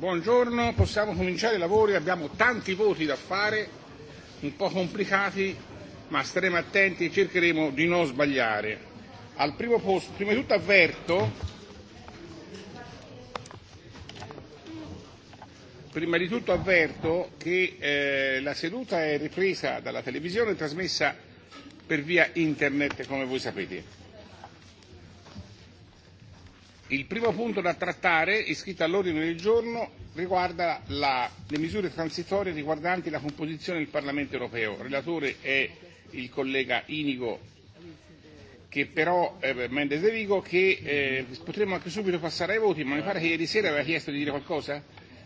Buongiorno, possiamo cominciare i lavori, abbiamo tanti voti da fare, un po' complicati, ma staremo attenti e cercheremo di non sbagliare. Al primo posto, prima di tutto avverto, prima di tutto avverto che eh, la seduta è ripresa dalla televisione e trasmessa per via internet, come voi sapete. Il primo punto da trattare, iscritto all'ordine del giorno, riguarda la, le misure transitorie riguardanti la composizione del Parlamento europeo. Il relatore è il collega Inigo che però eh, Mendes De Vigo che eh, potremmo anche subito passare ai voti, ma mi pare che ieri sera aveva chiesto di dire qualcosa.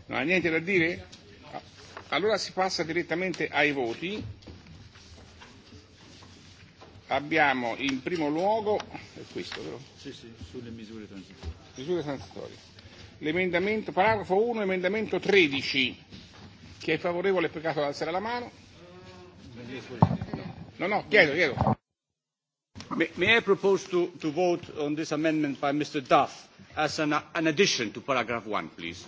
Non ha niente da dire? Allora si passa direttamente ai voti abbiamo in primo luogo è questo però? Sì, sì, sulle misure transitorie. Misure transitorie. L'emendamento, paragrafo 1, emendamento 13. Chi è favorevole è pregato ad alzare la mano. No, no, chiedo, chiedo. May I propose to, to vote on this amendment by Mr. Duff as an, an addition to paragraph 1, please?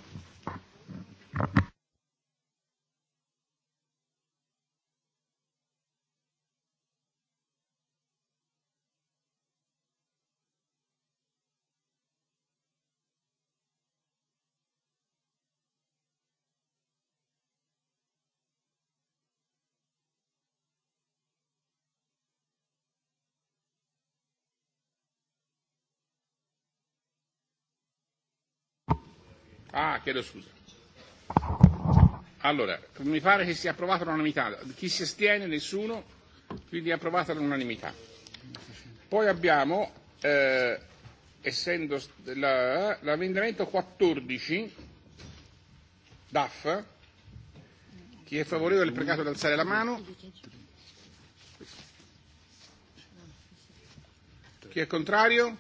Ah, chiedo scusa. Allora, mi pare che sia approvata l'unanimità. Chi si astiene? Nessuno. Quindi è approvata l'unanimità. Poi abbiamo, eh, essendo la, l'emendamento 14, DAF. Chi è favorevole è pregato ad alzare la mano. Chi è contrario?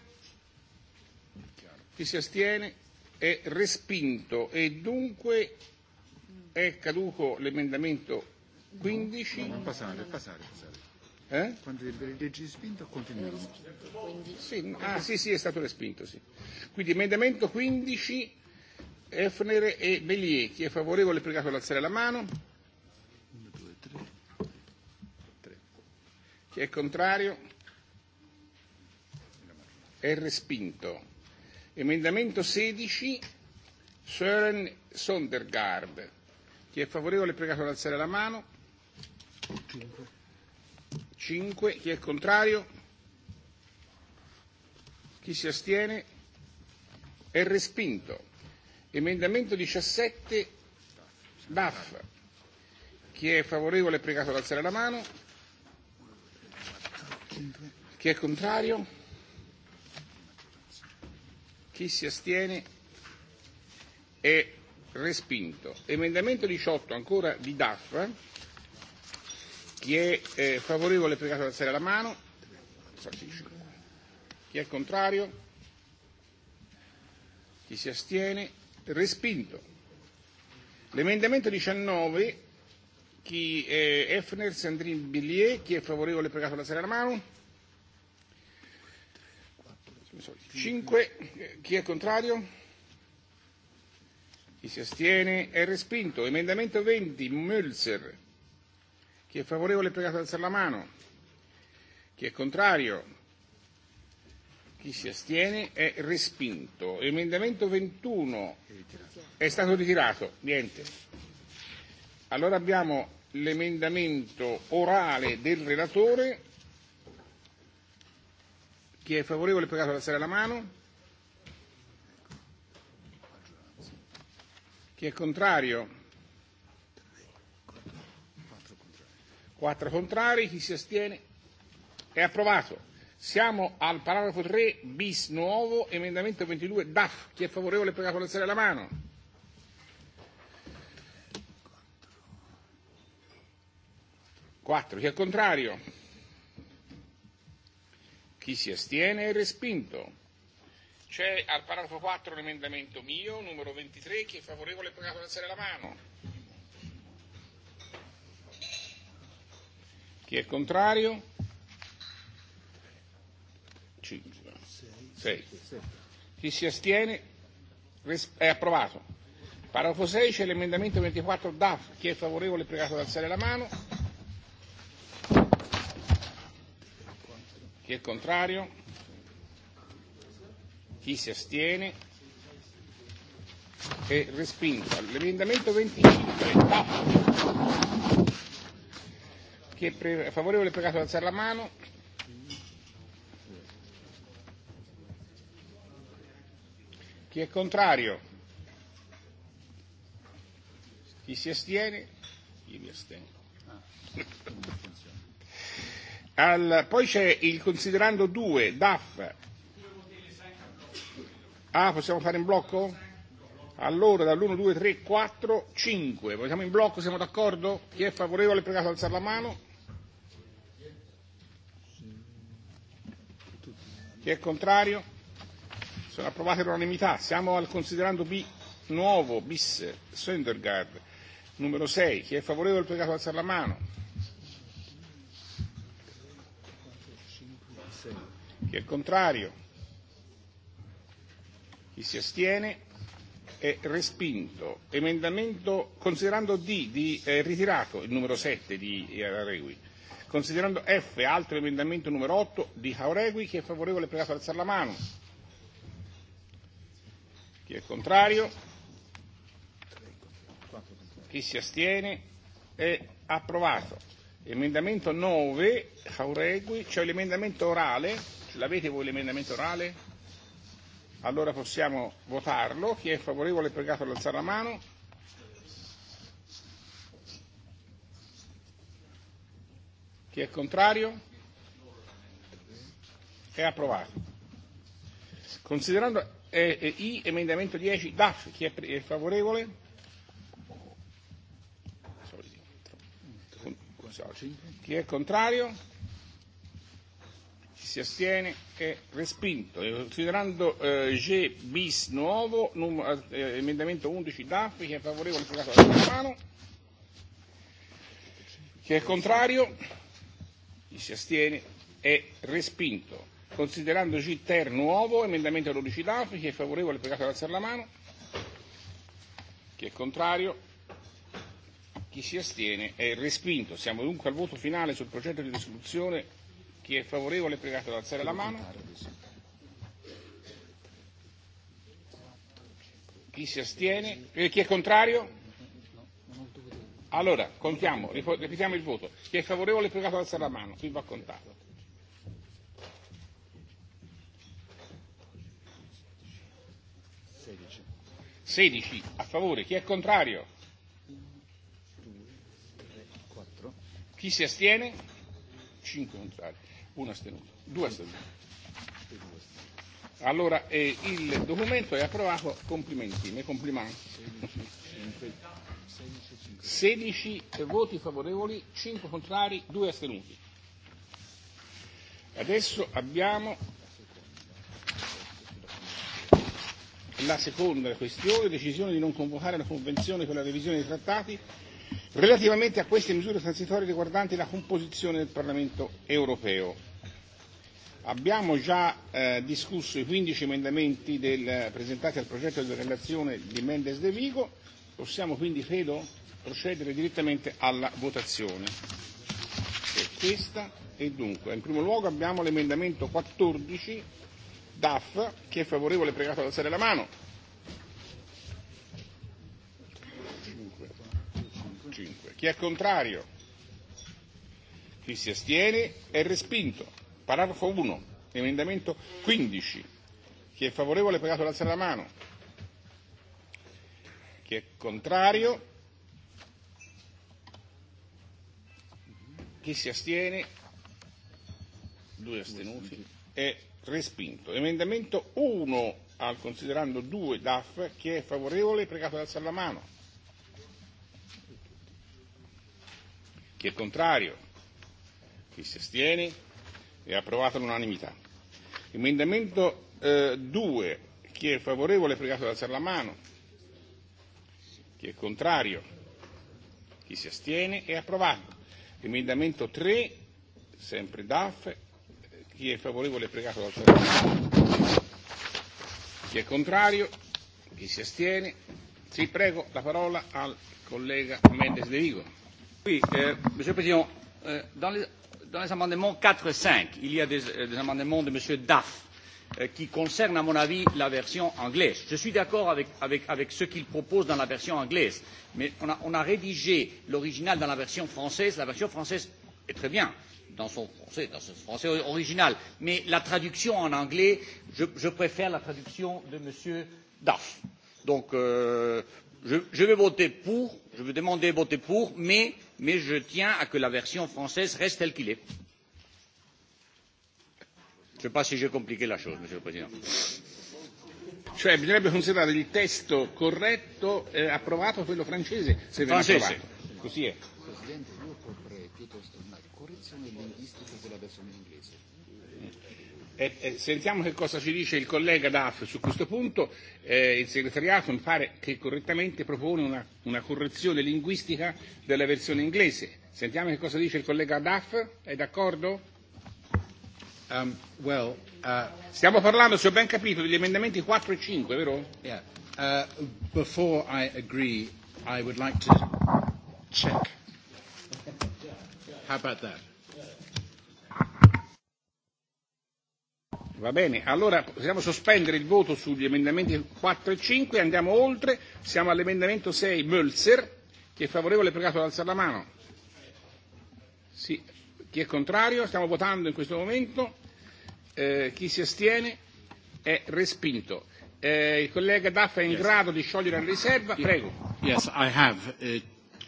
Chi si astiene? è respinto e dunque è caduco l'emendamento 15. No, no, no, passare, passare, passare. Eh? Quando il leggi respinto continuiamo. Sì, no, ah sì sì è stato respinto sì. Quindi emendamento 15 Efner e Bellier. Chi è favorevole è pregato ad alzare la mano. 1, 2, 3. 3. Chi è contrario? È respinto. Emendamento 16, Søren Sondergaard. Chi è favorevole è pregato ad alzare la mano. 5. Chi è contrario? Chi si astiene? È respinto. Emendamento 17, Baff. Chi è favorevole è pregato ad alzare la mano. Chi è contrario? Chi si astiene è respinto. Emendamento 18 ancora di DAF. Chi è eh, favorevole è pregato ad alzare la mano. Chi è contrario? Chi si astiene? Respinto. L'emendamento 19, chi è Efner, Sandrine Billier, chi è favorevole è pregato ad alzare la mano. 5. Chi è contrario? Chi si astiene? È respinto. Emendamento 20. Mölzer. Chi è favorevole è pregato ad alzare la mano. Chi è contrario? Chi si astiene? È respinto. Emendamento 21. È stato ritirato. Niente. Allora abbiamo l'emendamento orale del relatore Chi è favorevole pregato ad alzare la mano. Chi è contrario? Quattro contrari. Chi si astiene? È approvato. Siamo al paragrafo 3 bis nuovo, emendamento 22 DAF. Chi è favorevole per pregato alzare la mano. Quattro. Chi è contrario? Chi si astiene è respinto. C'è al paragrafo 4 l'emendamento mio, numero 23, chi è favorevole può alzare la mano. Chi è contrario? 5. 6. Chi si astiene è approvato. Paragrafo 6 c'è l'emendamento 24 DAF, chi è favorevole è pregato ad alzare la mano. Chi è contrario? Chi si astiene? È respinto. L'emendamento 25, Chi è favorevole è pregato ad alzare la mano. Chi è contrario? Chi si astiene? Io mi astengo. Ah, Al, poi c'è il considerando 2, DAF. Ah, possiamo fare in blocco? Allora, dall'1, 2, 3, 4, 5. Possiamo in blocco, siamo d'accordo? Chi è favorevole è pregato ad alzare la mano. Chi è contrario? Sono approvate l'unanimità. Siamo al considerando B nuovo, bis, Söndergaard, numero 6. Chi è favorevole è pregato ad alzare la mano. Chi è contrario? Chi si astiene? È respinto. Emendamento considerando D di eh, ritirato il numero 7 di Aregui. Considerando F altro emendamento numero 8 di Aregui chi è favorevole è pregato ad alzare la mano. Chi è contrario? Chi si astiene? È approvato. Emendamento 9, Jauregui, c'è l'emendamento orale, l'avete voi l'emendamento orale? Allora possiamo votarlo, chi è favorevole è pregato ad alzare la mano. Chi è contrario? È approvato. Considerando eh, I emendamento 10, DAF, chi è favorevole? Chi è contrario? Chi si astiene è respinto. Considerando eh, G bis nuovo, num, eh, emendamento 11 DAF, chi è favorevole sul caso della mano? Chi è contrario? Chi si astiene è respinto. Considerando G ter nuovo, emendamento 12 DAF, chi è favorevole per caso ad alzare la mano? Chi è contrario? Chi si astiene è respinto. Siamo dunque al voto finale sul progetto di risoluzione. Chi è favorevole è pregato ad alzare la mano. Chi si astiene? E chi è contrario? Allora, contiamo, ripetiamo il voto. Chi è favorevole è pregato ad alzare la mano. Chi va contato. Sedici a favore. Chi è contrario? Chi si astiene? 5 contrari, 1 astenuto, 2 astenuti. Allora eh, il documento è approvato, complimenti, mi complimenti. 16 voti favorevoli, 5 contrari, 2 astenuti. Adesso abbiamo la seconda questione, decisione di non convocare la Convenzione per la revisione dei trattati Relativamente a queste misure transitorie riguardanti la composizione del Parlamento europeo, abbiamo già eh, discusso i 15 emendamenti del, presentati al progetto di relazione di Mendes De Vigo, possiamo quindi, credo, procedere direttamente alla votazione. E questa è dunque. In primo luogo abbiamo l'emendamento 14 DAF, chi è favorevole è pregato ad alzare la mano. Chi è contrario? Chi si astiene è respinto. Paragrafo 1. Emendamento 15. Chi è favorevole è pregato ad alzare la mano. Chi è contrario? Chi si astiene? Due astenuti. È respinto. Emendamento 1 al considerando 2 DAF. Chi è favorevole è pregato ad alzare la mano. Chi è contrario? Chi si astiene? È approvato all'unanimità. Emendamento eh, 2. Chi è favorevole è pregato ad alzare la mano. Chi è contrario? Chi si astiene? È approvato. Emendamento 3, sempre DAF. Chi è favorevole è pregato ad alzare la mano. Chi è contrario? Chi si astiene? Sì, prego la parola al collega Mendes de Vigo. Monsieur le Président, dans, les, amendements quatre et cinq il y a des, amendements de Monsieur duff qui concernent, à mon avis, la version anglaise. Je suis d'accord avec, ce qu'il propose dans la version anglaise, mais on a, rédigé l'original dans la version française. La version française est très bien dans son français, dans son français original. Mais la traduction en anglais, je, préfère la traduction de M. Daff. Donc, je, je vais voter pour, je vais demander de voter pour, mais mais je tiens à ce que la version française reste telle qu'elle est. Je ne sais pas si j'ai compliqué la chose, Monsieur le Président. Cioè bisognerebbe considerare il testo corretto eh, approvato quello francese se viene approvato. Così è. Presidente, io piuttosto una correzione linguistica della versione inglese Eh, eh, sentiamo che cosa ci dice il collega Daff su questo punto. Eh, il segretariato mi pare che correttamente propone una, una correzione linguistica della versione inglese. Sentiamo che cosa dice il collega Daff. È d'accordo? Um, well, uh, Stiamo parlando, se ho ben capito, degli emendamenti 4 e 5, vero? Yeah. Uh, before I agree, I would like to check. How about that? Va bene, allora possiamo sospendere il voto sugli emendamenti 4 e 5 andiamo oltre. Siamo all'emendamento 6, Mölzer. Chi è favorevole è pregato ad alzare la mano. Sì. Chi è contrario? Stiamo votando in questo momento. Eh, chi si astiene è respinto. Eh, il collega Daff è in yes. grado di sciogliere la riserva. Prego. Yes, I have uh,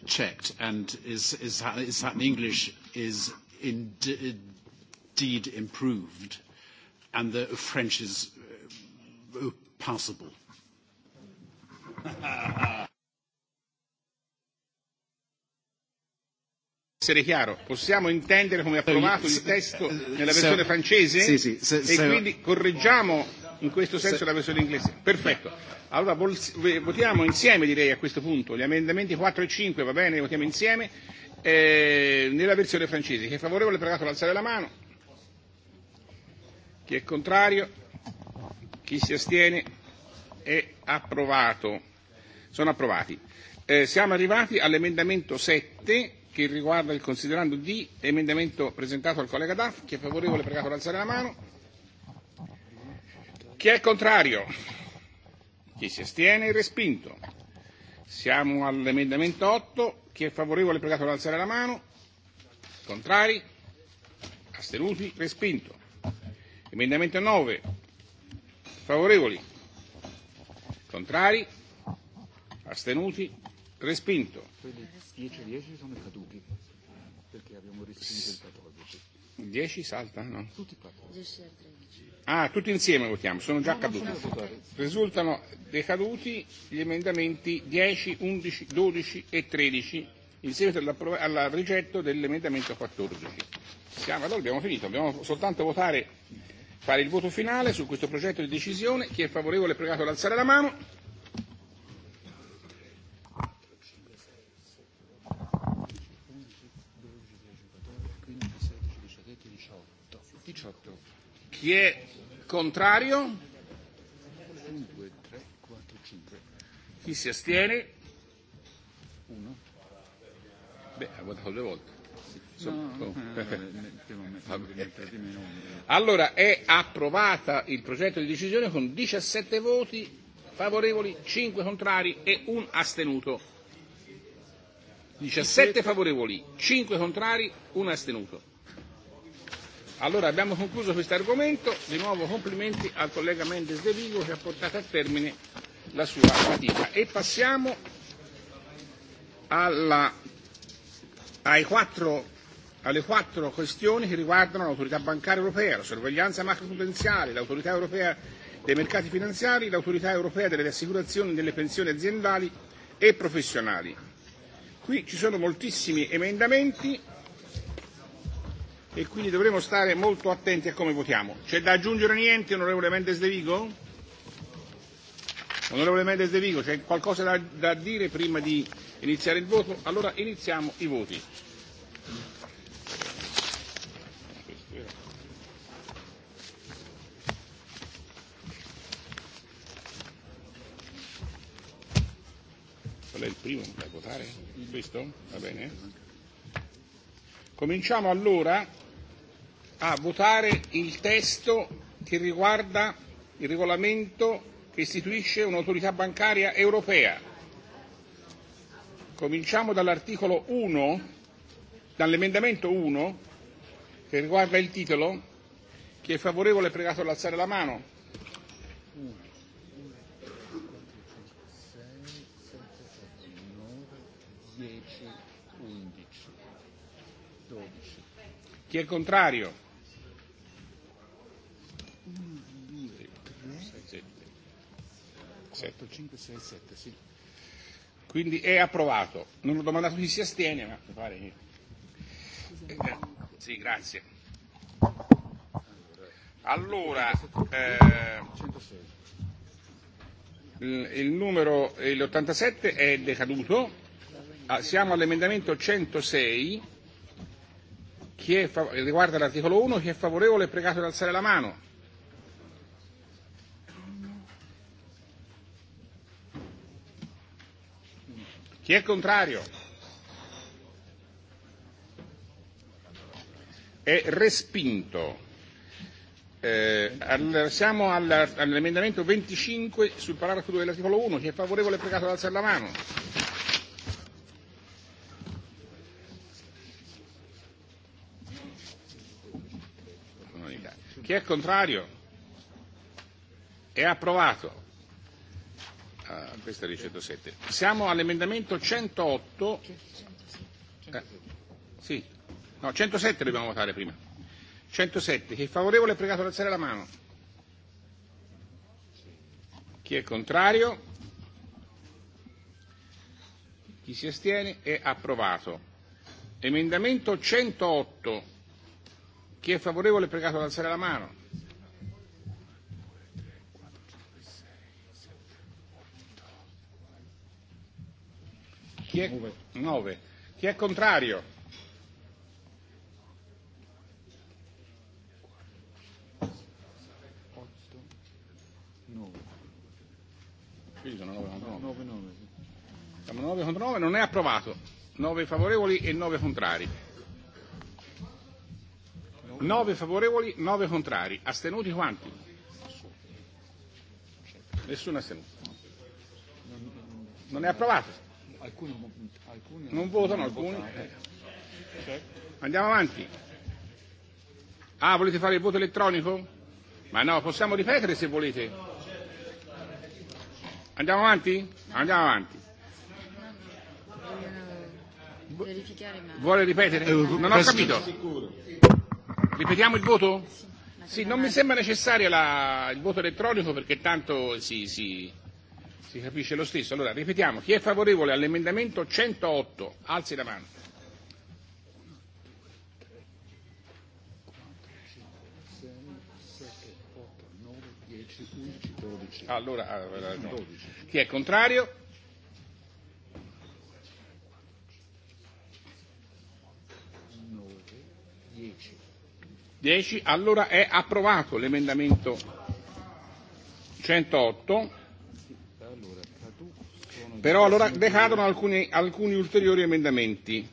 checked and is, is, that, is that in English is indeed improved and the French is passable. essere chiaro, possiamo intendere come approvato il testo nella versione francese sì, sì, se, e quindi correggiamo in questo senso la versione inglese. Perfetto. Allora votiamo insieme direi a questo punto gli emendamenti 4 e 5, va bene, votiamo insieme eh, nella versione francese. Chi è favorevole è pregato ad alzare la mano. Chi è contrario? Chi si astiene? È approvato. Sono approvati. Eh, siamo arrivati all'emendamento 7 che riguarda il considerando di emendamento presentato al collega Daff. Chi è favorevole pregato ad alzare la mano. Chi è contrario? Chi si astiene? Respinto. Siamo all'emendamento 8. Chi è favorevole pregato ad alzare la mano. Contrari? Astenuti? Respinto. Emendamento 9. Favorevoli? Contrari? Astenuti? Respinto. 10 e 10 sono caduti perché abbiamo respinto il 14. 10 salta? No. Tutti 14. Ah, tutti insieme votiamo, sono già caduti. Risultano decaduti gli emendamenti 10, 11, 12 e 13 in seguito al rigetto dell'emendamento 14. Siamo, allora abbiamo finito, dobbiamo soltanto votare fare il voto finale su questo progetto di decisione. Chi è favorevole è pregato ad alzare la mano. Chi è contrario? Chi si astiene? Uno. Beh, ha votato due volte. Allora è approvata il progetto di decisione con 17 voti favorevoli, 5 contrari e un astenuto. 17 favorevoli, 5 contrari, 1 astenuto. Allora abbiamo concluso questo argomento, di nuovo complimenti al collega Mendes De Vigo che ha portato a termine la sua fatica. E passiamo alla, ai quattro alle quattro questioni che riguardano l'autorità bancaria europea, la sorveglianza macroprudenziale, l'autorità europea dei mercati finanziari, l'autorità europea delle assicurazioni e delle pensioni aziendali e professionali. Qui ci sono moltissimi emendamenti e quindi dovremo stare molto attenti a come votiamo. C'è da aggiungere niente, onorevole Mendes De Vigo? Onorevole Mendes De Vigo, c'è qualcosa da, da dire prima di iniziare il voto? Allora iniziamo i voti. Qual è il primo da votare? Questo? Va bene? Cominciamo allora a votare il testo che riguarda il regolamento che istituisce un'autorità bancaria europea. Cominciamo dall'articolo 1, dall'emendamento 1, che riguarda il titolo. Chi è favorevole è pregato ad alzare la mano. 10, 11, 12. Chi è contrario? 1, 2, 3, 7, 5, 6, 7, sì. Quindi è approvato. Non ho domandato chi si astiene, ma mi pare che... Eh, sì, grazie. Allora, eh, il numero, l'87 è decaduto siamo all'emendamento 106 chi è riguarda l'articolo 1 chi è favorevole è pregato di alzare la mano chi è contrario è respinto eh, al, siamo all'emendamento 25 sul paragrafo 2 dell'articolo 1 chi è favorevole è pregato di alzare la mano Chi è contrario? È approvato. Ah, questo è il 107. Siamo all'emendamento 108. Eh, sì. No, 107 dobbiamo votare prima. 107. Chi è favorevole è pregato ad alzare la mano. Chi è contrario? Chi si astiene è approvato. Emendamento 108. Chi è favorevole è pregato ad alzare la mano. Chi è, 9. Chi è contrario? sono 9 contro 9. Siamo 9 contro 9, non è approvato. 9 favorevoli e 9 contrari. 9 favorevoli, 9 contrari. Astenuti quanti? Nessuno astenuto. Non è approvato? Non votano alcuni. Andiamo avanti. Ah, volete fare il voto elettronico? Ma no, possiamo ripetere se volete. Andiamo avanti? Andiamo avanti. Vuole ripetere? Non ho capito. Ripetiamo il voto? Sì, non mi sembra necessario la, il voto elettronico perché tanto si, si, si capisce lo stesso. Allora, ripetiamo, chi è favorevole all'emendamento 108? Alzi la mano. Allora, allora no. chi è contrario? 10. Allora è approvato l'emendamento 108. Però allora decadono alcuni, alcuni ulteriori emendamenti.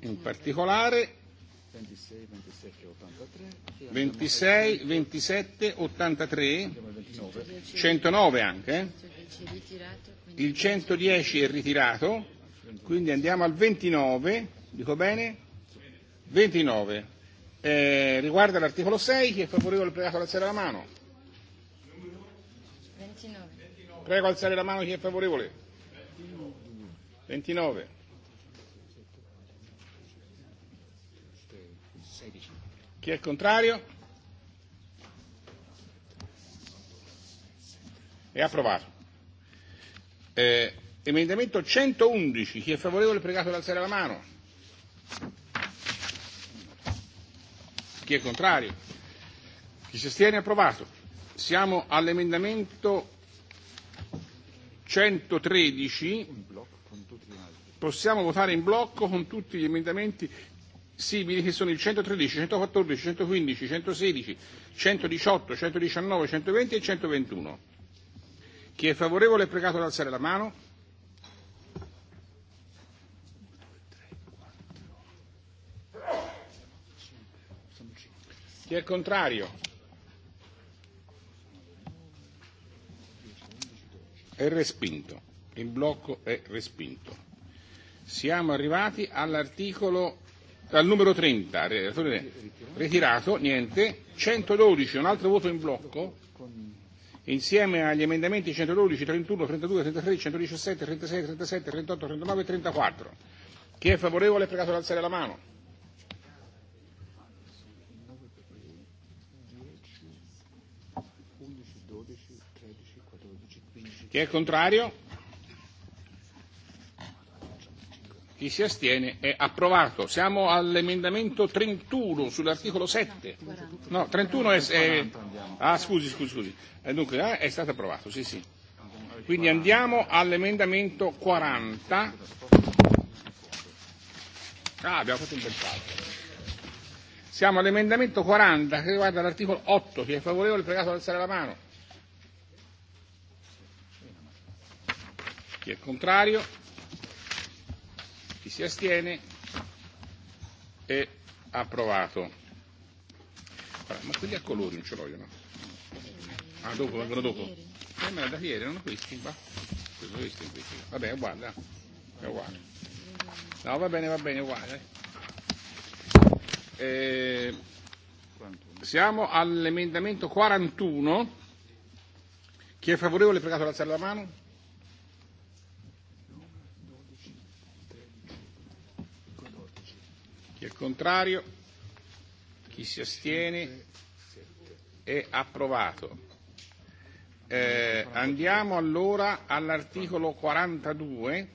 In particolare 26, 27, 83, 109 anche. Il 110 è ritirato, quindi andiamo al 29, dico bene? 29 eh, riguarda l'articolo 6, chi è favorevole prego ad alzare la mano. 29 Prego alzare la mano chi è favorevole. 29. 16. Chi è contrario? È approvato. Eh, emendamento 111, chi è favorevole pregato ad alzare la mano. Chi è contrario? Chi si astiene? Approvato. Siamo all'emendamento 113. Possiamo votare in blocco con tutti gli emendamenti simili che sono il 113, 114, 115, 116, 118, 119, 120 e 121. Chi è favorevole è pregato ad alzare la mano. Chi è contrario? È respinto. Il blocco è respinto. Siamo arrivati all'articolo al numero 30, ritirato, niente, 112, un altro voto in blocco, insieme agli emendamenti 112, 31, 32, 33, 117, 36, 37, 38, 39 e 34. Chi è favorevole è pregato ad alzare la mano. Chi è contrario? Chi si astiene è approvato. Siamo all'emendamento 31 sull'articolo 7. No, 31 è, è Ah, scusi, scusi, scusi. Dunque, è stato approvato, sì, sì. Quindi andiamo all'emendamento 40. Ah, abbiamo fatto un bel salto. Siamo all'emendamento 40 che riguarda l'articolo 8. Chi è favorevole, pregato ad alzare la mano. Chi è contrario? Chi si astiene? È approvato. Allora, ma quelli a colori non ce l'ho io, no? Ah, dopo, vengono dopo. Eh, ma da ieri erano questi, va? Questo, questi, questi. Vabbè, è uguale, è uguale. No, va bene, va bene, è uguale. Eh, siamo all'emendamento 41. Chi è favorevole, pregato ad alzare la mano? Chi è contrario? Chi si astiene? È approvato. Eh, andiamo allora all'articolo 42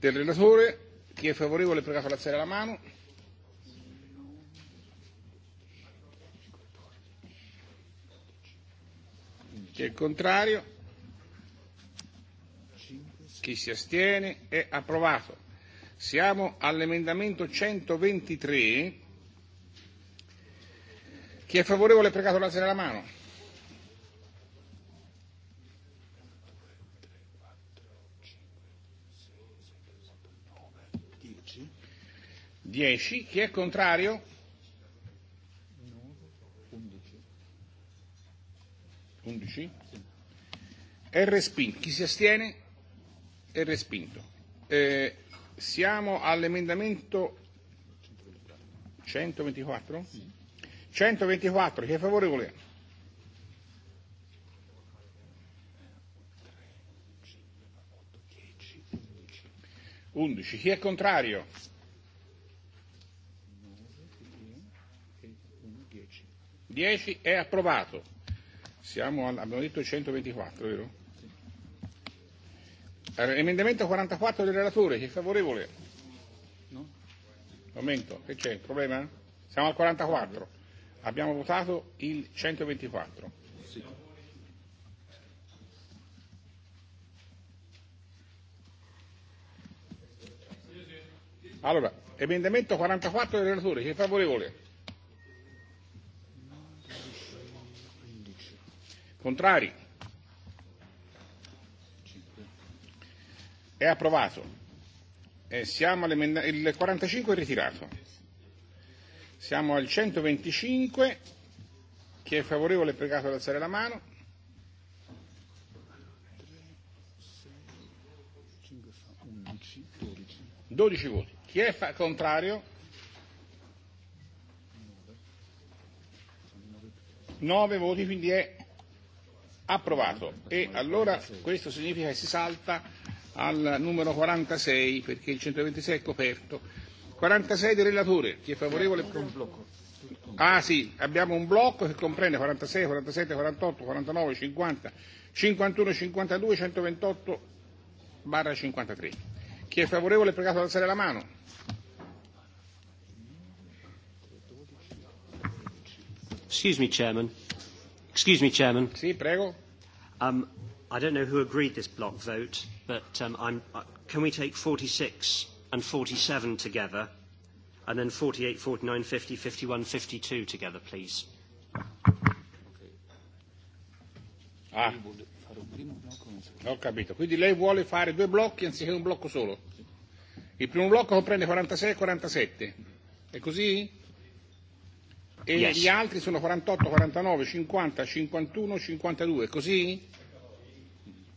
del relatore. Chi è favorevole prega per alzare la mano. Chi è contrario? Chi si astiene? È approvato. Siamo all'emendamento 123. Chi è favorevole è pregato alzare la mano. Dieci. Chi è contrario? Undici. È respinto. Chi si astiene? È respinto. Eh, Siamo all'emendamento 124? 124, chi è favorevole? Undici. Chi è contrario? Dieci. È approvato. Siamo al, abbiamo detto 124, vero? Emendamento 44 del relatore, chi è favorevole? No? Momento, che c'è? Problema? Siamo al 44. Abbiamo votato il 124. Sì. Allora, emendamento 44 del relatore, chi è favorevole? Contrari? È approvato. E siamo Il 45 è ritirato. Siamo al 125. Chi è favorevole è pregato ad alzare la mano. Dodici voti. Chi è fa- contrario? 9 voti, quindi è approvato. E allora questo significa che si salta al numero 46 perché il 126 è coperto. 46 del relatore, chi è favorevole? Ah sì, abbiamo un blocco che comprende 46, 47, 48, 49, 50, 51, 52, 128 barra 53. Chi è favorevole è pregato ad alzare la mano. Excuse me, Chairman. Excuse me, Chairman. Sì, prego. Um, I don't know who agreed this block vote, but um, I'm, uh, can we take 46 and 47 together, and then 48, 49, 50, 51, 52 together, please? Ah. Ho capito, quindi lei vuole fare due blocchi anziché un blocco solo. Il primo blocco comprende 46 e 47, è così? E yes. gli altri sono 48, 49, 50, 51, 52, è così?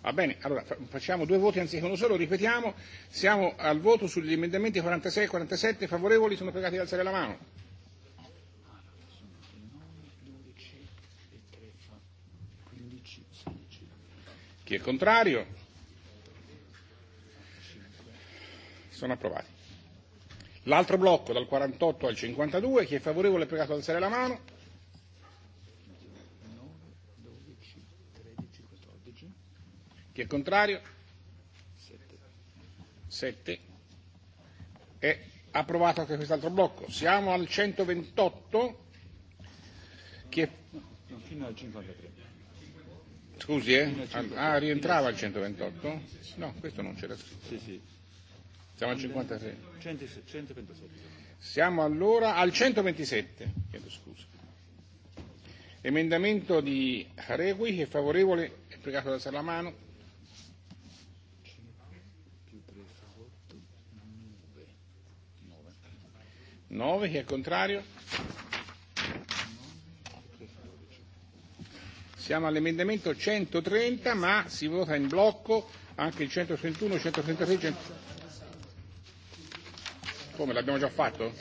Va bene, allora facciamo due voti anziché uno solo, ripetiamo, siamo al voto sugli emendamenti 46 e 47, favorevoli sono pregati di alzare la mano. Chi è contrario? Sono approvati. L'altro blocco dal 48 al 52, chi è favorevole è pregato ad alzare la mano. Chi è contrario? 7. È approvato anche quest'altro blocco. Siamo al 128. Chi è... no, no, Fino al 53. Scusi, eh? Ah, rientrava al 128? No, questo non c'era scritto. Sì, sì. Siamo al 53. 127. Siamo allora al 127. Chiedo scusa. Emendamento di Haregui che è favorevole, è pregato da Salamano. 9, chi è contrario? Siamo all'emendamento 130, ma si vota in blocco anche il 131, 136, 100... Come, l'abbiamo già fatto?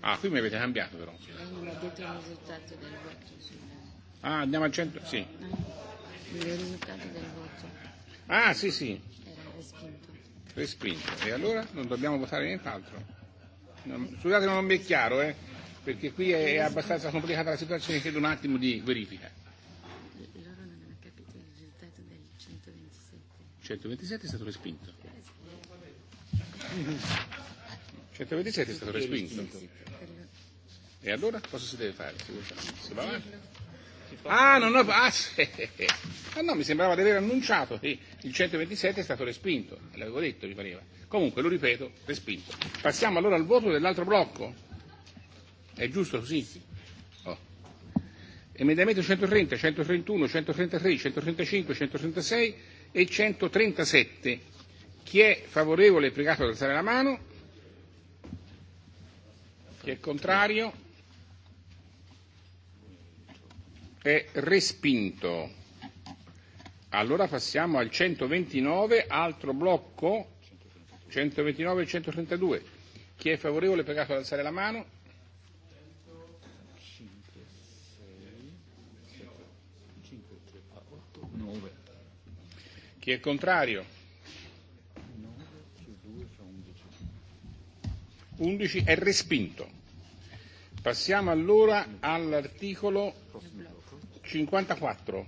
Ah, qui mi avete cambiato però. Ah, andiamo al 100, sì. Ah, sì, sì. Respinto. E allora non dobbiamo votare nient'altro. Scusate, non mi è chiaro, eh, perché qui è abbastanza complicata la situazione, chiedo un attimo di verifica. Loro non hanno capito il risultato del 127. 127 è stato respinto. 127 è stato respinto. E allora cosa si deve fare? Si va avanti? Ah, non ho, ah, sì. ah no, mi sembrava di aver annunciato che il 127 è stato respinto, l'avevo detto, mi pareva. Comunque, lo ripeto, respinto. Passiamo allora al voto dell'altro blocco. È giusto così? Oh. Emendamento 130, 131, 133, 135, 136 e 137. Chi è favorevole è pregato ad alzare la mano. Chi è contrario è respinto. Allora passiamo al 129, altro blocco 129 e 132. Chi è favorevole è pregato ad alzare la mano. Chi è contrario? 11 è respinto. Passiamo allora all'articolo 54.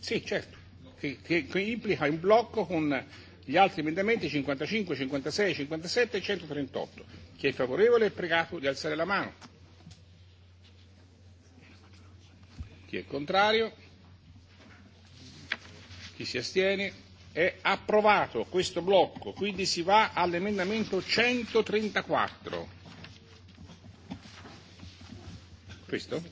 Sì, certo che, che implica in blocco con gli altri emendamenti 55, 56, 57 e 138. Chi è favorevole è pregato di alzare la mano. Chi è contrario? Chi si astiene? È approvato questo blocco, quindi si va all'emendamento 134. Questo?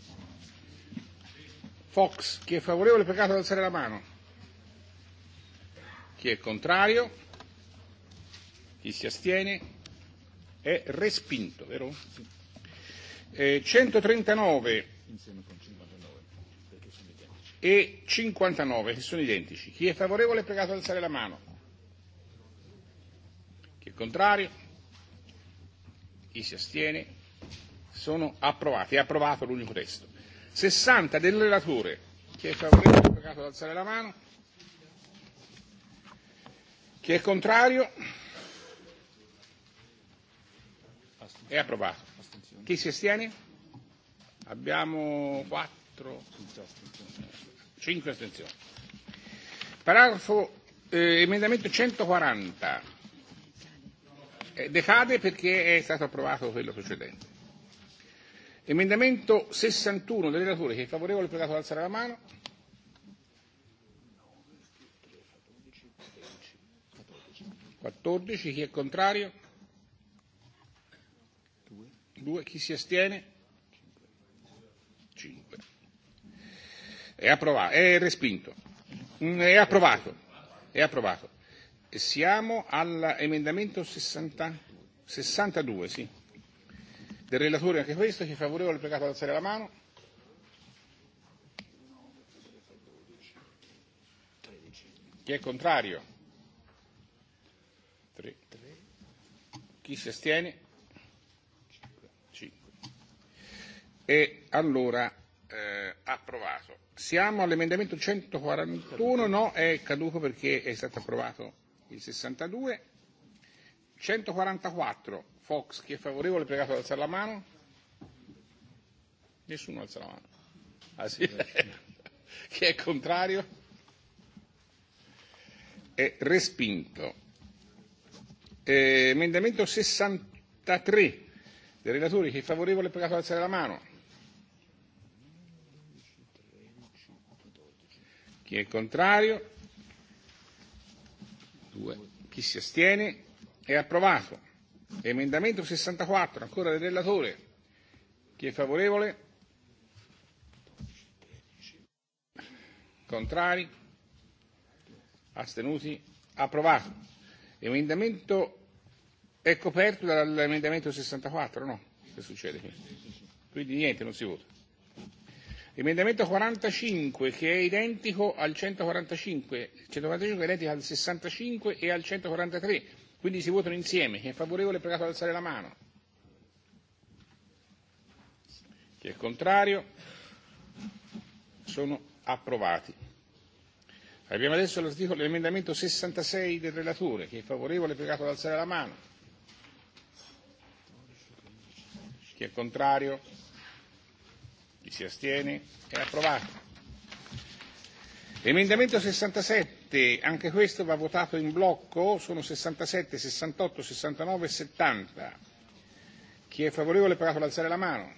Fox, chi è favorevole è pregato di alzare la mano. Chi è contrario? Chi si astiene? È respinto, vero? Eh, 139 e 59 che sono identici. Chi è favorevole è pregato ad alzare la mano. Chi è contrario? Chi si astiene? Sono approvati. È approvato l'unico testo. 60 del relatore. Chi è favorevole è pregato ad alzare la mano. Chi è contrario? È approvato. Chi si astiene? Abbiamo 4, 5 astensioni. Paragrafo eh, emendamento 140. Eh, decade perché è stato approvato quello precedente. Emendamento 61 del relatore che è favorevole, pregato ad alzare la mano. 14. Chi è contrario? 2. Chi si astiene? 5. È, approvato, è respinto. È approvato. È approvato. Siamo all'emendamento 60, 62, sì. Del relatore anche questo, chi è favorevole pregato ad alzare la mano. Chi è contrario? Chi si astiene? 5. E allora eh, approvato. Siamo all'emendamento 141, no, è caduco perché è stato approvato il 62. 144, Fox, chi è favorevole, pregato ad alzare la mano. Nessuno alza la mano. Ah, sì. chi è contrario? È respinto. Eh, emendamento 63 dei relatori, chi è favorevole per ad alzare la mano. Chi è contrario? Due. Chi si astiene? È approvato. Emendamento 64, ancora del relatore. Chi è favorevole? Contrari? Astenuti? Approvato. L'emendamento è coperto dall'emendamento 64, no? Che succede qui? Quindi niente, non si vota. L'emendamento 45 che è identico al 145, 145 è identico al 65 e al 143, quindi si votano insieme. Chi è favorevole è pregato ad alzare la mano. Chi è contrario? Sono approvati. Abbiamo adesso l'articolo, l'emendamento 66 del relatore. Chi è favorevole pregato ad alzare la mano. Chi è contrario? Chi si astiene? È approvato. Emendamento 67, anche questo va votato in blocco, sono 67, 68, 69 e 70. Chi è favorevole pregato ad alzare la mano.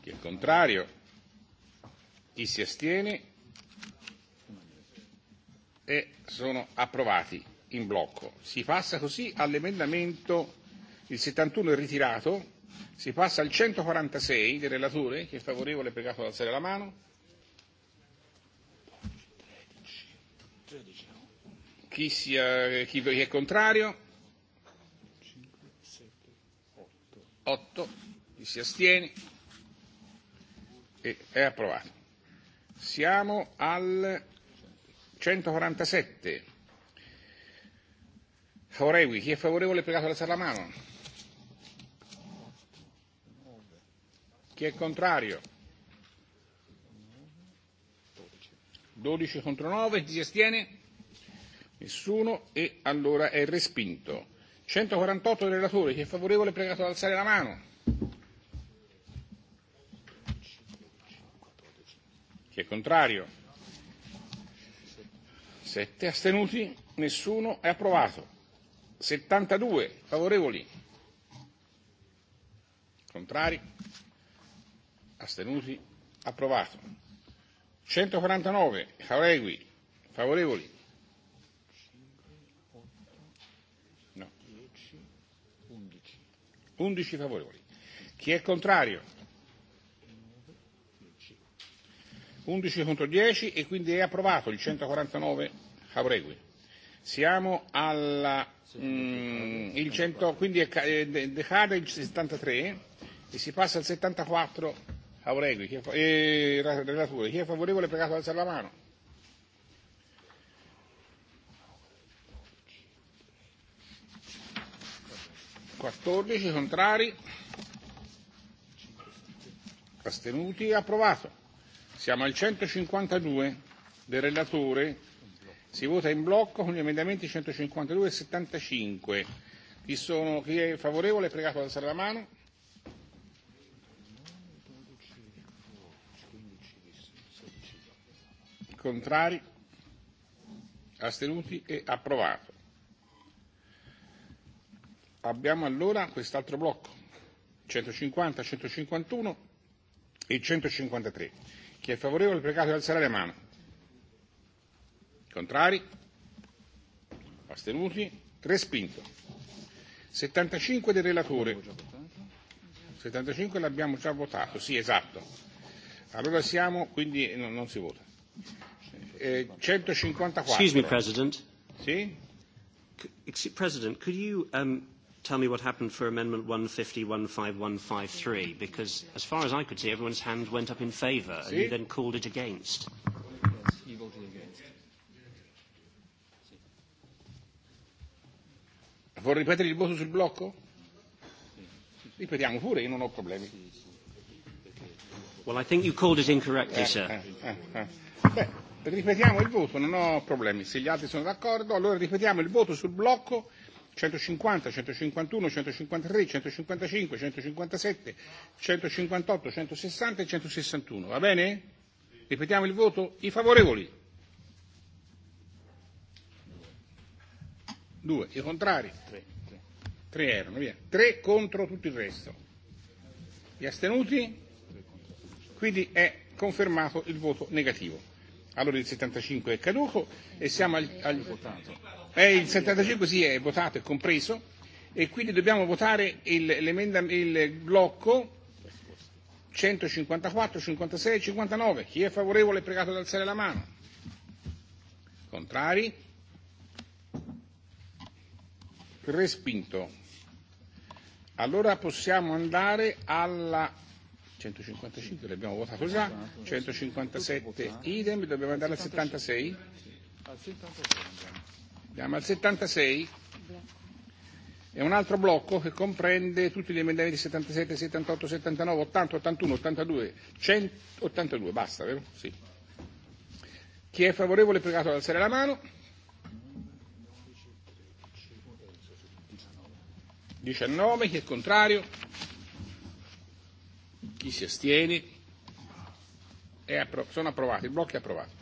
Chi è contrario? Chi si astiene? E sono approvati in blocco. Si passa così all'emendamento il 71 è ritirato, si passa al 146 del relatore, che è favorevole, pregato ad alzare la mano. Chi, sia, chi è contrario? 8. Chi si astiene? E, è approvato. Siamo al 147. Favorevoli, chi è favorevole è pregato ad alzare la mano. Chi è contrario? 12 contro 9, chi si astiene? Nessuno e allora è respinto. 148 del relatore, chi è favorevole è pregato ad alzare la mano. Chi è contrario? Sette astenuti, nessuno è approvato. 72 favorevoli. Contrari? Astenuti? Approvato. 149 Jauregui, favorevoli. No. 11 favorevoli. Chi è contrario? 11 contro 10 e quindi è approvato il 149 Cavregui. Siamo al sì, Mm, il 100, quindi è, è, è, decade il 73 e si passa al 74 Cavregui. Chi eh, relatore, chi è favorevole è pregato ad alzare la mano. Quattordici contrari, astenuti, approvato. Siamo al 152 del relatore. Si vota in blocco con gli emendamenti 152 e 75. Chi, sono, chi è favorevole è pregato ad alzare la mano. Contrari? Astenuti? E approvato. Abbiamo allora quest'altro blocco. 150, 151 e 153 Chi è favorevole al precario di alzare la mano. Contrari? Astenuti? Respinto. 75 del relatore. 75 l'abbiamo già votato, sì esatto. Allora siamo, quindi no, non si vota. Eh, 154. Excuse me, President. Sì? President, could you um, tell me what happened for Amendment 150, 15, 153, because as far as I could see, everyone's hand went up in favour, and you then called it against. Vuoi ripetere il voto sul blocco? Ripetiamo pure, io non ho problemi. Well, I think you called it incorrectly, eh, sir. Eh, eh, eh. Beh, ripetiamo il voto, non ho problemi. Se gli altri sono d'accordo, allora ripetiamo il voto sul blocco 150, 151, 153, 155, 157, 158, 160 e 161. Va bene? Ripetiamo il voto? I favorevoli. Due. I contrari. Tre. Tre erano, via. Tre contro tutto il resto. Gli astenuti? Quindi è confermato il voto negativo. Allora il 75 è caduco e siamo al, al eh, il 75 sì è votato, è compreso e quindi dobbiamo votare il, il blocco 154, 56 e 59. Chi è favorevole è pregato ad alzare la mano. Contrari? Respinto. Allora possiamo andare alla 155 l'abbiamo votato già, 157 idem, dobbiamo andare al 76? Andiamo al 76? È un altro blocco che comprende tutti gli emendamenti 77, 78, 79, 80, 81, 82, 182, basta, vero? Sì. Chi è favorevole è pregato ad alzare la mano. 19, chi è contrario? Chi si astiene? È appro- sono approvati. Il blocco è approvato.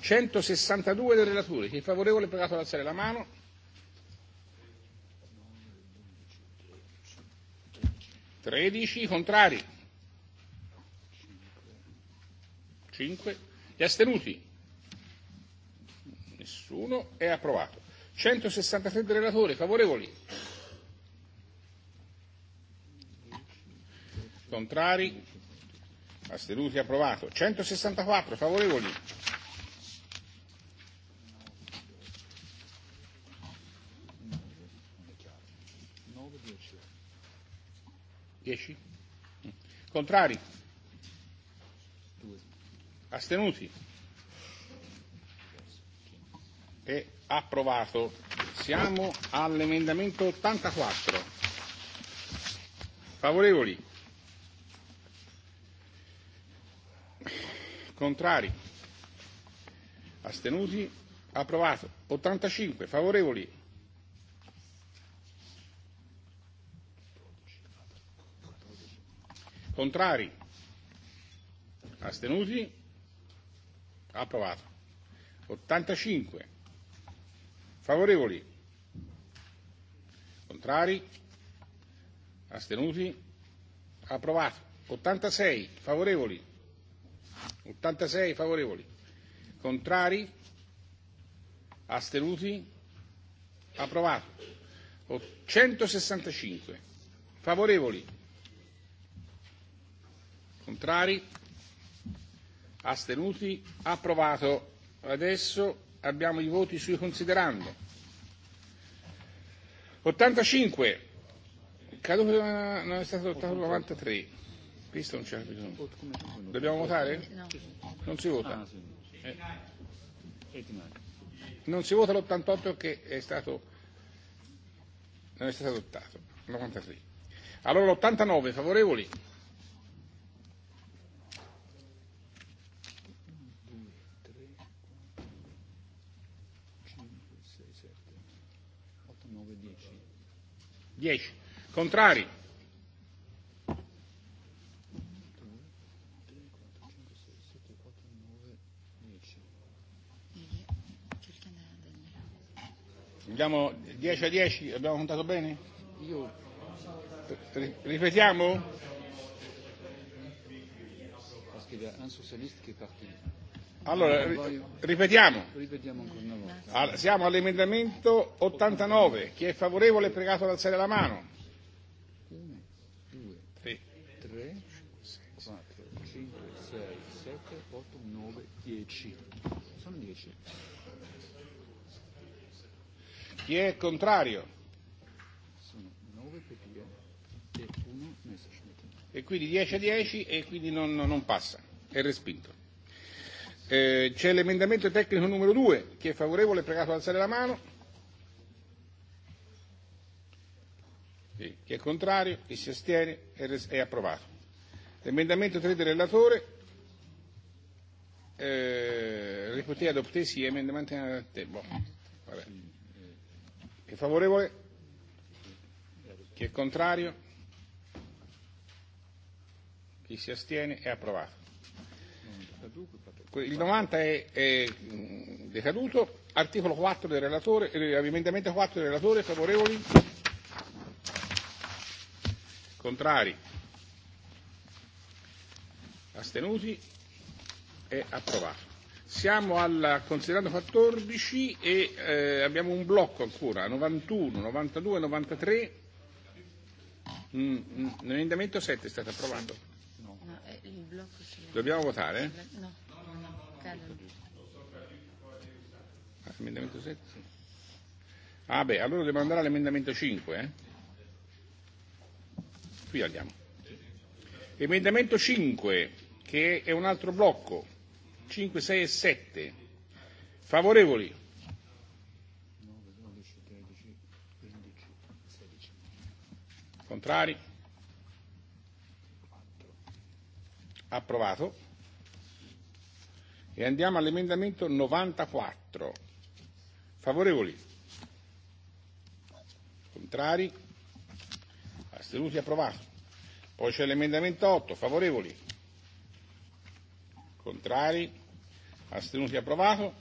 162 del relatore. Chi è favorevole è pregato ad alzare la mano. Tredici contrari. Cinque. Gli astenuti? Nessuno. È approvato. 163 del relatore. Favorevoli? Contrari? Astenuti? Approvato. 164 favorevoli? Dieci? Contrari? Astenuti? E approvato. Siamo all'emendamento 84. Favorevoli? Contrari? Astenuti? Approvato. 85. Favorevoli? Contrari? Astenuti? Approvato. 85. Favorevoli? Contrari? Astenuti? Approvato. 86. Favorevoli? 86 favorevoli, contrari, astenuti, approvato. 165 favorevoli, contrari, astenuti, approvato. Adesso abbiamo i voti sui considerando. 85 caduto non è stato adottato 93 Visto non c'è bisogno. Dobbiamo votare? Non si vota. Non si vota l'88 che è stato, non è stato adottato. 93. Allora l'89 favorevoli? Dieci. Contrari? Abbiamo 10 a 10, abbiamo contato bene? Io. Ripetiamo? Allora, ripetiamo. Siamo all'emendamento 89. Chi è favorevole è pregato ad alzare la mano. 1, 2, 3, 4, 5, 6, 7, 8, 9, 10. Sono 10. Chi è contrario? Sono 9 E 1 E quindi 10 a 10 e quindi non, non passa, è respinto. Eh, c'è l'emendamento tecnico numero 2, chi è favorevole è pregato ad alzare la mano. Sì. Chi è contrario, chi si astiene è, res- è approvato. L'emendamento 3 del relatore, eh, ripeté adopté, emendamento... Bon, vabbè. Chi è favorevole? Chi è contrario? Chi si astiene? È approvato. Il 90 è, è decaduto. Articolo 4 del relatore, emendamento 4 del relatore, favorevoli? Contrari? Astenuti? È approvato. Siamo al considerando 14 e eh, abbiamo un blocco ancora, 91, 92, 93. Mm, mm, l'emendamento 7 è stato approvato. No. il blocco Dobbiamo votare? No. Ah, emendamento 7? Ah beh, allora dobbiamo andare all'emendamento 5. Eh? Qui andiamo. Emendamento 5, che è un altro blocco. 5, 6 e 7. Favorevoli? Contrari? Approvato. E andiamo all'emendamento 94. Favorevoli? Contrari? Astenuti? Approvato. Poi c'è l'emendamento 8. Favorevoli? Contrari? Astenuti? Approvato.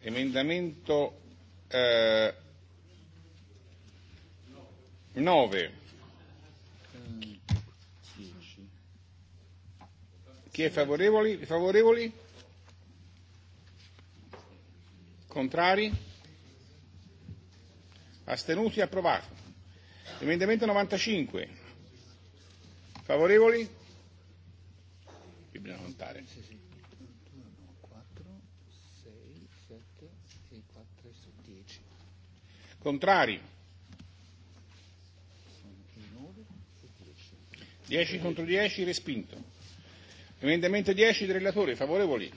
Emendamento eh, 9. Chi è favorevoli? favorevoli? Contrari? Astenuti? Approvato. Emendamento 95. Favorevoli? Qui bisogna contare. Contrari? 10 contro 10, respinto. Emendamento 10 del relatore, favorevoli?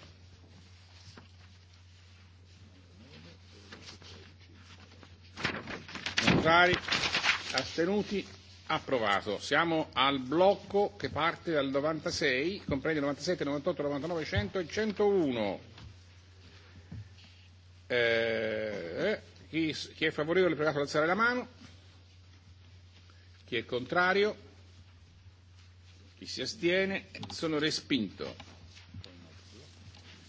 Contrari? Astenuti? Approvato. Siamo al blocco che parte dal 96, comprende 97, 98, 99, 100 e 101. Eh, Chi, chi è favorevole prego pregato ad alzare la mano. Chi è contrario? Chi si astiene? Sono respinto.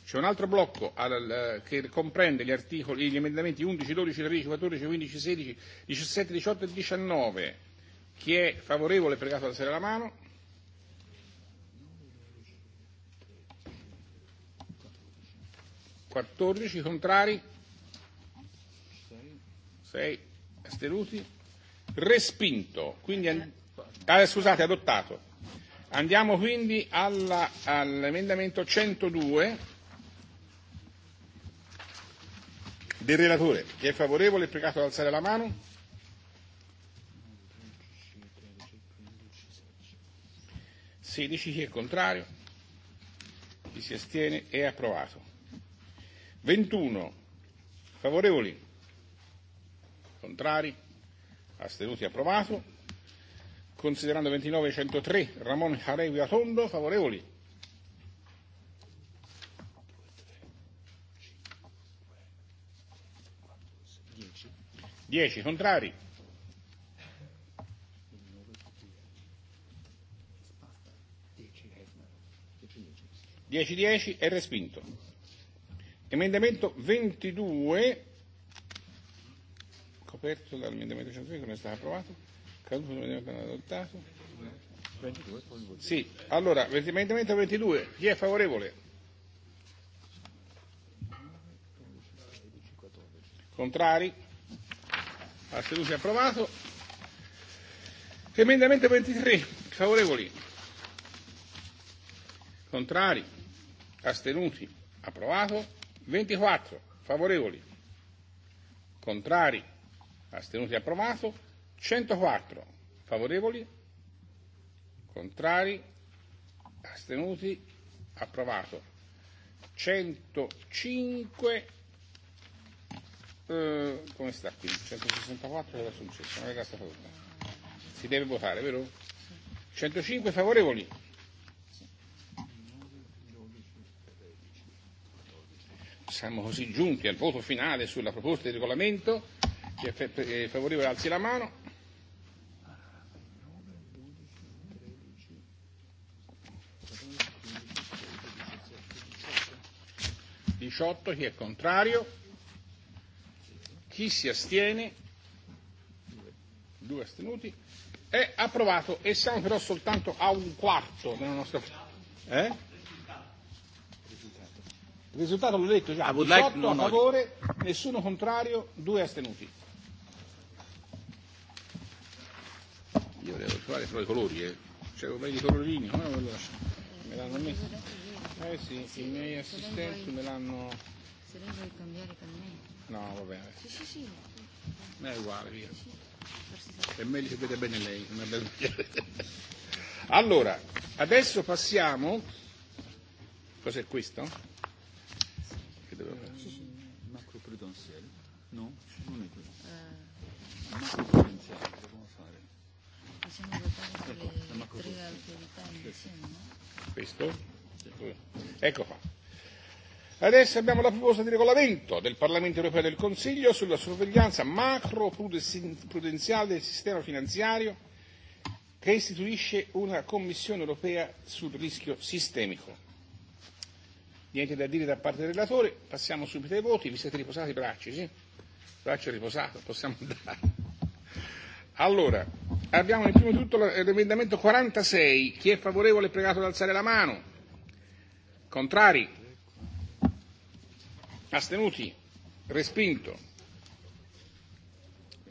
C'è un altro blocco al, al, che comprende gli, articoli, gli emendamenti 11, 12, 13, 14, 15, 16, 17, 18 e 19. Chi è favorevole è pregato ad alzare la mano. Quattordici contrari? 6 astenuti, respinto, quindi ah, scusate, adottato. Andiamo quindi alla, all'emendamento 102 del relatore. Chi è favorevole è pregato ad alzare la mano. Sedici chi è contrario, chi si astiene è approvato. 21 favorevoli Contrari? Astenuti? Approvato. Considerando 29.103, e 103, Ramon Jaregui Atondo, favorevoli? Dieci. Contrari? Dieci, dieci è respinto. Emendamento 22 aperto dall'emendamento che non è stato approvato, caduto l'emendamento non è adottato. 22, sì, allora, emendamento 22, chi è favorevole? Contrari? Astenuti approvato. Emendamento 23, favorevoli? Contrari? Astenuti? Approvato. 24, favorevoli? Contrari? astenuti approvato, 104 favorevoli, contrari, astenuti approvato, 105 eh, come sta qui? 164 era successo, non è stato votato. Si deve votare, vero? 105 favorevoli. Siamo così giunti al voto finale sulla proposta di regolamento Chi è favorevole alzi la mano. Diciotto, chi è contrario? Chi si astiene? Due astenuti. È approvato e siamo però soltanto a un quarto della nostra. Eh? Il risultato l'ho detto già, 18 a favore, nessuno contrario, due astenuti. Io devo trovare però i colori, eh. Cioè, come i colorini, come non lo lascio? Me l'hanno messo. Eh sì, i miei assistenti me l'hanno... Se lei vuoi cambiare con me. No, va bene. Sì, sì, sì. Ma è uguale, via. È meglio che vede bene lei, non è Allora, adesso passiamo... Cos'è questo? Che dovevo fare? Macro prudenziale. No, non è quello autorità insieme, no? Questo? Ecco qua. Adesso abbiamo la proposta di regolamento del Parlamento europeo e del Consiglio sulla sorveglianza macroprudenziale del sistema finanziario che istituisce una Commissione europea sul rischio sistemico. Niente da dire da parte del relatore, passiamo subito ai voti, vi siete riposati i bracci, sì? Braccio riposato, possiamo andare. Allora, abbiamo in primo tutto l'emendamento 46. Chi è favorevole è pregato ad alzare la mano. Contrari? Astenuti? Respinto.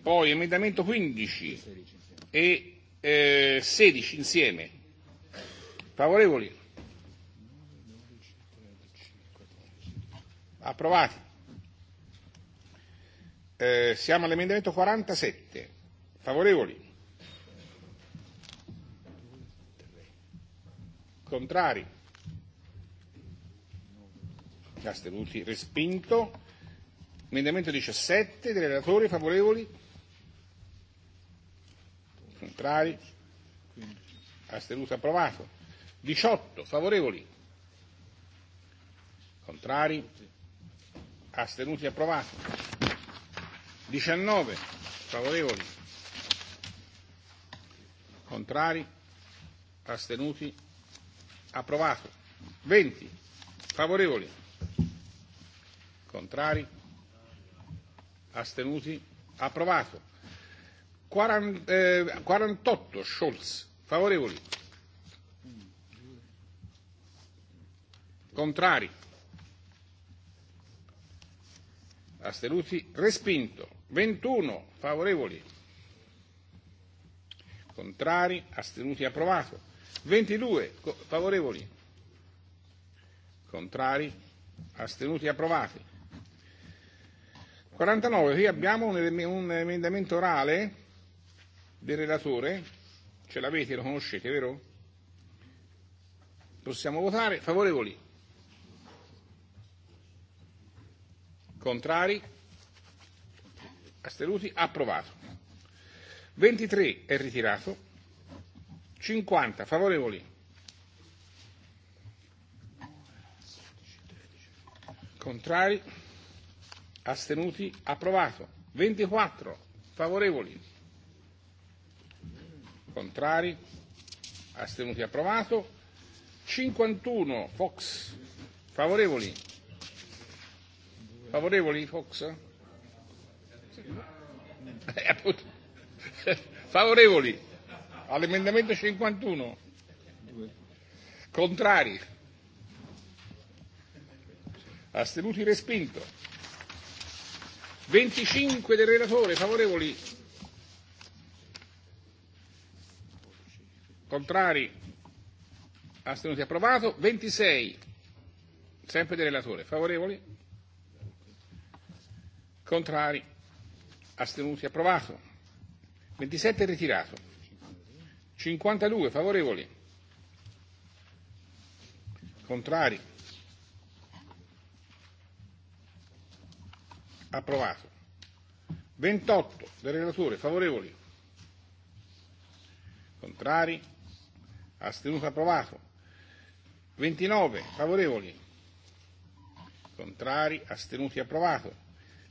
Poi emendamento 15 e eh, 16 insieme. Favorevoli? Approvati. Eh, siamo all'emendamento 47. Favorevoli? Contrari? Astenuti? Respinto. Emendamento 17 dei relatori favorevoli? Contrari? Astenuti approvato. 18 favorevoli? Contrari? Astenuti approvato. 19 favorevoli? Contrari? Astenuti? Approvato. 20. Favorevoli? Contrari? Astenuti? Approvato. 40, eh, 48. Scholz. Favorevoli? Contrari? Astenuti? Respinto. 21. Favorevoli? contrari, astenuti, approvato. 22 favorevoli, contrari, astenuti, approvati. 49, qui abbiamo un, un emendamento orale del relatore, ce l'avete, lo conoscete, vero? Possiamo votare, favorevoli, contrari, astenuti, approvato. 23 è ritirato, 50 favorevoli, contrari, astenuti, approvato, 24 favorevoli, contrari, astenuti, approvato, 51 Fox, favorevoli, favorevoli Fox? Sì. Eh, appunto. Favorevoli all'emendamento 51? Contrari? Astenuti respinto. 25 del relatore, favorevoli? Contrari? Astenuti approvato. 26, sempre del relatore, favorevoli? Contrari? Astenuti approvato. 27 ritirato. 52 favorevoli. Contrari. Approvato. 28 del relatore favorevoli. Contrari. Astenuto approvato. 29 favorevoli. Contrari. Astenuti approvato.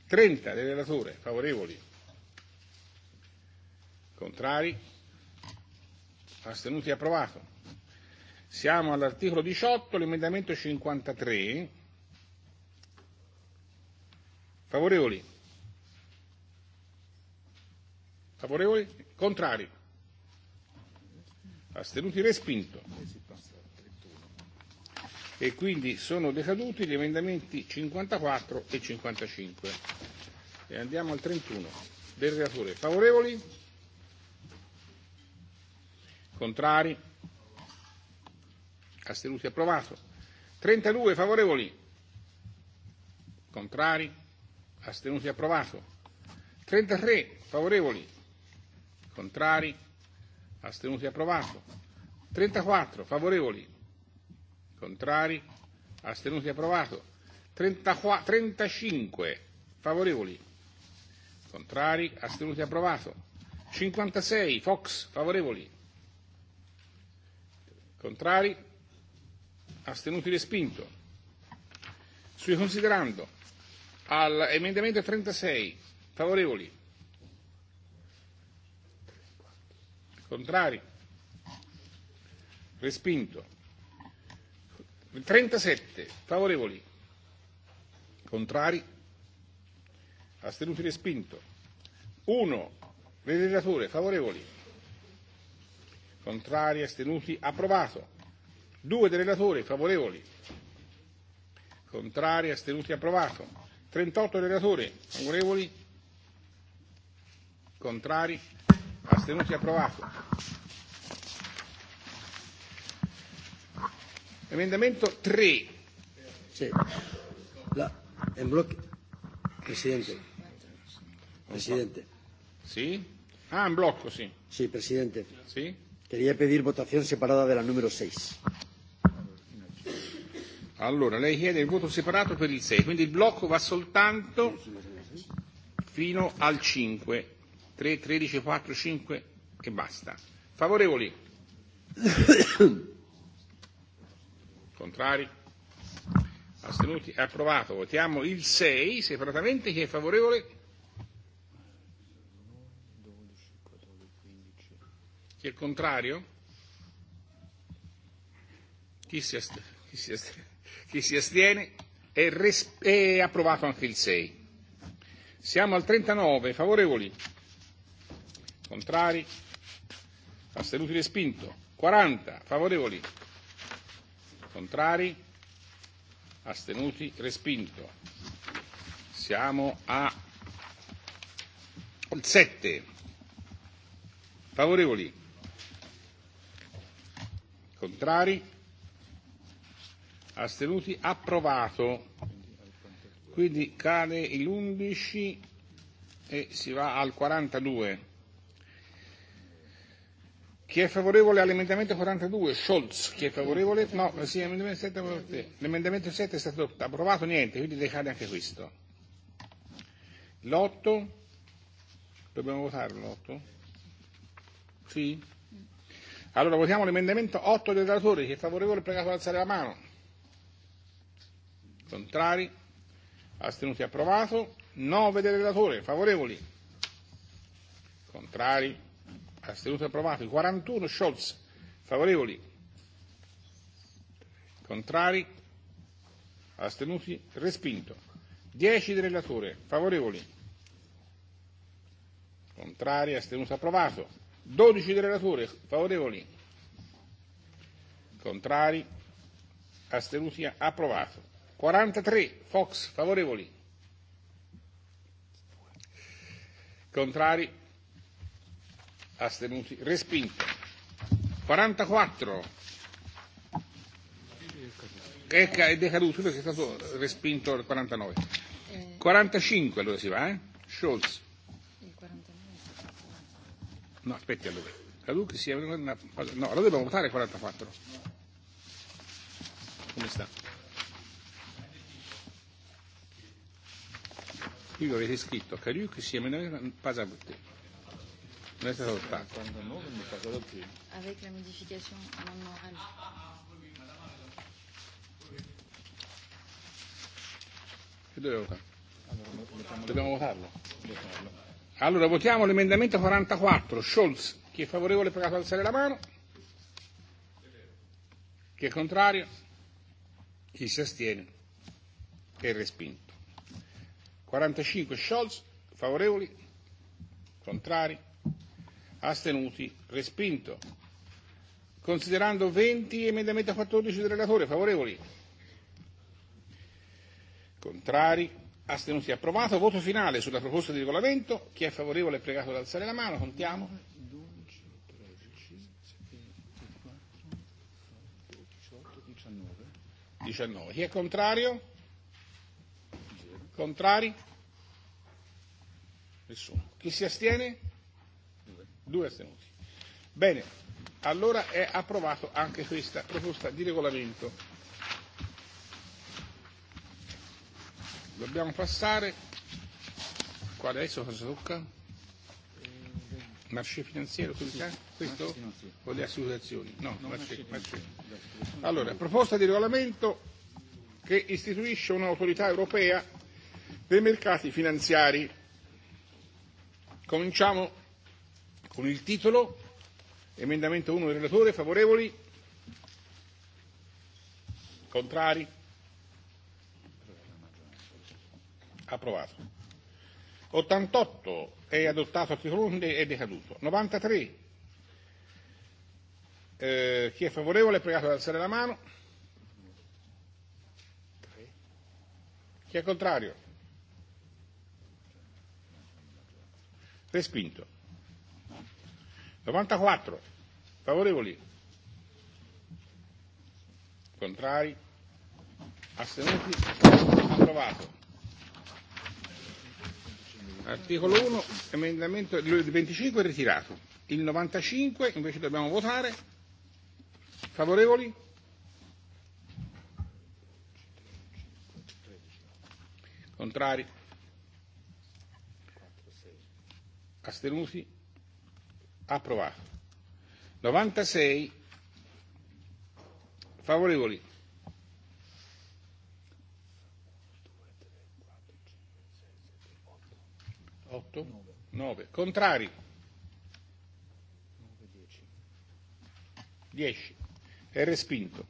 30 del relatore favorevoli Contrari? Astenuti? Approvato. Siamo all'articolo 18, l'emendamento 53. Favorevoli? Favorevoli? Contrari? Astenuti? Respinto. E quindi sono decaduti gli emendamenti 54 e 55. E andiamo al 31 del relatore. Favorevoli? Contrari? Astenuti approvato. 32 favorevoli? Contrari? Astenuti approvato. 33 favorevoli? Contrari? Astenuti approvato. 34 favorevoli? Contrari? Astenuti approvato. 34, 35 favorevoli? Contrari? Astenuti approvato. 56 Fox favorevoli? Contrari? Astenuti respinto. Sui considerando all'emendamento 36, favorevoli? Contrari? Respinto. 37, favorevoli? Contrari? Astenuti respinto. 1, del relatore, favorevoli? Contrari, astenuti, approvato. Due dei relatori favorevoli. Contrari, astenuti, approvato. 38 del relatori favorevoli. Contrari, astenuti, approvato. Emendamento 3. Sì. La, en bloque. Presidente. Presidente. Sì? Ah, in blocco, sì. Sì, Presidente. Sì? Quería pedir votación separada de la número 6. Allora, lei chiede il voto separato per il 6, quindi il blocco va soltanto fino al 5, 3, 13, 4, 5 e basta. Favorevoli? Contrari? Astenuti? Approvato. Votiamo il 6 separatamente. Chi è favorevole? Chi è contrario? Chi si, astiene, chi si, astiene? È, res- è approvato anche il 6. Siamo al 39, favorevoli? Contrari? Astenuti respinto. 40, favorevoli? Contrari? Astenuti respinto. Siamo a 7. Favorevoli? Contrari? Astenuti? Approvato. Quindi cade l'11 e si va al 42. Chi è favorevole all'emendamento 42? Scholz. Chi è favorevole? No, sì, l'emendamento 7, l'emendamento 7 è stato approvato, niente, quindi decade anche questo. L'8? Dobbiamo votare l'8? Sì? Allora votiamo l'emendamento 8 dei relatori Chi è favorevole prega ad alzare la mano. Contrari? Astenuti approvato. 9 del relatore. Favorevoli? Contrari? Astenuti approvato. 41 Scholz. Favorevoli? Contrari? Astenuti? Respinto. 10 del relatore. Favorevoli? Contrari? Astenuti approvato. 12 relatori favorevoli, contrari, astenuti, approvato. 43, Fox, favorevoli, contrari, astenuti, respinto. 44, è decaduto perché è stato respinto il 49. 45 allora si va, eh? Scholz No, aspetti allora. Caduc, sì, una cosa... No, allora dobbiamo votare 44. Come sta? Qui lo avete scritto Caduc, sì, emendamento pas voté. Non è stato votato. Avec la modification amendement orale. Che dove votare? Dobbiamo votarlo. Dobbiamo votarlo. Allora votiamo l'emendamento 44, Scholz. Chi è favorevole per alzare la mano. Chi è contrario? Chi si astiene? È respinto. 45 Scholz, favorevoli, contrari, astenuti, respinto. Considerando 20 emendamento 14 del relatore, favorevoli, contrari, astenuti approvato, voto finale sulla proposta di regolamento, chi è favorevole è pregato ad alzare la mano, contiamo. 12, 13, 24, 18, 19. 19. Chi è contrario? Contrari? Nessuno. Chi si astiene? Due astenuti. Bene, allora è approvato anche questa proposta di regolamento. Dobbiamo passare qua adesso cosa tocca? Marché finanziario, questo? O le assicurazioni? No, marché, marché. Allora, proposta di regolamento che istituisce un'autorità europea dei mercati finanziari. Cominciamo con il titolo, emendamento 1 del relatore, favorevoli? Contrari? approvato. 88 è adottato a Ticlunde è decaduto. 93 eh, chi è favorevole è pregato ad alzare la mano. Chi è contrario? Respinto. 94. Favorevoli? Contrari? Astenuti? Approvato. Articolo 1, emendamento il 25 è ritirato. Il 95 invece dobbiamo votare. Favorevoli? Contrari? Astenuti? Approvato. 96 favorevoli 8, 9. Contrari? 10. È respinto.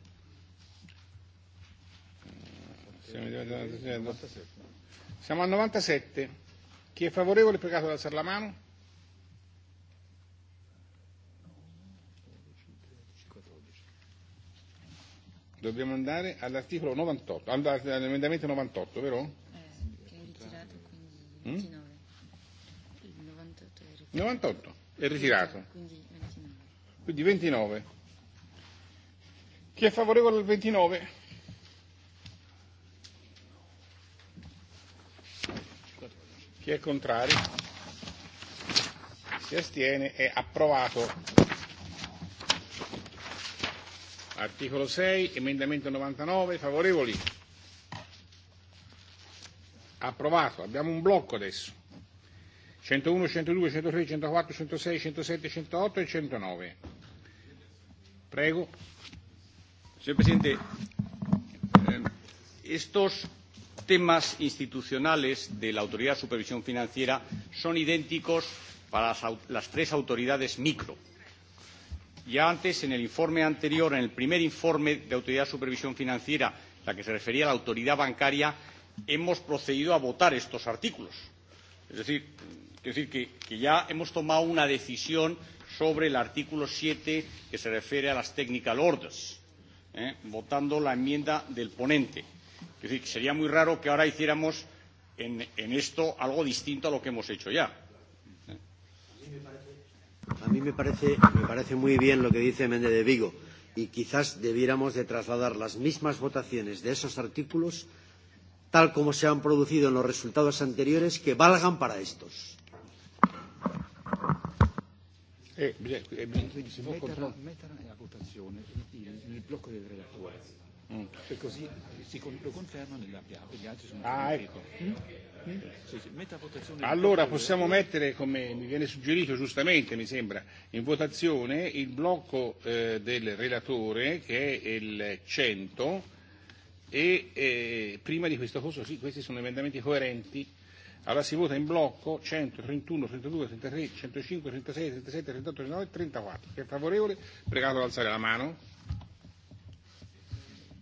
Siamo al 97. Chi è favorevole è pregato ad alzare la mano? Dobbiamo andare all'articolo 98, all'emendamento 98, vero? Eh, che è ritirato, quindi mm? 98 è ritirato. Quindi 29. Chi è favorevole al 29? Chi è contrario? Si astiene? È approvato. Articolo 6, emendamento 99, favorevoli? Approvato. Abbiamo un blocco adesso. 101, 102, 103, 104, 106, 107, 108 e 109. Prego. Señor presidente, estos temas institucionales de la Autoridad de Supervisión Financiera son idénticos para las tres autoridades micro. Ya antes, en el informe anterior, en el primer informe de Autoridad de Supervisión Financiera, la que se refería a la autoridad bancaria, hemos procedido a votar estos artículos. Es decir, Es decir, que, que ya hemos tomado una decisión sobre el artículo 7 que se refiere a las technical orders, ¿eh? votando la enmienda del ponente. Es decir, que sería muy raro que ahora hiciéramos en, en esto algo distinto a lo que hemos hecho ya. A mí me parece, me parece muy bien lo que dice Méndez de Vigo y quizás debiéramos de trasladar las mismas votaciones de esos artículos tal como se han producido en los resultados anteriores que valgan para estos Eh, bisogna, votazione il, blocco del relatore. Mm. E così si con, lo conferma gli altri sono ah, ecco. mm? Mm? Sì, sì, votazione allora possiamo mettere, come mi viene suggerito giustamente mi sembra, in votazione il blocco eh, del relatore che è il 100 e eh, prima di questo corso sì, questi sono emendamenti coerenti Allora si vota in blocco 100, 31, 32, 33, 105, 36, 37, 38, 39 e 34. Chi è favorevole, pregato ad alzare la mano.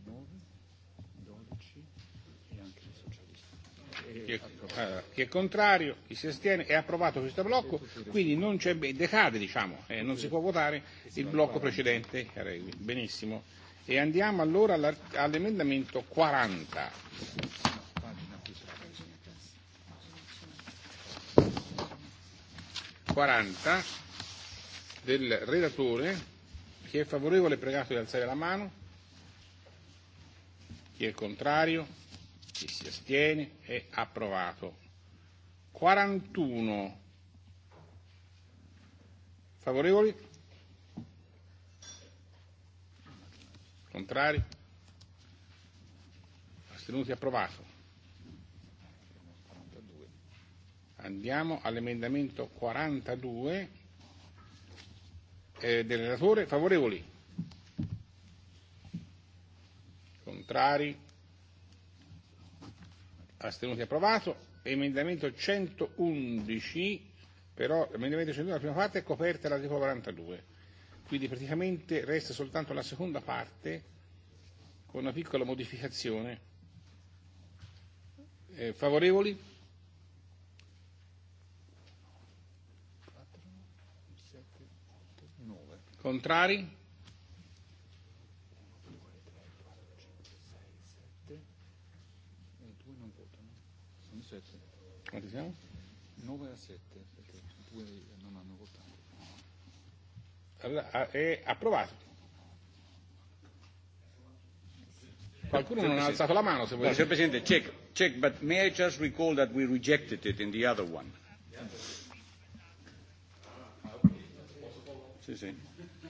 9, 12 e anche i socialisti. Chi è, allora, chi è contrario, chi si astiene, è approvato questo blocco, quindi non c'è, decade diciamo, eh, non si può votare il blocco precedente. Benissimo. E andiamo allora all'emendamento 40. 40 del relatore. Chi è favorevole è pregato di alzare la mano. Chi è contrario? Chi si astiene? È approvato. 41 favorevoli? Contrari? Astenuti? Approvato. Andiamo all'emendamento 42 eh, del relatore. Favorevoli? Contrari? Astenuti approvato. Emendamento 111, però l'emendamento 111 la prima parte è coperta dall'articolo 42, quindi praticamente resta soltanto la seconda parte con una piccola modificazione. Eh, favorevoli? Contrari? Quanti siamo? 9 a 7 perché due non hanno votato. Allora, è approvato. Qualcuno non ha alzato la mano se vuole. Signor Presidente, check, check, but may I just recall that we rejected it in the other one? Yeah. Sì, sì.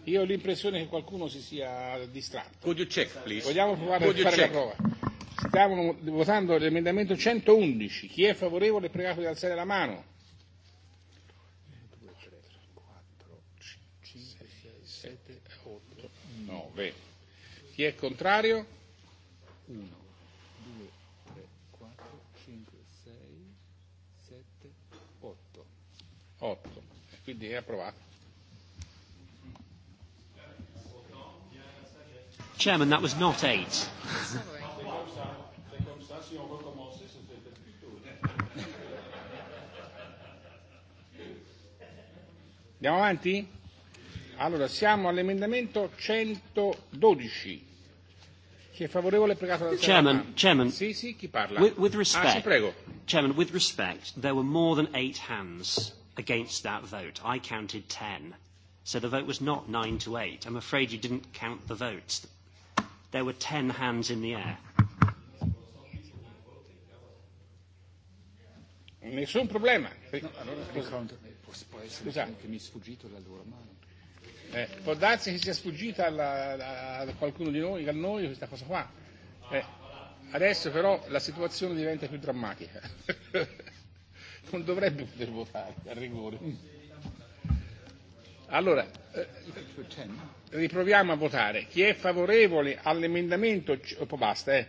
Io ho l'impressione che qualcuno si sia distratto. Could you check, please? Vogliamo provare Could a fare la prova. Stiamo votando l'emendamento 111. Chi è favorevole è pregato di alzare la mano. Chi è contrario? 1, 2, 3, 4, 5, 6, 7, 8. 8. Quindi è approvato. Chairman, that was not eight. Andiamo avanti? Allora, siamo all'emendamento 112. Chi è favorevole è pregato dal Chairman, Chairman. Sì, sì, chi parla? With, with respect. Ah, sì, prego. Chairman, with respect, there were more than eight hands against that vote. I counted ten. So the vote was not nine to eight. I'm afraid you didn't count the votes. There were ten hands in the air. Nessun problema. Scusate. mi è sfuggito la loro mano. Eh, può darsi che sia sfuggita alla, a qualcuno di noi, a noi questa cosa qua. Eh, adesso però la situazione diventa più drammatica. non dovrebbe poter votare a rigore. Allora, eh, riproviamo a votare. Chi è favorevole all'emendamento basta, eh,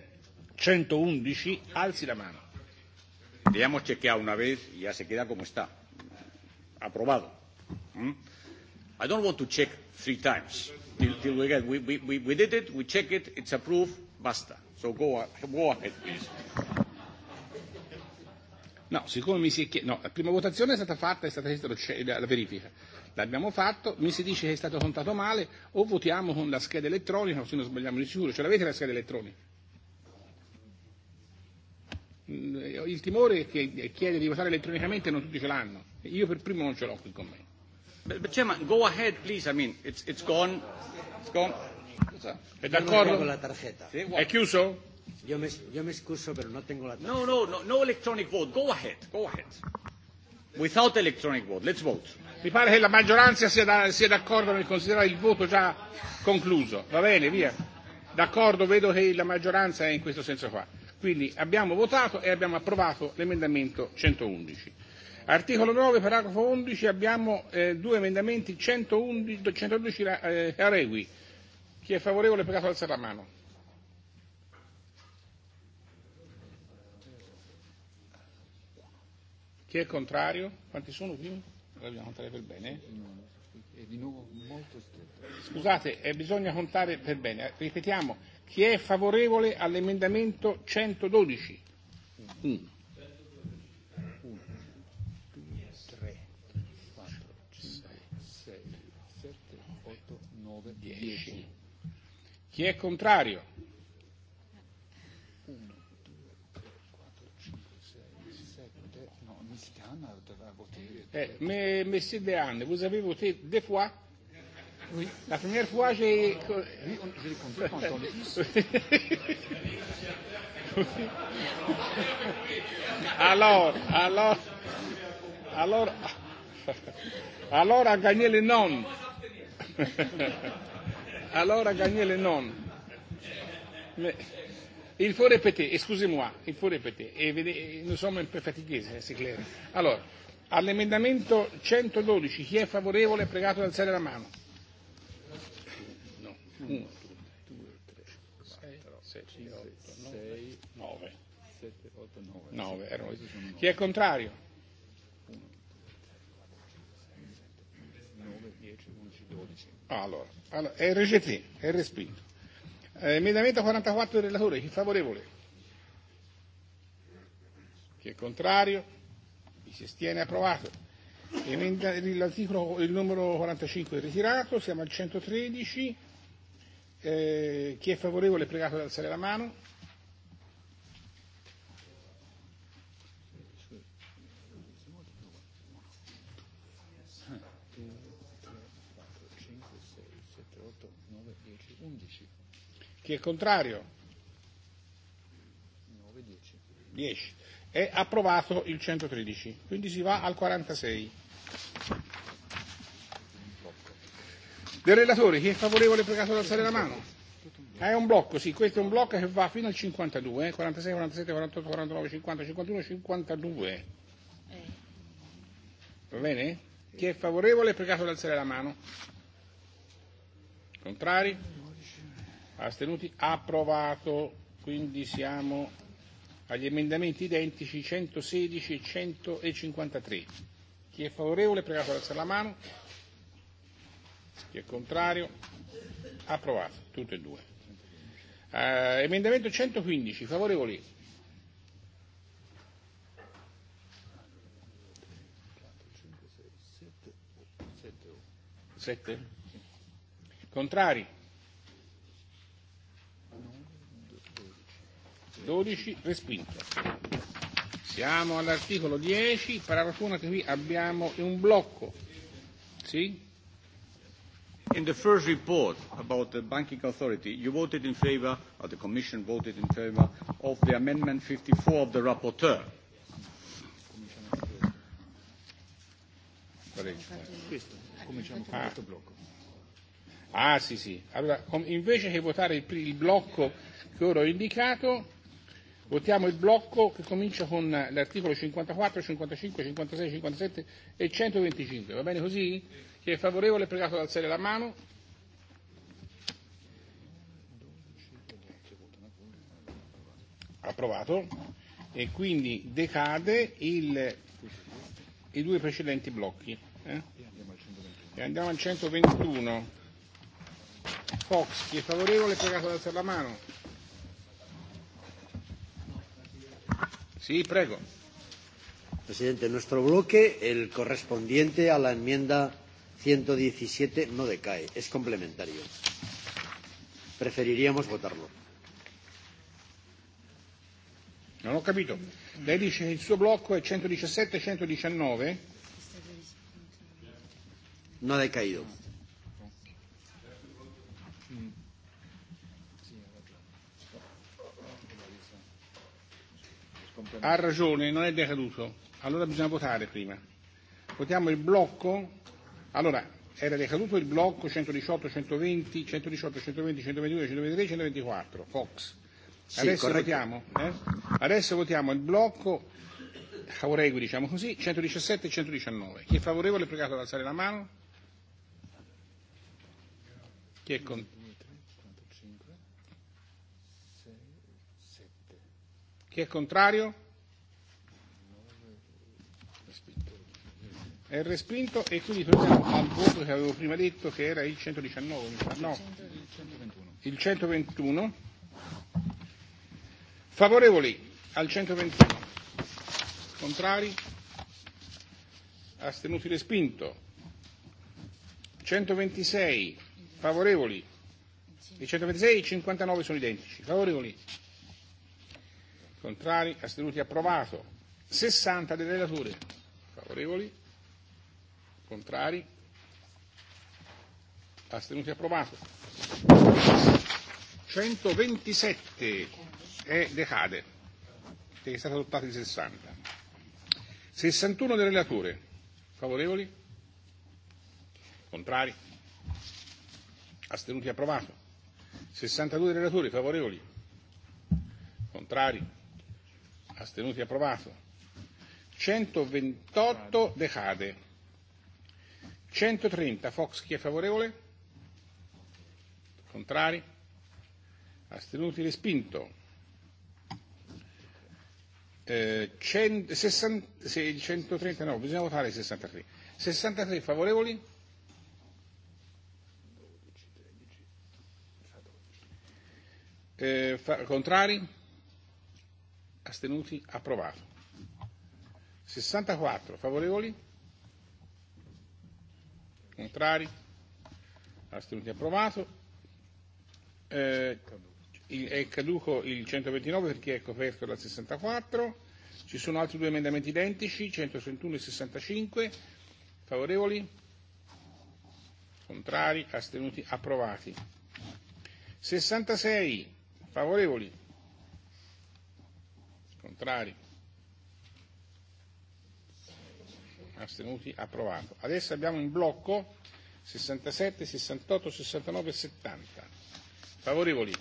111, alzi la mano. Abbiamo chequeato una vez e ya se queda come sta. Approvato. ¿Mm? I don't want to check three times till, till we get. we, we, we did it, we check it, it's approved, basta. So go, go ahead, please. No, siccome mi si è chiesto, no, la prima votazione è stata fatta, è stata chiesta la verifica l'abbiamo fatto, mi si dice che è stato contato male, o votiamo con la scheda elettronica, così non sbagliamo di sicuro. Ce l'avete la scheda elettronica? Il timore è che chiede di votare elettronicamente non tutti ce l'hanno. Io per primo non ce l'ho qui con me. But Chairman, go ahead please, I mean, it's, it's gone. It's gone. È d'accordo? È chiuso? Io mi io mi scuso, però non tengo la tarjeta. No, no, no, no electronic vote. Go ahead, go ahead. Without electronic vote, let's vote. Mi pare che la maggioranza sia, da, sia d'accordo nel considerare il voto già concluso. Va bene, via. D'accordo, vedo che la maggioranza è in questo senso qua. Quindi abbiamo votato e abbiamo approvato l'emendamento 111. Articolo 9, paragrafo 11, abbiamo eh, due emendamenti 111, 112 eh, Regui. Chi è favorevole è alzare la mano. Chi è contrario? Quanti sono? qui? dobbiamo contare per bene? È di nuovo molto stretto. Scusate, bisogna contare per bene. Ripetiamo, chi è favorevole all'emendamento 112? 1. 1, 2, 3, 4, 5, 6, 7, 8, 9, 10. Chi è contrario? Eh, mais, monsieur Dehaene, vous avez voté deux fois Oui. La première fois, j'ai. Oui, on, je l'ai compté quand on est alors, alors, alors, alors a gagné le non. alors a gagné le non. Mais il faut répéter, excusez-moi, il faut répéter. Et, nous sommes un peu fatigués, c'est clair. Alors. All'emendamento 112, chi è favorevole è pregato di alzare la mano. No, 1, Chi è contrario? 1, 9, 10, 11, Allora, allora è RGT, è respinto. Eh, emendamento 44 del relatore, chi è favorevole? Chi è contrario? Chi si astiene? Approvato. L'articolo, il numero 45 è ritirato, siamo al 113. Eh, chi è favorevole è pregato ad alzare la mano. Chi è contrario? 9, 10. 10. È approvato il 113, quindi si va al 46. Del relatore, chi è favorevole è pregato ad alzare la mano. È un blocco, sì, questo è un blocco che va fino al 52, eh, 46, 47, 48, 49, 50, 51, 52. Va bene? Chi è favorevole è pregato ad alzare la mano. Contrari? Astenuti? Approvato. Quindi siamo agli emendamenti identici 116 e 153. Chi è favorevole, prega per alzare la mano. Chi è contrario? Approvato, tutte e due. Uh, emendamento 115, favorevoli? Sette? Contrari? 12 respinto. Siamo all'articolo 10, paragrafo 1 che qui abbiamo un blocco. Sì? In the first report about the banking authority, you voted in favor, or the Commission voted in favor, of the amendment 54 of the rapporteur. Ah sì sì, allora invece che votare il blocco che ora ho indicato Votiamo il blocco che comincia con l'articolo 54, 55, 56, 57 e 125. Va bene così? Chi è favorevole è pregato ad alzare la mano. Approvato. E quindi decade il, i due precedenti blocchi. Eh? E andiamo al 121. Fox, chi è favorevole è pregato ad alzare la mano. Sí, prego. Presidente, nuestro bloque, el correspondiente a la enmienda 117, no decae, es complementario. Preferiríamos votarlo. Non ho capito. Lei dice che il suo blocco è 117 e 119? No ha decaído. Ha ragione, non è decaduto. Allora bisogna votare prima. Votiamo il blocco. Allora, era decaduto il blocco 118, 120, 118, 120, 122, 123, 124. Fox. Sì, Adesso, votiamo, eh? Adesso votiamo il blocco favorevoli, diciamo così, 117 e 119. Chi è favorevole è pregato ad alzare la mano. Chi è contento? Chi è contrario? È respinto e quindi torniamo al voto che avevo prima detto che era il 119, No, il No, il 121. Favorevoli al 121. Contrari? Astenuti respinto. 126 favorevoli. I 126 e i 59 sono identici. Favorevoli? Contrari? Astenuti? Approvato. 60 dei relatori. Favorevoli? Contrari? Astenuti? Approvato. 127 è decade, che è stato adottato il 60. 61 del relatore. Favorevoli? Contrari? Astenuti? Approvato. 62 dei relatori. Favorevoli? Contrari? astenuti approvato, 128 decade, 130 Fox chi è favorevole, contrari, astenuti respinto, eh, 160, 130 no, bisogna votare 63, 63 favorevoli, eh, fa, contrari, astenuti, approvato. 64 favorevoli, contrari, astenuti, approvato. Eh, è caduco il 129 perché è coperto dal 64. Ci sono altri due emendamenti identici, 131 e 65. Favorevoli? Contrari? Astenuti? Approvati. 66. Favorevoli? Contrari? Astenuti? Approvato. Adesso abbiamo in blocco 67, 68, 69 e 70. Favorevoli?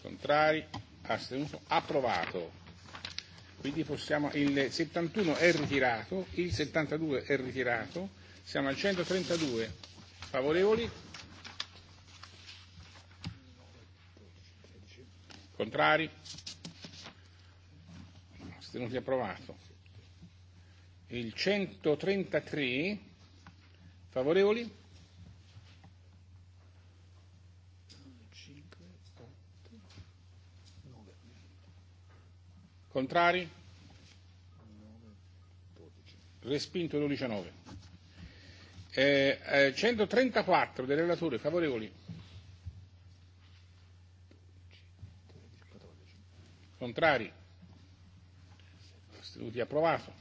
Contrari? Astenuto? Approvato. Quindi possiamo, il 71 è ritirato, il 72 è ritirato, siamo al 132. Favorevoli? Contrari? Astenuti approvato. Il 133 favorevoli? 5, 8, 9. Contrari? Respinto 12 a 9. Eh, eh, 134 del relatore favorevoli? Contrari? Astenuti? Approvato.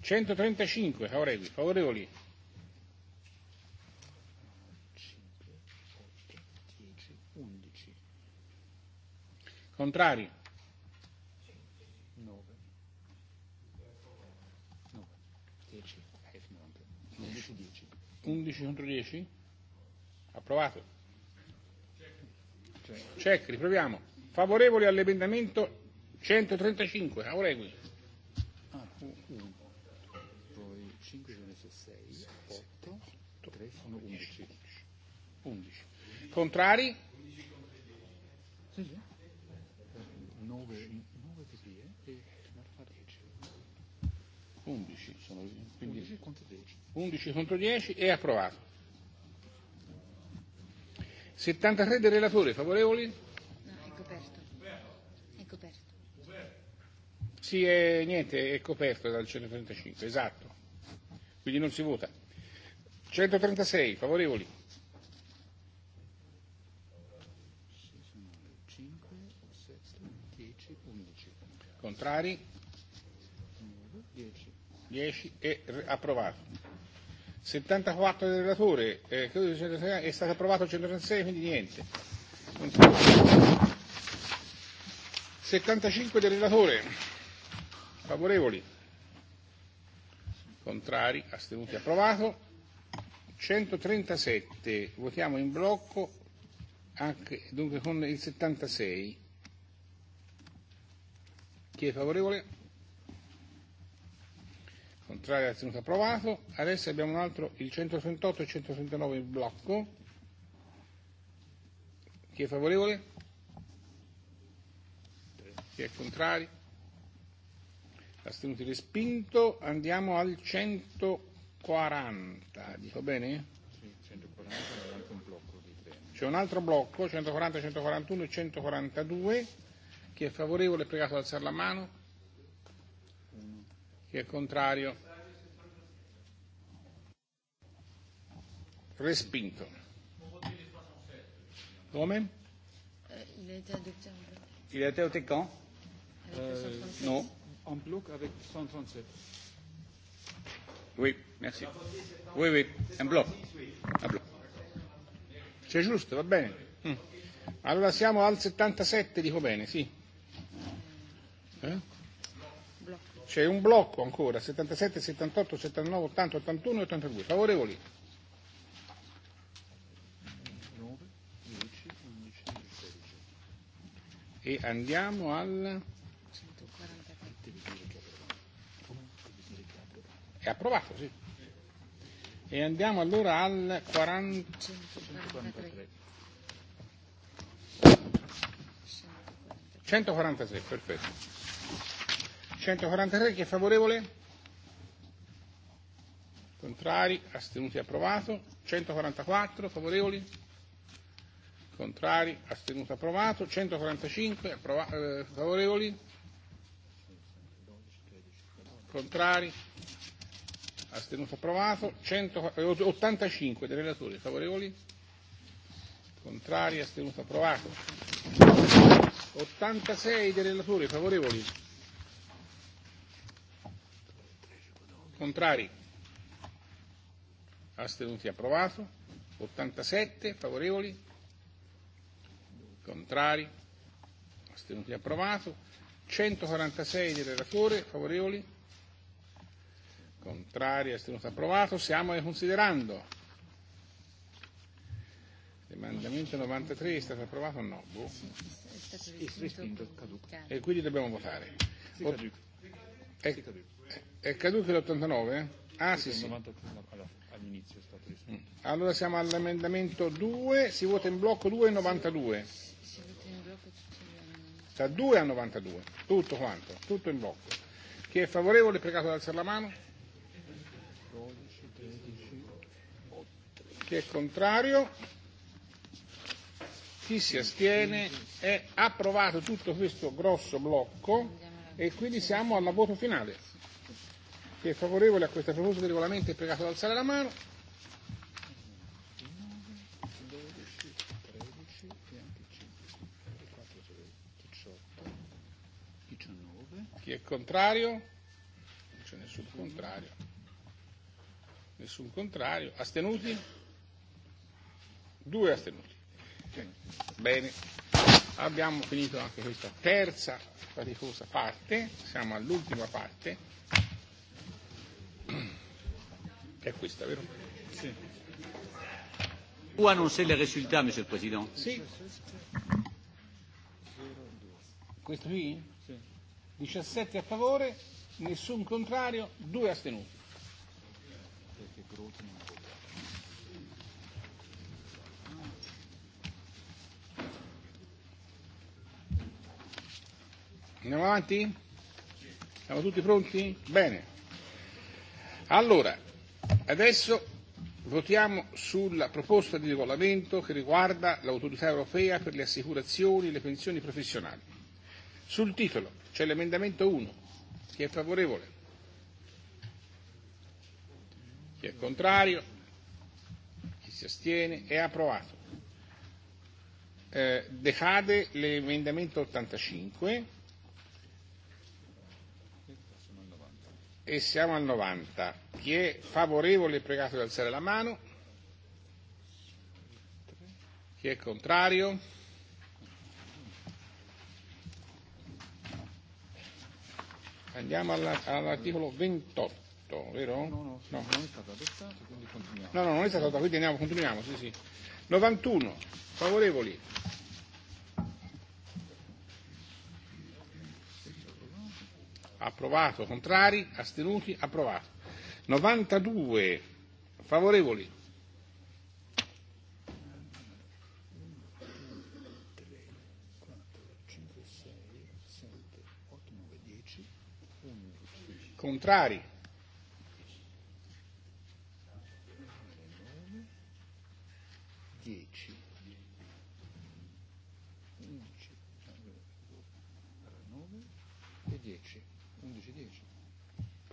135, favorevoli. Favorevoli? Contrari? Undici contro dieci? Approvato. Check, riproviamo. Favorevoli all'emendamento 135, Auregui. Ah, 1, poi 5 sono 6, 8, 3 sono 11. 11. Contrari? 9, 9 dieci. e 11 sono 11 contro 10. 11 contro 10 è approvato. 73 dei relatori favorevoli? Sì, è, niente, è coperto dal 135, esatto. Quindi non si vota. 136, favorevoli. Contrari? 10 e approvato. 74 del relatore, eh, è stato approvato il 136, quindi niente. 75 del relatore. Favorevoli? Contrari? Astenuti? Approvato. 137, votiamo in blocco anche, dunque con il 76. Chi è favorevole? Contrario, astenuto, approvato. Adesso abbiamo un altro, il 138 e il 139 in blocco. Chi è favorevole? Chi è contrario? astenuti respinto. Andiamo al 140, dico bene? Sì, 140 è un blocco di C'è un altro blocco, 140, 141 e 142. Chi è favorevole è pregato ad alzare la mano. Chi è contrario? Respinto. Come? Il a été adopté quand euh, Non en bloc avec 137. Oui, merci. Oui, oui, en bloc. En bloc. C'est juste, va bene. Mm. Allora siamo al 77, dico bene, sì. Eh? C'è un blocco ancora, 77, 78, 79, 80, 81 e 82. Favorevoli? 9, 10, 11, 13. E andiamo al... È approvato, sì. E andiamo allora al 40... 143, perfetto. 143 chi è favorevole? Contrari, astenuti, approvato. 144 favorevoli? Contrari, astenuto, approvato. 145 approva- eh, favorevoli? Contrari, astenuto approvato, 185 dei relatori favorevoli, contrari, astenuto approvato, 86 dei relatori favorevoli, contrari, astenuti approvato, 87 favorevoli, contrari, astenuti approvato, 146 del relatore favorevoli, Contrari, astenuto approvato. Siamo considerando. L'emendamento 93 è stato approvato o no? Boh. E quindi dobbiamo votare. O- è, è caduto l'89? Ah sì, sì. All'inizio è stato Allora siamo all'emendamento 2, si vota in blocco 2 e 92. Da 2 a 92, tutto quanto, tutto in blocco. Chi è favorevole pregato ad alzare la mano? Chi è contrario? Chi si astiene? È approvato tutto questo grosso blocco e quindi siamo alla voto finale. Chi è favorevole a questa proposta di regolamento è pregato ad alzare la mano. Chi è contrario? Non c'è nessun contrario. Nessun contrario. Astenuti? Due astenuti. Bene, abbiamo finito anche questa terza faticosa parte, siamo all'ultima parte, che è questa, vero? Sì. Ou annoncer les résultats, Monsieur le Président Sì. Questo qui? Sì. 17 a favore, nessun contrario, due astenuti. Perché Grote non può. Andiamo avanti? Siamo tutti pronti? Bene. Allora, adesso votiamo sulla proposta di regolamento che riguarda l'autorità europea per le assicurazioni e le pensioni professionali. Sul titolo c'è l'emendamento 1. Chi è favorevole? Chi è contrario? Chi si astiene? È approvato. Eh, decade l'emendamento 85 e siamo al 90. Chi è favorevole è pregato di alzare la mano. Chi è contrario? Andiamo all'articolo 28, vero? No, no, no. non è stato adottato, quindi continuiamo. No, no, non è stato adottato, quindi andiamo, continuiamo, sì, sì. 91, favorevoli. approvato, contrari, astenuti, approvato. 92 favorevoli, contrari,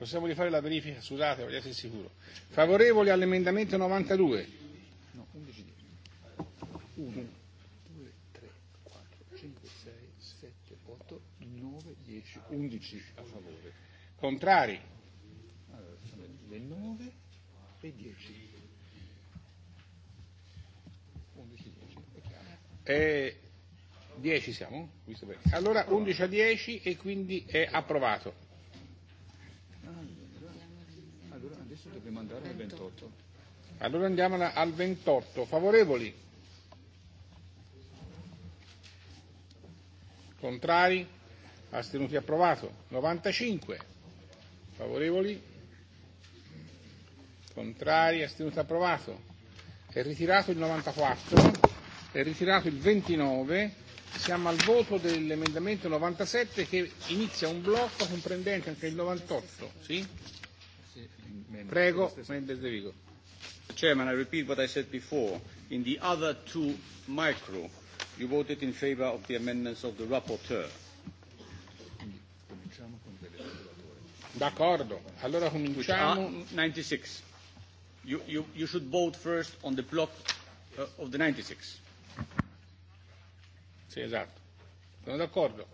Possiamo rifare la verifica, scusate, voglio essere sicuro. Favorevoli all'emendamento 92. No, 11 1, 2, 3, 4, 5, 6, 7, 8, 9, 10, 11 a favore. Contrari? Allora, sono le 9 e 10. 11, 10, è chiaro. 10 siamo? Allora 11 a 10 e quindi è approvato. Dobbiamo andare al 28. Allora andiamo al 28. Favorevoli? Contrari? Astenuti approvato. 95. Favorevoli? Contrari? Astenuti approvato. È ritirato il 94. È ritirato il 29. Siamo al voto dell'emendamento 97 che inizia un blocco comprendente anche il 98. Sì? Prego, Mendes de Vigo. Chairman, I repeat what I said before. In the other two micro, you voted in favour of the amendments of the rapporteur. D'accordo. Allora cominciamo. 96. You, you, you should vote first on the block uh, of the 96. Sì, esatto. Sono d'accordo.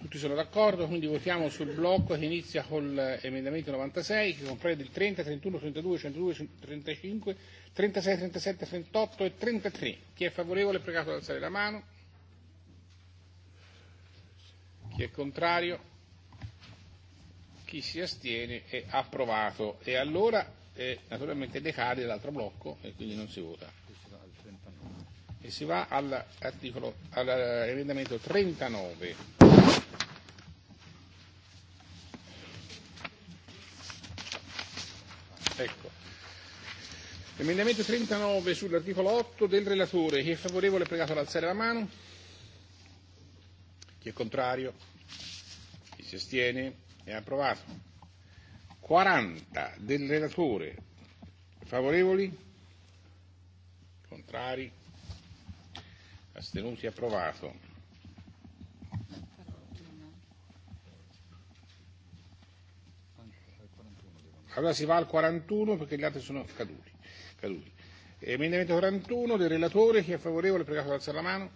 Tutti sono d'accordo, quindi votiamo sul blocco che inizia con l'emendamento 96, che comprende il 30, 31, 32, 102, 35, 36, 37, 38 e 33. Chi è favorevole è pregato ad alzare la mano. Chi è contrario? Chi si astiene è approvato. E allora eh, naturalmente decade l'altro blocco e quindi non si vota. E si va all'articolo, all'emendamento 39 Ecco. Emendamento 39 sull'articolo 8 del relatore. Chi è favorevole è pregato ad alzare la mano. Chi è contrario? Chi si astiene? È approvato. 40 del relatore. Favorevoli? Contrari? Astenuti? Approvato. Allora si va al 41 perché gli altri sono caduti. caduti. Emendamento 41 del relatore, chi è favorevole, pregato ad alzare la mano.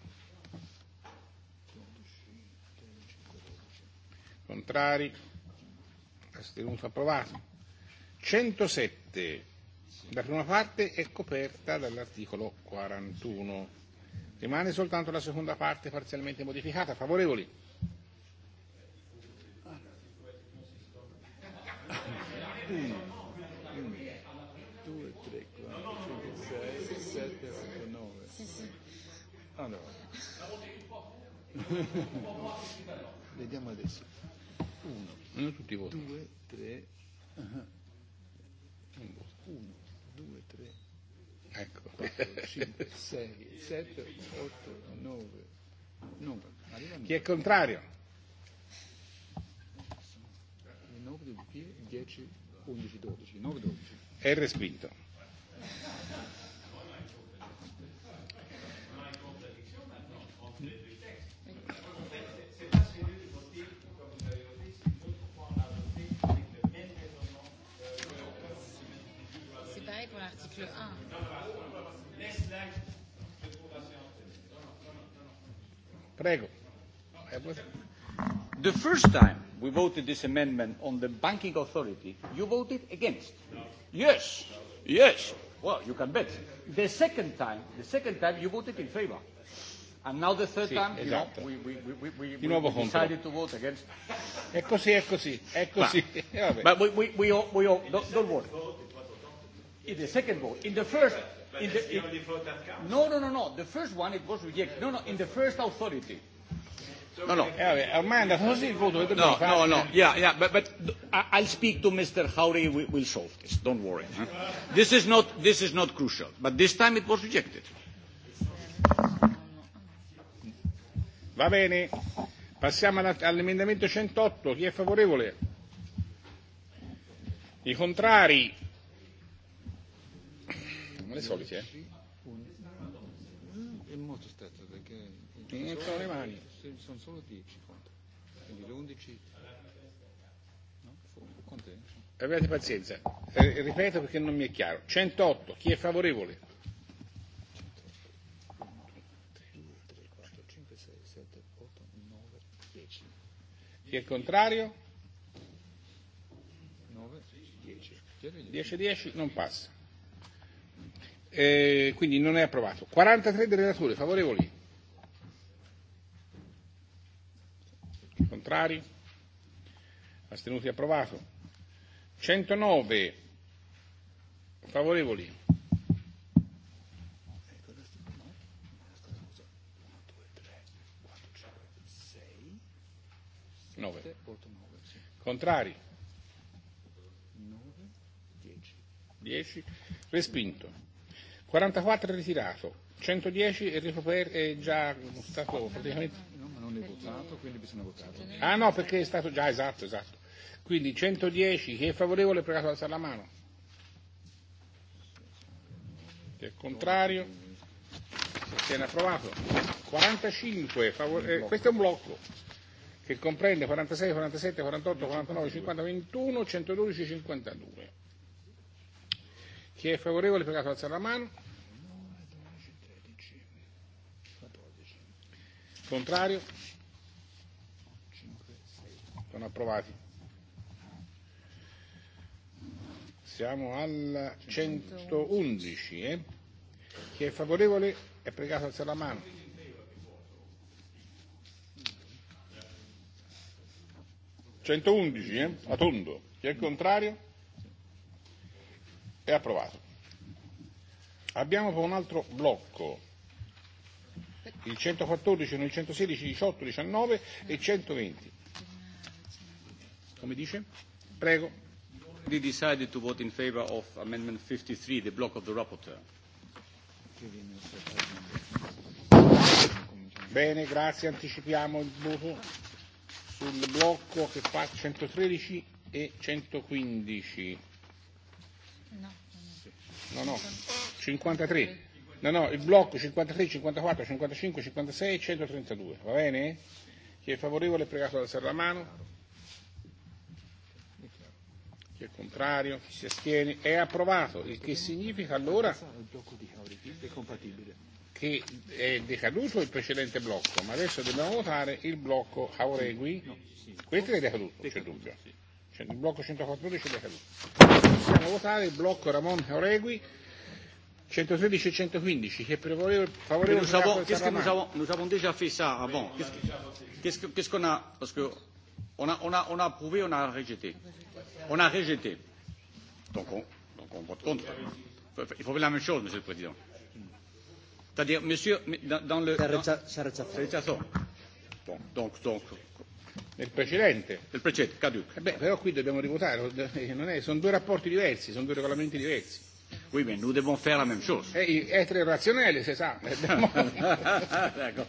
Contrari? Astenuto approvato. 107. La prima parte è coperta dall'articolo 41. Rimane soltanto la seconda parte parzialmente modificata. Favorevoli? Due, tre, quattro, cinque, sei, sette, otto, nove. Allora. Vediamo adesso. Uno. Non tutti voti. Due, tre. Uno, due, tre. Ecco. Quattro, cinque, sei, sette, otto, nove. Nove. Chi è contrario? 9 più 10 11, 12, È respinto. Prego. The first time we voted this amendment on the banking authority, you voted against. Yes, yes. Well, you can bet. The second time, the second time you voted in favour. And now the third sì, time, esatto. you know, we, we, we, we, we, we decided to vote against. È così, è così, è così. but we, we, we all, we all don't, don't worry. In the second vote, in the first, in the, in, no, no, no, no. The first one it was rejected. No, no, in the first authority. No, no. Amanda, così il voto No, no, no. Yeah, yeah. But, but I'll speak to Mr. Howry. We, we'll solve this. Don't worry. Huh? This is not. This is not crucial. But this time it was rejected. Va bene. Passiamo all'emendamento 108. Chi è favorevole? I contrari? Come le solite, eh? È molto stretto perché... Non sono le mani ci sono solo 10 conto. Quindi le 11 Abbiate pazienza, ripeto perché non mi è chiaro. 108, chi è favorevole? Chi è contrario? 9, 10. 10, 10 non passa. Eh, quindi non è approvato. 43 dei relatori favorevoli. Contrari? Astenuti approvato. 109 favorevoli. Nove. Contrari? 10. Respinto. 44 ritirato. 110 è già stato praticamente non è votato, quindi bisogna votare. Ah no, perché è stato già esatto, esatto. Quindi 110, chi è favorevole è pregato ad alzare la mano. Chi è contrario? Si è approvato. 45, favore... eh, questo è un blocco che comprende 46, 47, 48, 49, 50, 21, 112, 52. Chi è favorevole è pregato ad alzare la mano. Contrario? Sono approvati. Siamo al 111. Eh? Chi è favorevole è pregato a alzare la mano. Centoundici, eh? A tondo. Chi è il contrario? È approvato. Abbiamo poi un altro blocco il 114, il 116, 18, 19 e 120. Come dice? Prego. We decided to vote in favor of Amendment 53, the block of the rapporteur. Bene, grazie, anticipiamo il voto sul blocco che fa 113 e 115. No, no, no. 53. No, no, il blocco 53, 54, 55, 56 e 132, va bene? Chi è favorevole è pregato ad alzare la mano. Chi è contrario, chi si astiene, è approvato, il che significa allora che è decaduto il precedente blocco, ma adesso dobbiamo votare il blocco Auregui. Questo è decaduto, c'è dubbio. Il blocco 114 è decaduto. Possiamo votare il blocco Ramon Auregui 113 e 115, che est favorable nous avons, qu'est-ce que nous avons, nous avons déjà fait ça avant. Qu'est-ce qu'est-ce qu'on a Parce que on a, on a, on a approuvé, on a rejeté. On a rejeté. Donc on, donc on vote contre. Il faut faire la même chose, Monsieur le Président. C'est-à-dire, Monsieur, dans, dans le. Bon, donc, donc, Nel precedente. Nel precedente, caduc. Eh beh, però qui dobbiamo rivotare, non è, sono due rapporti diversi, sono due regolamenti diversi. Oui, mais nous devons faire la même chose. Et être rationnel, c'est ça. D'accord.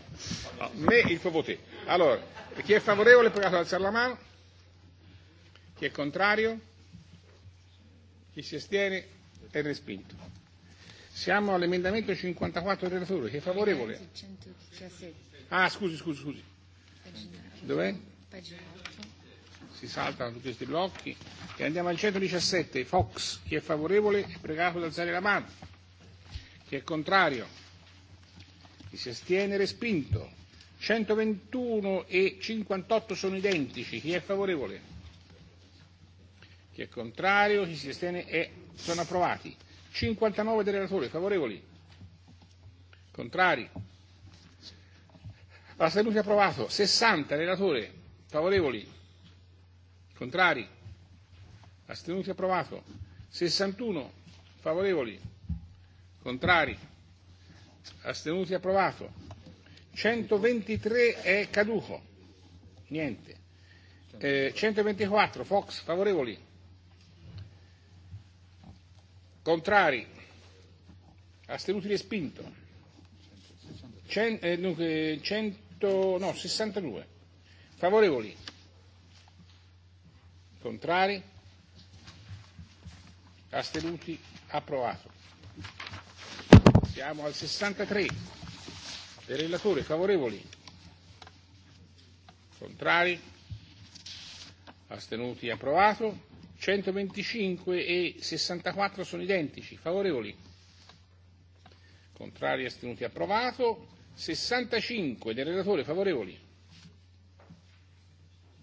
Mais il faut voter. Alors, qui est favorable può alzare la main. Qui est contrario? Qui s'estiene astiene? respinto. Siamo all'emendamento 54 del relatore. Chi è favorevole? Ah, scusi, scusi, scusi. Dov'è? Pagina 8 si saltano tutti questi blocchi. E andiamo al 117, Fox, chi è favorevole è pregato ad alzare la mano, chi è contrario, chi si astiene respinto. 121 e 58 sono identici, chi è favorevole? Chi è contrario, chi si astiene è, sono approvati. 59 del relatore, favorevoli? Contrari? La è approvato. 60 relatore, favorevoli? Contrari? Astenuti approvato. 61 favorevoli. Contrari? Astenuti approvato. 123 è caduco. Niente. Eh, 124 Fox favorevoli. Contrari? Astenuti respinto. Cent- eh, dunque, 100, no, 62 favorevoli Contrari? Astenuti? Approvato. Siamo al 63. dei relatori favorevoli? Contrari? Astenuti? Approvato. 125 e 64 sono identici. Favorevoli? Contrari? Astenuti? Approvato. 65 dei relatori favorevoli?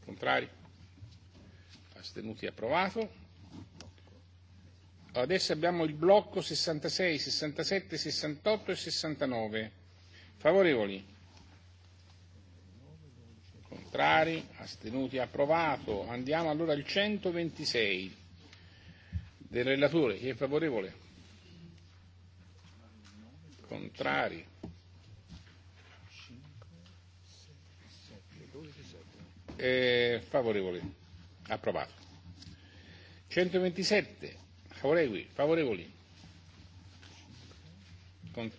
Contrari? astenuti approvato. Adesso abbiamo il blocco 66, 67, 68 e 69. Favorevoli? Contrari? Astenuti? Approvato. Andiamo allora al 126 del relatore. Chi è favorevole? Contrari? Eh, favorevoli? approvato. 127 favorevoli, favorevoli. Con...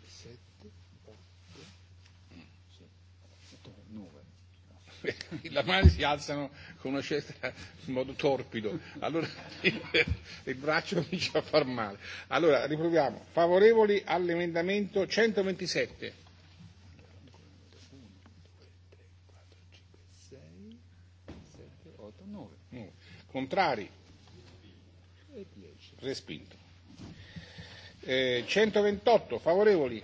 9. mano si alzano con una certa in modo torpido, allora il braccio comincia a far male. Allora riproviamo. Favorevoli all'emendamento 127. Contrari? Respinto. Eh, 128 favorevoli?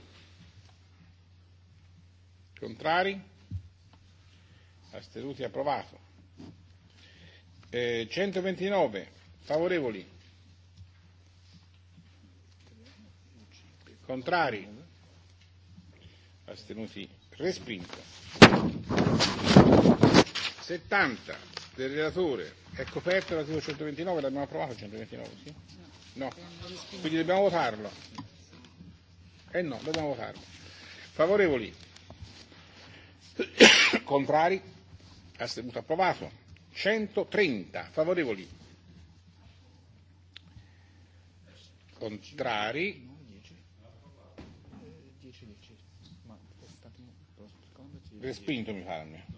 Contrari? Astenuti approvato. Eh, 129 favorevoli? Contrari? Astenuti respinto. 70 del relatore È coperto l'articolo 129, l'abbiamo approvato il 129, sì? No. Quindi dobbiamo votarlo. Eh no, dobbiamo votarlo. Favorevoli? Contrari? Astenuto approvato. 130. Favorevoli? Contrari? Respinto mi mio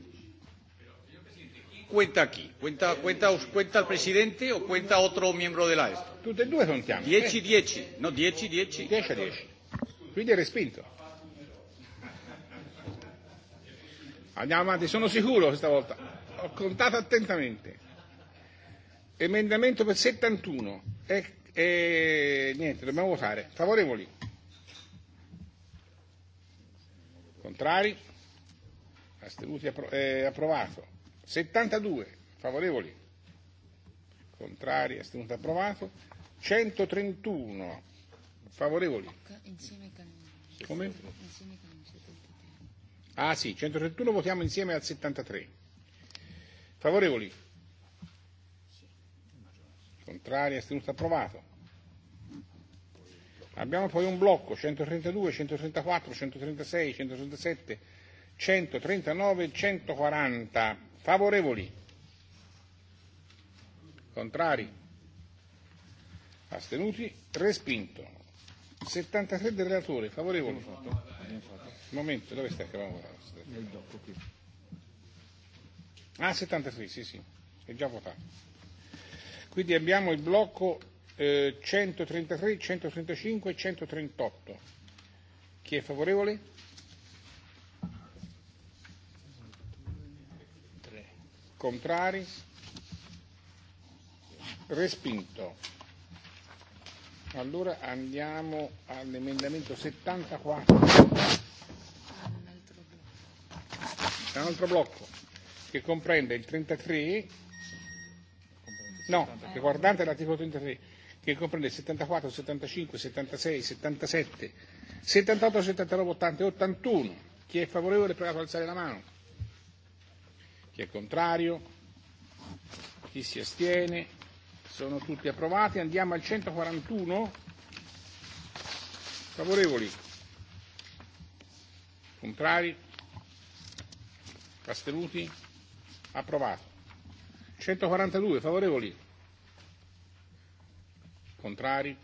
cuenta aquí? Cuenta, cuenta, os, cuenta el presidente o cuenta otro miembro membro della ESTA? Tutte e due contiamo. 10-10, no 10-10. 10-10. Quindi è respinto. Andiamo avanti, sono sicuro questa volta. Ho contato attentamente. Emendamento per 71. E, e, niente, dobbiamo votare. Favorevoli. Contrari. Astenuti. Appro- eh, approvato. 72 favorevoli, contrari, astenuto approvato, 131 favorevoli. Come? Ah sì, 131 votiamo insieme al 73. Favorevoli? Contrari, astenuto approvato. Abbiamo poi un blocco 132, 134, 136, 137, 139 140 Favorevoli? Contrari? Astenuti? Respinto. 73 del relatore, favorevoli? Un Momento, dove sta che avevamo votato? Nel dopo qui. Ah, 73, sì, sì, è già votato. Quindi abbiamo il blocco eh, 133, 135 e 138. Chi è favorevole? Contrari? Respinto. Allora andiamo all'emendamento 74. È un altro blocco che comprende il 33, no, guardate l'articolo 33, che comprende il 74, 75, 76, 77, 78, 79, 80 e 81. Chi è favorevole è pregato ad alzare la mano. Chi è contrario? Chi si astiene? Sono tutti approvati. Andiamo al 141. Favorevoli? Contrari? Astenuti? Approvato. 142. Favorevoli? Contrari?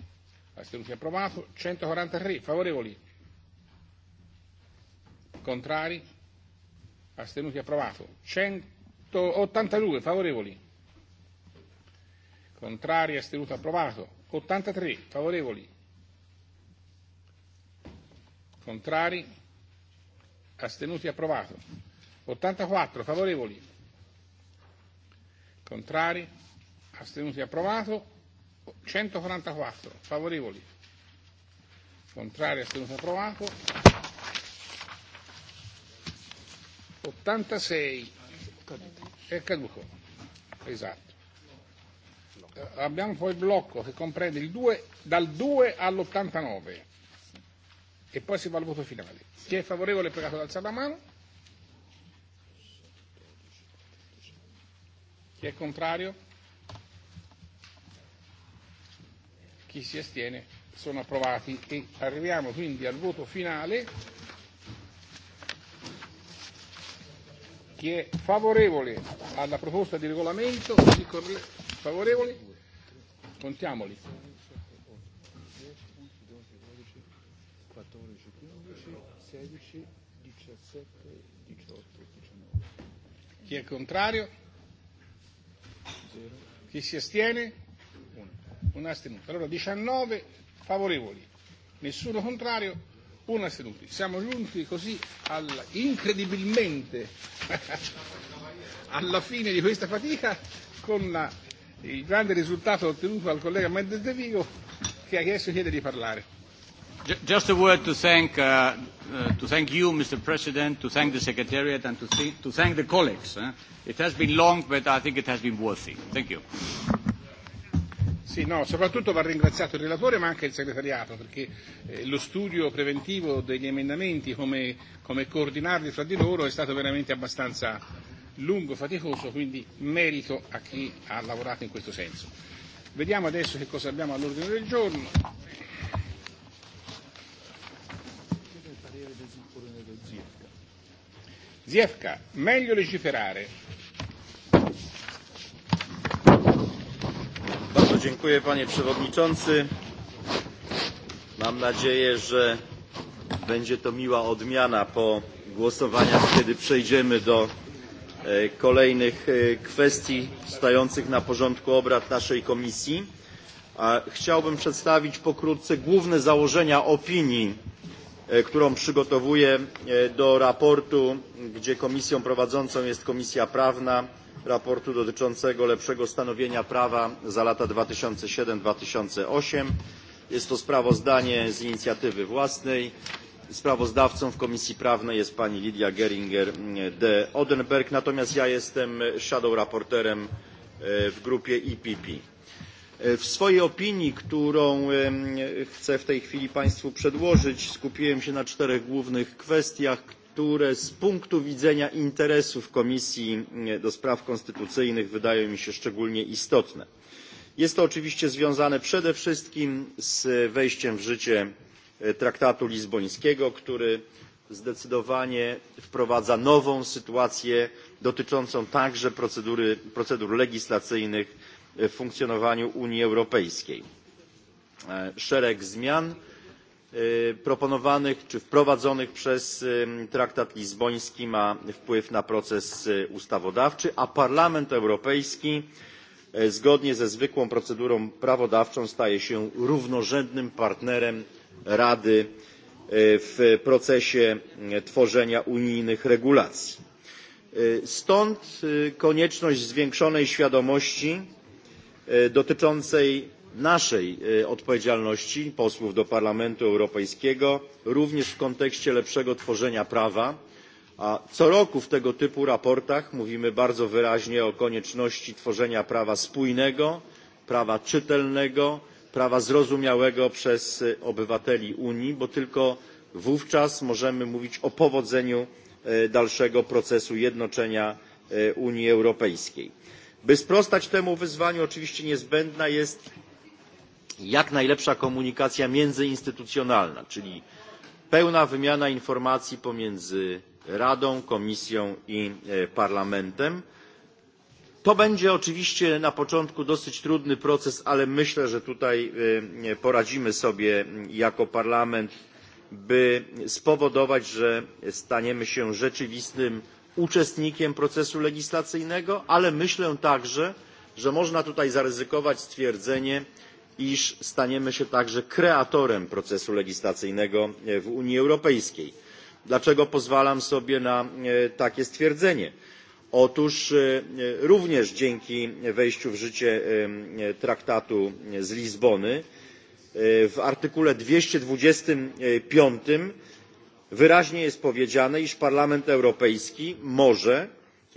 Astenuti? Approvato. 143. Favorevoli? Contrari? astenuti approvato, 182 favorevoli, contrari, astenuti, approvato, 83 favorevoli, contrari, astenuti approvato, 84 favorevoli, contrari, astenuti approvato, 144 favorevoli, contrari, astenuti approvato, 86 è caduto. Esatto. Abbiamo poi il blocco che comprende il 2, dal 2 all'89 e poi si va al voto finale. Chi è favorevole è pregato ad alzare la mano. Chi è contrario? Chi si astiene? Sono approvati e arriviamo quindi al voto finale Chi è favorevole alla proposta di regolamento? Favorevoli? Contiamoli. 14, 15, 16, 17, 18, 19. Chi è contrario? Zero. Chi si astiene? Uno. Un astenuto. Allora 19 favorevoli, nessuno contrario, una seduta. Siamo giunti così al, incredibilmente alla fine di questa fatica con la, il grande risultato ottenuto dal collega Mendes De Vigo che adesso chiede di parlare. Just a word to thank, uh, uh, to thank you, Mr. President, to thank the Secretariat and to, th to thank the colleagues. Eh? It has been long, but I think it has been worthy. Thank you. Sì, no, soprattutto va ringraziato il relatore ma anche il segretariato perché eh, lo studio preventivo degli emendamenti, come, come coordinarli fra di loro, è stato veramente abbastanza lungo, faticoso, quindi merito a chi ha lavorato in questo senso. Vediamo adesso che cosa abbiamo all'ordine del giorno. Ziefka, meglio legiferare Dziękuję panie przewodniczący. Mam nadzieję, że będzie to miła odmiana po głosowaniach, kiedy przejdziemy do kolejnych kwestii stojących na porządku obrad naszej komisji. Chciałbym przedstawić pokrótce główne założenia opinii, którą przygotowuję do raportu, gdzie komisją prowadzącą jest Komisja Prawna raportu dotyczącego lepszego stanowienia prawa za lata dwa tysiące 2007-2008. Jest to sprawozdanie z inicjatywy własnej. Sprawozdawcą w Komisji Prawnej jest pani Lidia Geringer de Odenberg, natomiast ja jestem shadow raporterem w grupie PPE. W swojej opinii, którą chcę w tej chwili Państwu przedłożyć, skupiłem się na czterech głównych kwestiach, które z punktu widzenia interesów Komisji do Spraw Konstytucyjnych wydają mi się szczególnie istotne. Jest to oczywiście związane przede wszystkim z wejściem w życie traktatu lizbońskiego, który zdecydowanie wprowadza nową sytuację dotyczącą także procedur legislacyjnych w funkcjonowaniu Unii Europejskiej. Szereg zmian proponowanych czy wprowadzonych przez traktat lizboński ma wpływ na proces ustawodawczy a parlament europejski zgodnie ze zwykłą procedurą prawodawczą staje się równorzędnym partnerem rady w procesie tworzenia unijnych regulacji. stąd konieczność zwiększonej świadomości dotyczącej naszej odpowiedzialności posłów do Parlamentu Europejskiego również w kontekście lepszego tworzenia prawa. a Co roku w tego typu raportach mówimy bardzo wyraźnie o konieczności tworzenia prawa spójnego, prawa czytelnego, prawa zrozumiałego przez obywateli Unii, bo tylko wówczas możemy mówić o powodzeniu dalszego procesu jednoczenia Unii Europejskiej. By sprostać temu wyzwaniu oczywiście niezbędna jest jak najlepsza komunikacja międzyinstytucjonalna, czyli pełna wymiana informacji pomiędzy Radą, Komisją i Parlamentem. To będzie oczywiście na początku dosyć trudny proces, ale myślę, że tutaj poradzimy sobie jako Parlament, by spowodować, że staniemy się rzeczywistym uczestnikiem procesu legislacyjnego, ale myślę także, że można tutaj zaryzykować stwierdzenie, iż staniemy się także kreatorem procesu legislacyjnego w unii europejskiej. dlaczego pozwalam sobie na takie stwierdzenie? otóż również dzięki wejściu w życie traktatu z lizbony w artykule dwieście dwadzieścia pięć wyraźnie jest powiedziane iż parlament europejski może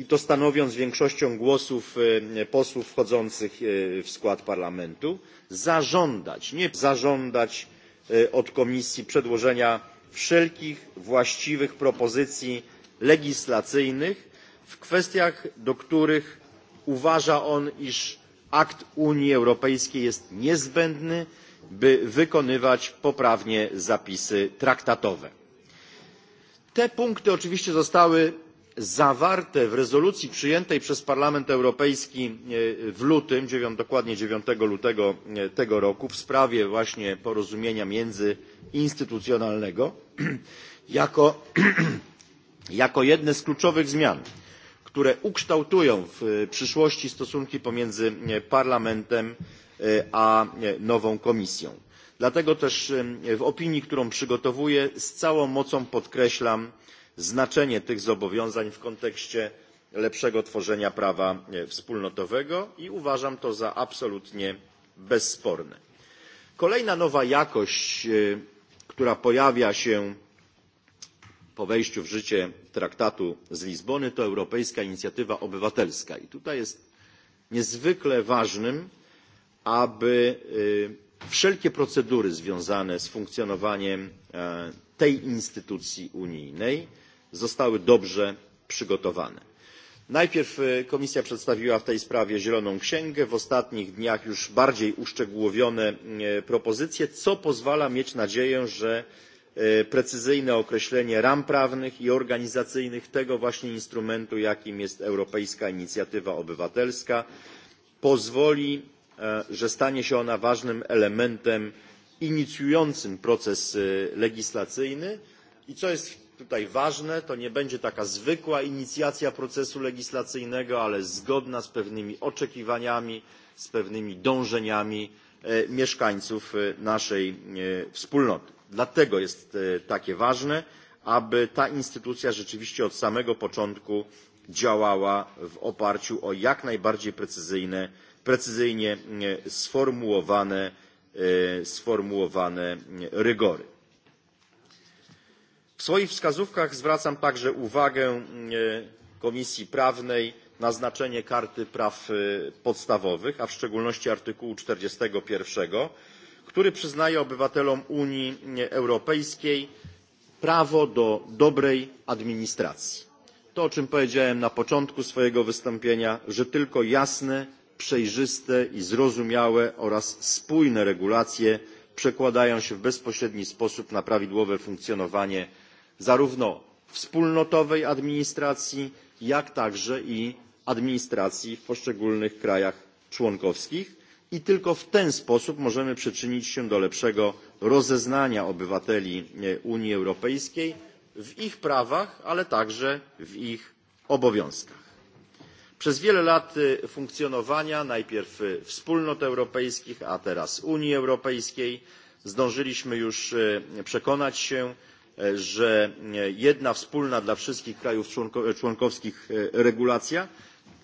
i to stanowiąc większością głosów posłów wchodzących w skład parlamentu zażądać nie zażądać od komisji przedłożenia wszelkich właściwych propozycji legislacyjnych w kwestiach do których uważa on iż akt unii europejskiej jest niezbędny by wykonywać poprawnie zapisy traktatowe. te punkty oczywiście zostały zawarte w rezolucji przyjętej przez parlament europejski w lutym dokładnie dziewięć lutego tego roku w sprawie właśnie porozumienia międzyinstytucjonalnego jako jedne z kluczowych zmian które ukształtują w przyszłości stosunki pomiędzy parlamentem a nową komisją. dlatego też w opinii którą przygotowuję z całą mocą podkreślam znaczenie tych zobowiązań w kontekście lepszego tworzenia prawa wspólnotowego i uważam to za absolutnie bezsporne. Kolejna nowa jakość, która pojawia się po wejściu w życie traktatu z Lizbony, to Europejska Inicjatywa Obywatelska. I tutaj jest niezwykle ważnym, aby wszelkie procedury związane z funkcjonowaniem tej instytucji unijnej zostały dobrze przygotowane. najpierw komisja przedstawiła w tej sprawie zieloną księgę w ostatnich dniach już bardziej uszczegółowione propozycje co pozwala mieć nadzieję że precyzyjne określenie ram prawnych i organizacyjnych tego właśnie instrumentu jakim jest europejska inicjatywa obywatelska pozwoli że stanie się ona ważnym elementem inicjującym proces legislacyjny i co jest tutaj ważne. To nie będzie taka zwykła inicjacja procesu legislacyjnego, ale zgodna z pewnymi oczekiwaniami, z pewnymi dążeniami mieszkańców naszej wspólnoty. Dlatego jest takie ważne, aby ta instytucja rzeczywiście od samego początku działała w oparciu o jak najbardziej precyzyjnie sformułowane, rygory w swoich wskazówkach zwracam także uwagę komisji prawnej na znaczenie karty praw podstawowych a w szczególności artykułu czterdzieści jeden który przyznaje obywatelom unii europejskiej prawo do dobrej administracji. to o czym powiedziałem na początku swojego wystąpienia że tylko jasne przejrzyste i zrozumiałe oraz spójne regulacje przekładają się w bezpośredni sposób na prawidłowe funkcjonowanie zarówno wspólnotowej administracji jak także i administracji w poszczególnych krajach członkowskich i tylko w ten sposób możemy przyczynić się do lepszego rozeznania obywateli unii europejskiej w ich prawach ale także w ich obowiązkach. Przez wiele lat funkcjonowania najpierw wspólnot europejskich, a teraz Unii Europejskiej zdążyliśmy już przekonać się, że jedna wspólna dla wszystkich krajów członkowskich regulacja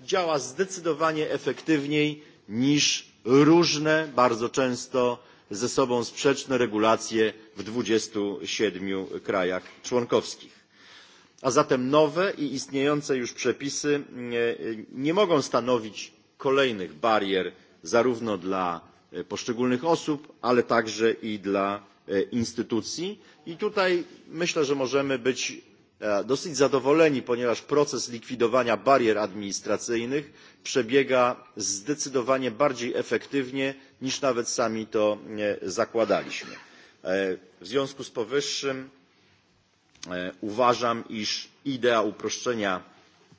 działa zdecydowanie efektywniej niż różne bardzo często ze sobą sprzeczne regulacje w dwadzieścia siedem krajach członkowskich a zatem nowe i istniejące już przepisy nie mogą stanowić kolejnych barier zarówno dla poszczególnych osób ale także i dla instytucji i tutaj myślę że możemy być dosyć zadowoleni ponieważ proces likwidowania barier administracyjnych przebiega zdecydowanie bardziej efektywnie niż nawet sami to zakładaliśmy. w związku z powyższym uważam iż idea uproszczenia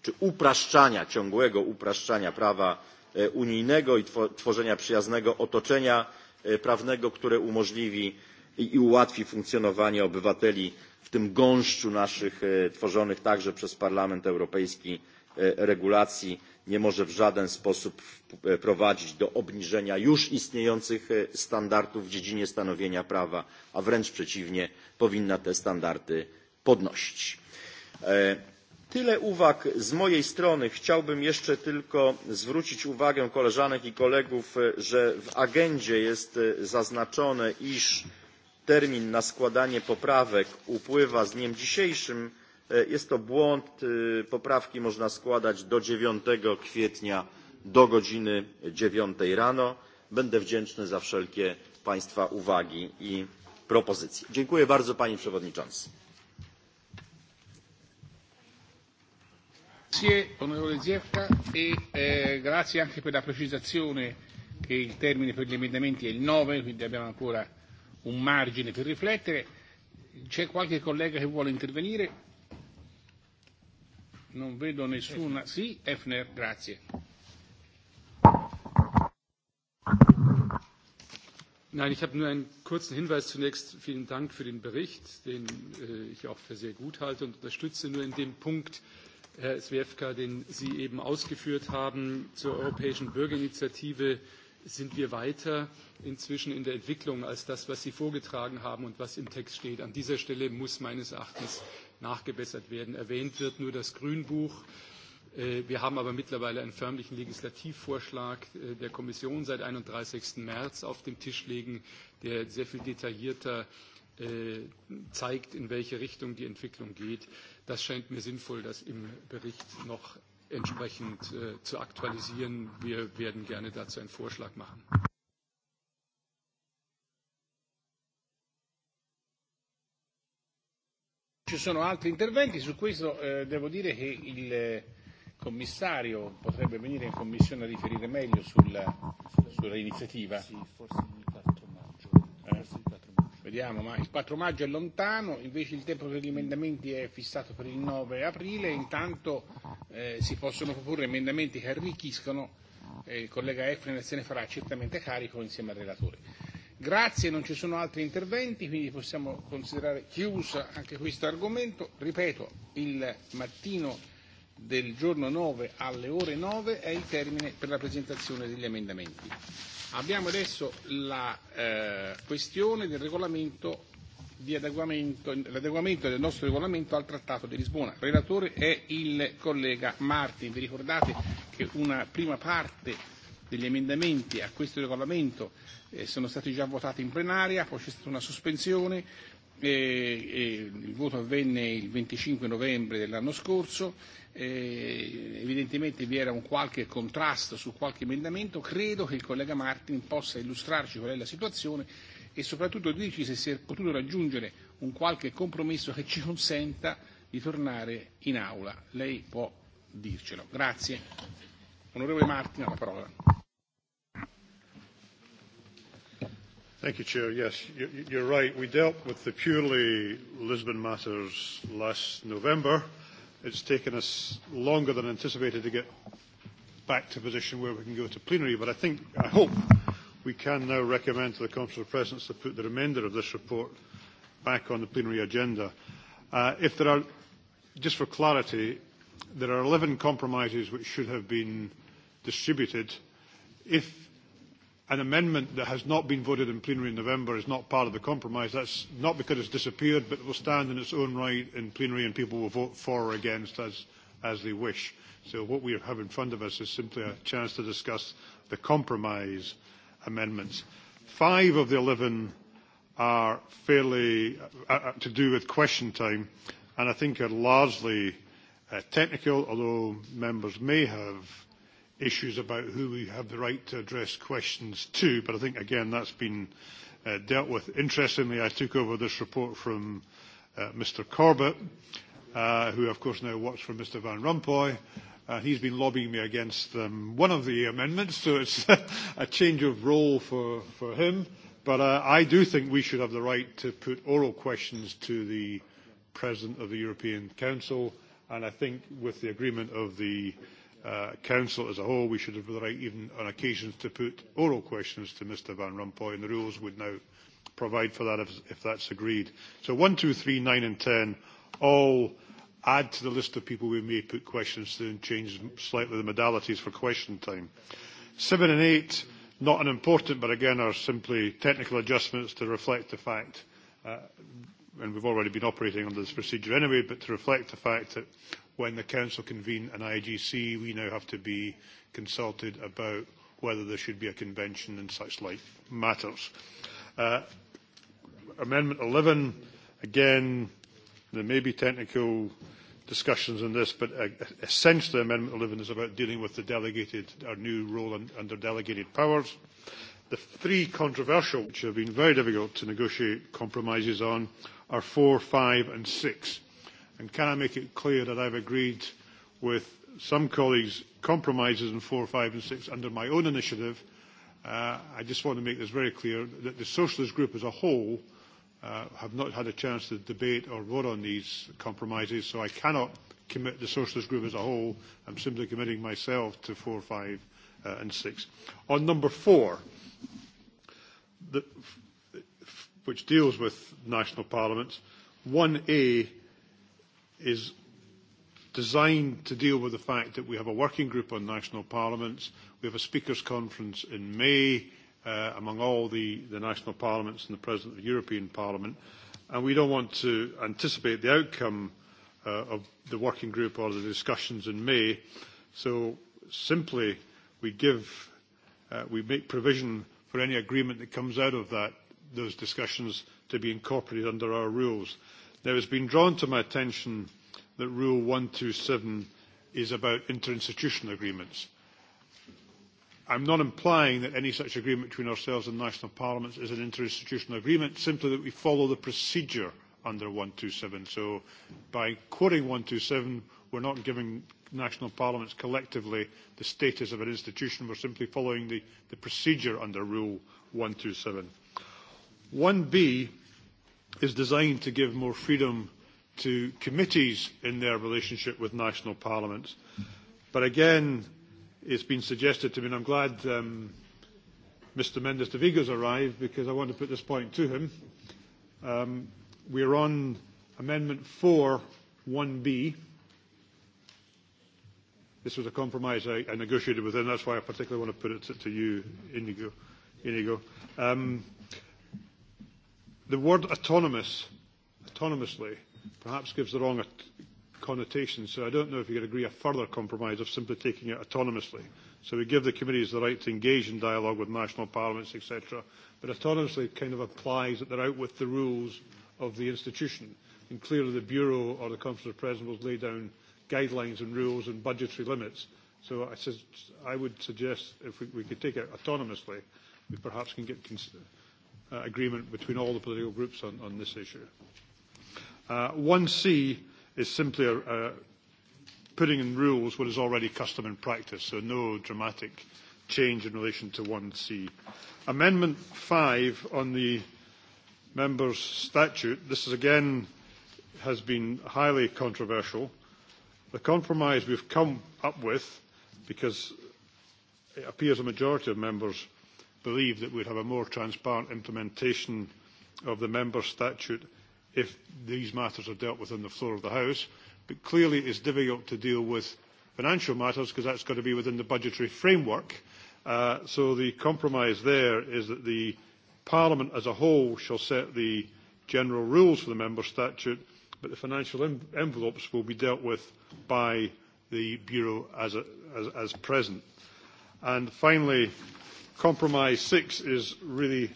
czy upraszczania ciągłego upraszczania prawa unijnego i tworzenia przyjaznego otoczenia prawnego które umożliwi i ułatwi funkcjonowanie obywateli w tym gąszczu naszych tworzonych także przez Parlament Europejski regulacji nie może w żaden sposób prowadzić do obniżenia już istniejących standardów w dziedzinie stanowienia prawa, a wręcz przeciwnie, powinna te standardy podnosić. Tyle uwag z mojej strony. Chciałbym jeszcze tylko zwrócić uwagę koleżanek i kolegów, że w agendzie jest zaznaczone, iż termin na składanie poprawek upływa z dniem dzisiejszym. Jest to błąd. Poprawki można składać do 9 kwietnia do godziny 9 rano. Będę wdzięczny za wszelkie Państwa uwagi i propozycje. Dziękuję bardzo Panie Przewodniczący. Grazie onorevole Zierka e eh, grazie anche per la precisazione che il termine per gli emendamenti è il 9, quindi abbiamo ancora un margine per riflettere. C'è qualche collega che vuole intervenire? Non vedo nessuna. Sì, Efner, grazie. Nein, ich habe nur einen kurzen Hinweis zunächst. Vielen Dank für den Bericht, den ich auch für sehr gut halte und unterstütze nur in dem Punkt, Herr Zwiefka, den Sie eben ausgeführt haben zur Europäischen Bürgerinitiative sind wir weiter inzwischen in der Entwicklung als das, was Sie vorgetragen haben und was im Text steht. An dieser Stelle muss meines Erachtens nachgebessert werden. Erwähnt wird nur das Grünbuch. Wir haben aber mittlerweile einen förmlichen Legislativvorschlag der Kommission seit 31. März auf dem Tisch liegen, der sehr viel detaillierter zeigt, in welche Richtung die Entwicklung geht. Das scheint mir sinnvoll, das im Bericht noch entsprechend zu aktualisieren. Wir werden gerne dazu einen Vorschlag machen. Ci sono altri interventi, su questo devo dire che il commissario potrebbe venire in commissione a riferire meglio sulla, iniziativa. Sì, forse il 4 maggio. Vediamo, ma il 4 maggio è lontano, invece il tempo per gli emendamenti è fissato per il 9 aprile, intanto eh, si possono proporre emendamenti che arricchiscono eh, il collega Efren se ne farà certamente carico insieme al relatore. Grazie, non ci sono altri interventi, quindi possiamo considerare chiusa anche questo argomento. Ripeto, il mattino del giorno 9 alle ore 9 è il termine per la presentazione degli emendamenti. Abbiamo adesso la eh, questione del regolamento di adeguamento, l'adeguamento del nostro regolamento al Trattato di Lisbona. Il relatore è il collega Martin. Vi ricordate che una prima parte degli emendamenti a questo regolamento eh, sono stati già votati in plenaria, poi c'è stata una sospensione, e, e il voto avvenne il 25 novembre dell'anno scorso, eh, evidentemente vi era un qualche contrasto su qualche emendamento, credo che il collega Martin possa illustrarci qual è la situazione e soprattutto dirci se si è potuto raggiungere un qualche compromesso che ci consenta di tornare in aula. Lei può dircelo. Grazie. Onorevole Martin, la parola. Thank you, Chair. Yes, you're right. We dealt with the purely Lisbon matters last November. It's taken us longer than anticipated to get back to a position where we can go to plenary, but I think, I hope, we can now recommend to the Council of Presidents to put the remainder of this report back on the plenary agenda. Uh, if there are, just for clarity, there are 11 compromises which should have been distributed. If an amendment that has not been voted in plenary in November is not part of the compromise. That's not because it's disappeared, but it will stand in its own right in plenary and people will vote for or against as, as they wish. So what we have in front of us is simply a chance to discuss the compromise amendments. Five of the eleven are fairly uh, to do with question time and I think are largely uh, technical, although members may have issues about who we have the right to address questions to, but I think, again, that's been uh, dealt with. Interestingly, I took over this report from uh, Mr Corbett, uh, who, of course, now works for Mr Van Rompuy, and he's been lobbying me against um, one of the amendments, so it's a change of role for, for him. But uh, I do think we should have the right to put oral questions to the President of the European Council, and I think with the agreement of the uh, Council as a whole, we should have the right even on occasions to put oral questions to Mr Van Rompuy, and the rules would now provide for that if, if that's agreed. So one, two, three, nine and ten all add to the list of people we may put questions to and change slightly the modalities for question time. Seven and eight, not unimportant, but again are simply technical adjustments to reflect the fact, uh, and we've already been operating under this procedure anyway, but to reflect the fact that when the Council convened an IGC, we now have to be consulted about whether there should be a convention and such like matters. Uh, Amendment 11, again, there may be technical discussions on this, but uh, essentially Amendment 11 is about dealing with the delegated, our new role under delegated powers. The three controversial, which have been very difficult to negotiate compromises on, are 4, 5 and 6 And can I make it clear that I've agreed with some colleagues compromises in four, five and six under my own initiative. Uh, I just want to make this very clear that the socialist group as a whole uh, have not had a chance to debate or vote on these compromises, so I cannot commit the socialist group as a whole. I'm simply committing myself to four, five uh, and six. On number four, the, which deals with national parliaments, 1A is designed to deal with the fact that we have a working group on national parliaments, we have a speakers conference in May uh, among all the, the national parliaments and the President of the European Parliament, and we don't want to anticipate the outcome uh, of the working group or the discussions in May, so simply we give, uh, we make provision for any agreement that comes out of that, those discussions to be incorporated under our rules. Now, it's been drawn to my attention that Rule one hundred and seven is about interinstitutional agreements. I am not implying that any such agreement between ourselves and national parliaments is an interinstitutional agreement, simply that we follow the procedure under one hundred and seven. So by quoting one hundred and seven, we are not giving national parliaments collectively the status of an institution. We are simply following the, procedure under Rule one hundred and seven. One b is designed to give more freedom to committees in their relationship with national parliaments. But again, it's been suggested to me, and I'm glad um, Mr Mendes de Vigo's arrived because I want to put this point to him. Um, we're on Amendment 4, 1B. This was a compromise I, I negotiated with, and that's why I particularly want to put it to, to you, Inigo. Inigo. Um, The word autonomous, autonomously, perhaps gives the wrong connotation, so I don't know if you could agree a further compromise of simply taking it autonomously. So we give the committees the right to engage in dialogue with national parliaments, etc. But autonomously kind of applies that they're out with the rules of the institution. And clearly the Bureau or the Conference of Presidents will lay down guidelines and rules and budgetary limits. So I, I would suggest if we, we could take it autonomously, we perhaps can get cons- uh, agreement between all the political groups on, on this issue. Uh, 1C is simply a, a putting in rules what is already custom and practice, so no dramatic change in relation to 1C. Amendment 5 on the members' statute, this is again has been highly controversial. The compromise we've come up with, because it appears a majority of members believe that we would have a more transparent implementation of the member statute if these matters are dealt with on the floor of the House. But clearly it is difficult to deal with financial matters because that's got to be within the budgetary framework. so the compromise there is that the Parliament as a whole shall set the general rules for the member statute, but the financial envelopes will be dealt with by the Bureau as, present. And finally, Compromise six is really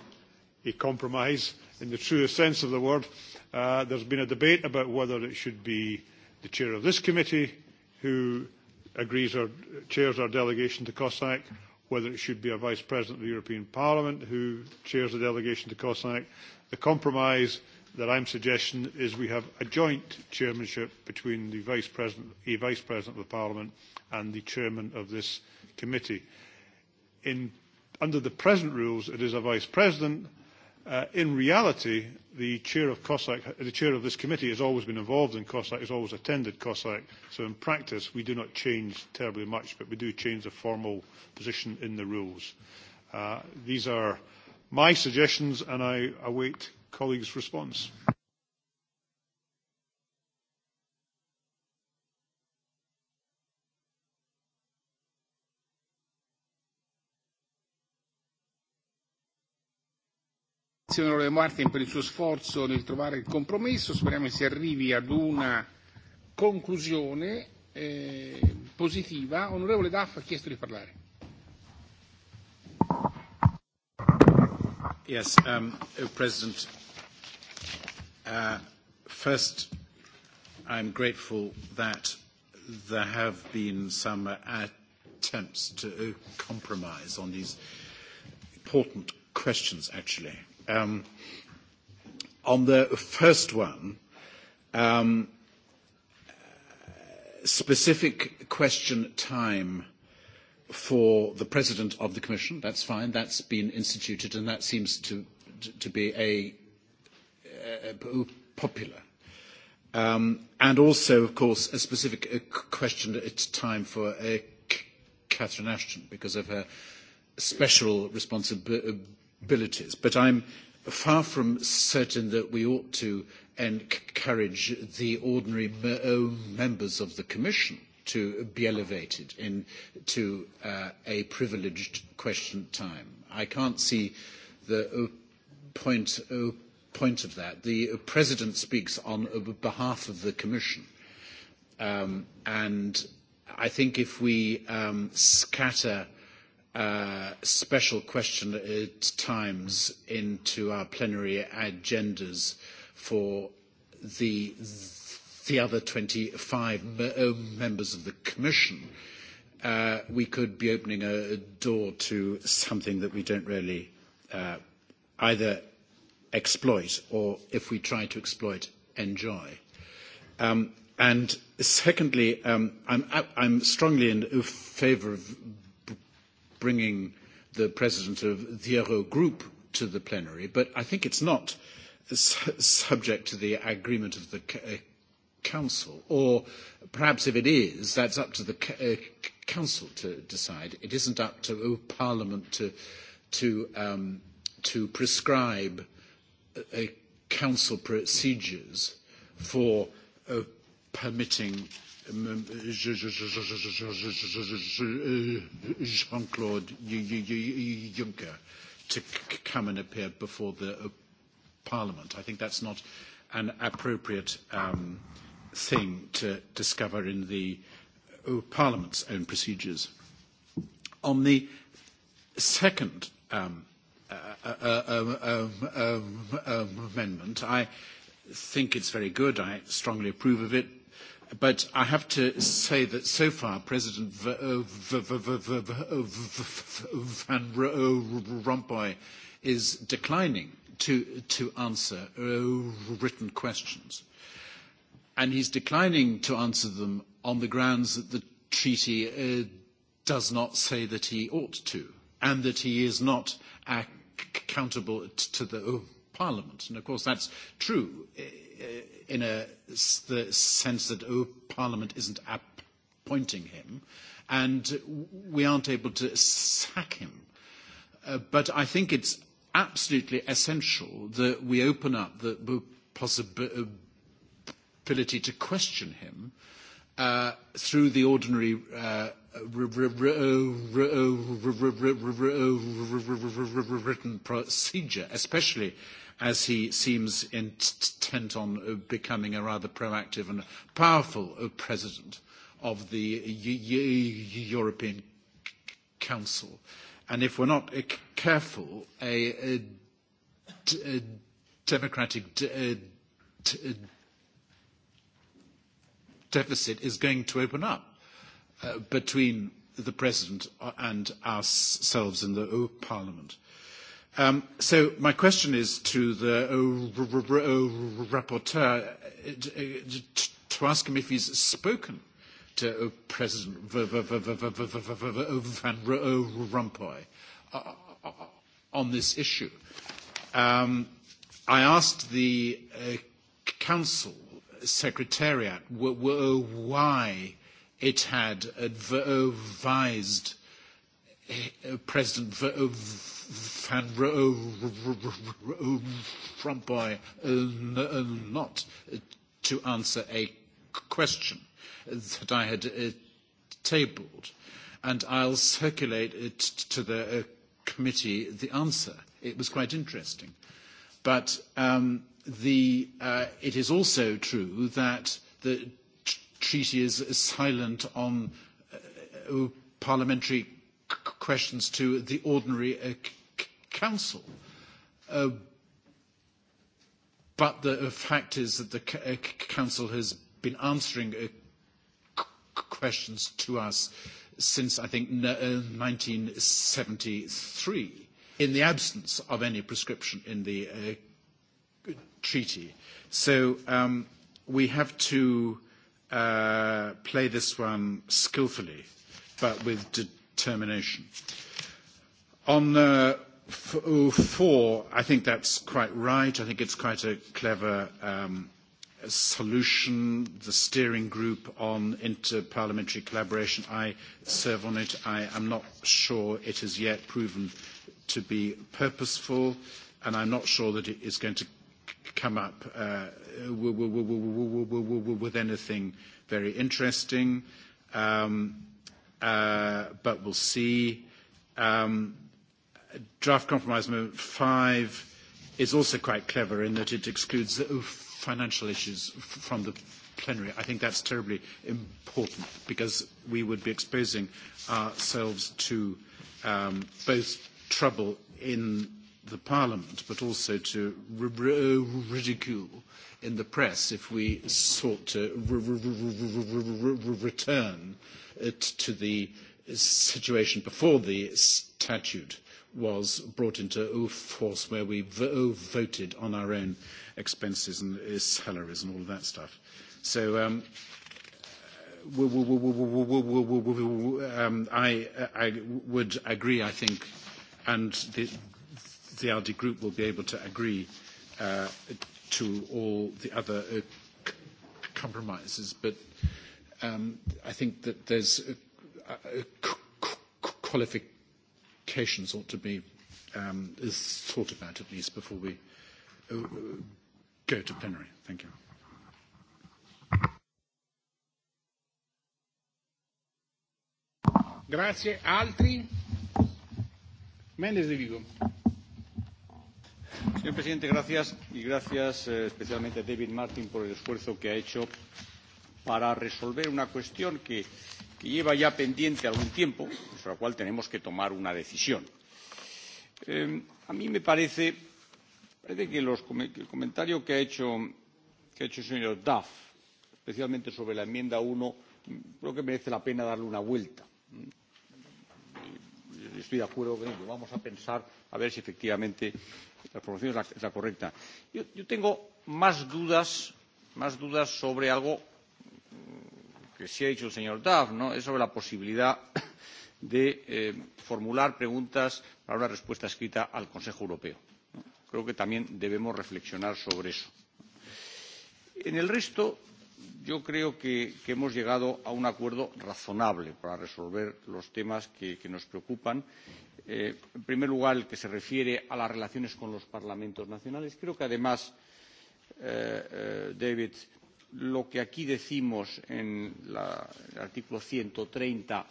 a compromise in the truest sense of the word. Uh, there's been a debate about whether it should be the chair of this committee who agrees or chairs our delegation to COSAC, whether it should be a vice president of the European Parliament who chairs the delegation to COSAC. The compromise that I'm suggesting is we have a joint chairmanship between the vice president, a vice president of the Parliament and the chairman of this committee. In Under the present rules, it is a vice president. Uh, in reality, the chair of COSAC, the chair of this committee has always been involved in COSAC, has always attended COSAC. So in practice, we do not change terribly much, but we do change the formal position in the rules. Uh, these are my suggestions, and I await colleagues' response. Grazie Martin per il suo sforzo nel trovare il compromesso, speriamo che si arrivi ad una conclusione eh, positiva. Onorevole Daff ha chiesto di parlare. Yes, um, President, uh, first I'm grateful that there have been some attempts to compromise on these important questions actually On the first one, specific question time for the President of the Commission, that's fine. That's been instituted, and that seems to be a popular. And also, of course, a specific question at time for Catherine Ashton because of her special responsibility abilities. But I'm far from certain that we ought to encourage the ordinary members of the Commission to be elevated into a privileged question time. I can't see the point, of that. The President speaks on behalf of the Commission. and I think if we scatter special question at times into our plenary agendas for the the other twenty five members of the Commission, we could be opening a door to something that we don't really either exploit or, if we try to exploit, enjoy. and secondly, um, I'm, I'm strongly in favour of bringing the president of the Euro Group to the plenary, but I think it's not subject to the agreement of the Council, or perhaps if it is, that's up to the Council to decide. It isn't up to Parliament to, to, um, to prescribe Council procedures for permitting Jean-Claude Juncker to come and appear before the Parliament. I think that's not an appropriate thing to discover in the Parliament's own procedures. On the second amendment, I think it's very good. I strongly approve of it But I have to say that so far, President Van Rompuy is declining to answer written questions. And he's declining to answer them on the grounds that the treaty does not say that he ought to, and that he is not accountable to the Parliament. And of course, that's true in a, the sense that, oh, Parliament isn't appointing him, and we aren't able to sack him. but I think it's absolutely essential that we open up the possibility to question him through the ordinary written procedure, especially as he seems intent on becoming a rather proactive and powerful president of the European Council. And if we're not careful, a democratic deficit is going to open up between the president and ourselves in the parliament so my question is to the rapporteur to ask him if he's spoken to President Van Rompuy on this issue. I asked the Council Secretariat why it had advised President Van Rompuy not to answer a question that I had tabled, and I'll circulate it to the committee the answer. It was quite interesting. But um the uh it is also true that the treaty is silent on uh parliamentary questions to the ordinary council. But the fact is that the council has been answering questions to us since, I think, seventy three, in the absence of any prescription in the treaty. So we have to play this one skilfully, but with determination. On four, I think that's quite right. I think it's quite a clever solution. The steering group on interparliamentary collaboration, I serve on it. I am not sure it has yet proven to be purposeful, and I'm not sure that it is going to come up with anything very interesting. Um, uh, but we'll see. Um, draft compromise amendment five is also quite clever in that it excludes the financial issues from the plenary. I think that's terribly important because we would be exposing ourselves to um, both trouble in the Parliament, but also to ridicule in the press if we sought to return to the situation before the statute was brought into force, where we voted on our own expenses and salaries and all of that stuff. So um I would agree, I think, and the ALDE group will be able to agree to all the other compromises. But I think that there's qualifications ought to be thought about at least before we go to plenary. Thank you. Grazie. Altri? Mendes de Vigo. Señor presidente, gracias. Y gracias especialmente a David Martin por el esfuerzo que ha hecho para resolver una cuestión que, lleva ya pendiente algún tiempo, y sobre la cual tenemos que tomar una decisión. a mí me parece, que el comentario que ha hecho, que ha hecho el señor Duff, especialmente sobre la enmienda uno, creo que merece la pena darle una vuelta estoy de acuerdo con ello. Vamos a pensar a ver si efectivamente la formación es la, es la correcta. Yo, yo tengo más dudas, más dudas sobre algo que sí ha dicho el señor Duff, ¿no? es sobre la posibilidad de eh, formular preguntas para una respuesta escrita al Consejo Europeo. Creo que también debemos reflexionar sobre eso. En el resto, yo creo que, que hemos llegado a un acuerdo razonable para resolver los temas que, que nos preocupan. Eh, en primer lugar, el que se refiere a las relaciones con los parlamentos nacionales. Creo que además, eh, eh, David, lo que aquí decimos en la, el artículo 130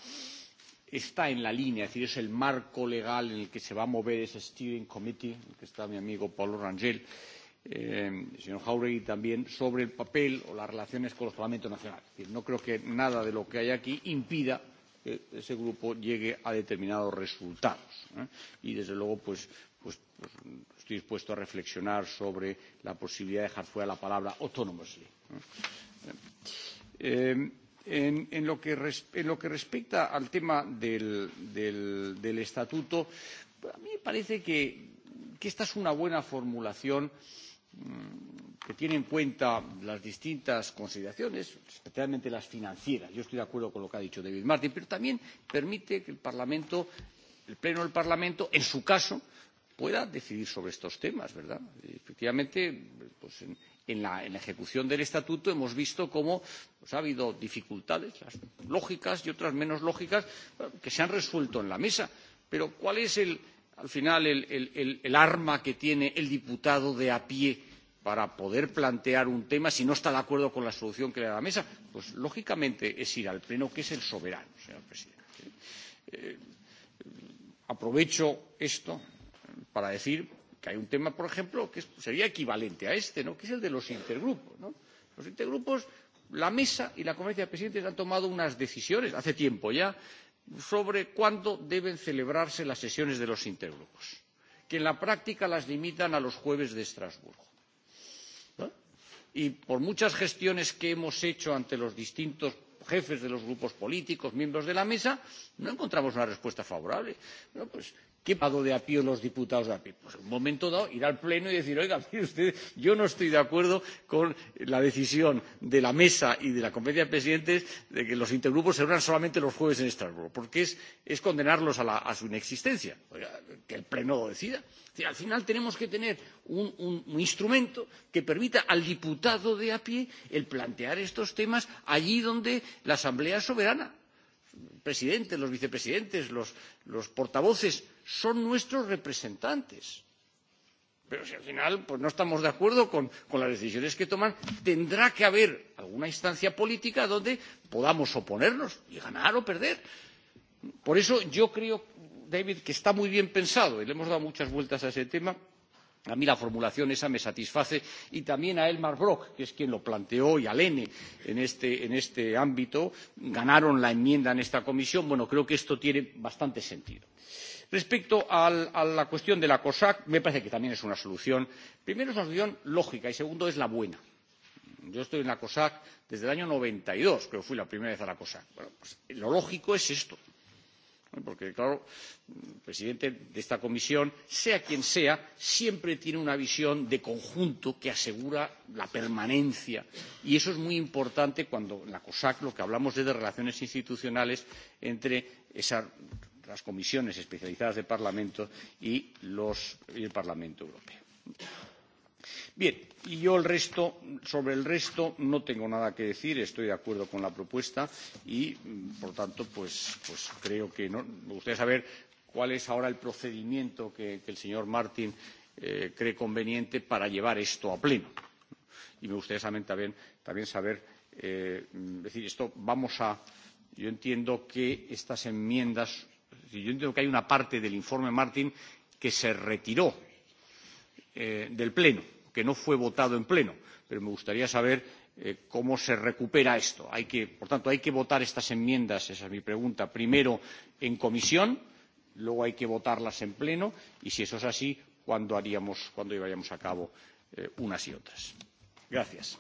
está en la línea, es decir, es el marco legal en el que se va a mover ese steering committee, en el que está mi amigo Paulo Rangel. Eh, señor Jáuregui, también sobre el papel o las relaciones con los parlamentos nacionales. Es decir, no creo que nada de lo que hay aquí impida que ese grupo llegue a determinados resultados. Y, desde luego, pues, estoy dispuesto a reflexionar sobre la posibilidad de dejar fuera la palabra autonomously. en, lo que respecta al tema del, estatuto, a mí me parece que, esta es una buena formulación eh, que tiene en cuenta las distintas consideraciones, especialmente las financieras. Yo estoy de acuerdo con lo que ha dicho David Martin, pero también permite que el Parlamento, el Pleno del Parlamento, en su caso, pueda decidir sobre estos temas, ¿verdad? Efectivamente, pues en, en la, en la ejecución del estatuto hemos visto cómo pues, ha habido dificultades, las lógicas y otras menos lógicas, que se han resuelto en la mesa. Pero ¿cuál es el, al final el, arma que tiene el diputado de a pie para poder plantear un tema si no está de acuerdo con la solución que le da la mesa, pues lógicamente es ir al Pleno, que es el soberano, señor presidente. aprovecho esto para decir que hay un tema, por ejemplo, que sería equivalente a este, que es el de los intergrupos. Los intergrupos, la mesa y la conferencia de presidentes han tomado unas decisiones hace tiempo ya sobre cuándo deben celebrarse las sesiones de los intergrupos que en la práctica las limitan a los jueves de estrasburgo. y por muchas gestiones que hemos hecho ante los distintos jefes de los grupos políticos miembros de la mesa no encontramos una respuesta favorable. bueno pues ¿Qué pago de a pie los diputados de a pie? Pues en un momento dado ir al Pleno y decir, oiga, mire usted, yo no estoy de acuerdo con la decisión de la mesa y de la conferencia de presidentes de que los intergrupos se reúnan solamente los jueves en Estrasburgo, porque es, es condenarlos a, la, a su inexistencia. Oiga, que el Pleno lo decida. Es decir, al final tenemos que tener un, un, un instrumento que permita al diputado de a pie el plantear estos temas allí donde la Asamblea es soberana presidentes, los vicepresidentes, los, los portavoces, son nuestros representantes. Pero si al final pues, no estamos de acuerdo con, con las decisiones que toman, tendrá que haber alguna instancia política donde podamos oponernos y ganar o perder. Por eso yo creo, David, que está muy bien pensado y le hemos dado muchas vueltas a ese tema a mí la formulación esa me satisface y también a elmar brok que es quien lo planteó y a lehne en este ámbito ganaron la enmienda en esta comisión. bueno creo que esto tiene bastante sentido. respecto a la cuestión de la cosac me parece que también es una solución primero es una solución lógica y segundo es la buena. yo estoy en la cosac desde el año noventa y dos creo que fui la primera vez a la cosac. lo lógico es esto porque claro el presidente de esta comisión sea quien sea siempre tiene una visión de conjunto que asegura la permanencia y eso es muy importante cuando en la cosac lo que hablamos es de relaciones institucionales entre las comisiones especializadas del parlamento y el parlamento europeo. Bien, y yo el resto, sobre el resto no tengo nada que decir, estoy de acuerdo con la propuesta y, por tanto, pues, pues creo que no. Me gustaría saber cuál es ahora el procedimiento que, que el señor Martin eh, cree conveniente para llevar esto a pleno. Y me gustaría también, también saber, eh, es decir, esto vamos a. Yo entiendo que estas enmiendas, yo entiendo que hay una parte del informe Martin que se retiró eh, del pleno que no fue votado en pleno pero me gustaría saber cómo se recupera esto. por tanto hay que votar estas enmiendas esa es mi pregunta primero en comisión luego hay que votarlas en pleno y si eso es así cuándo llevaríamos a cabo unas y otras? gracias.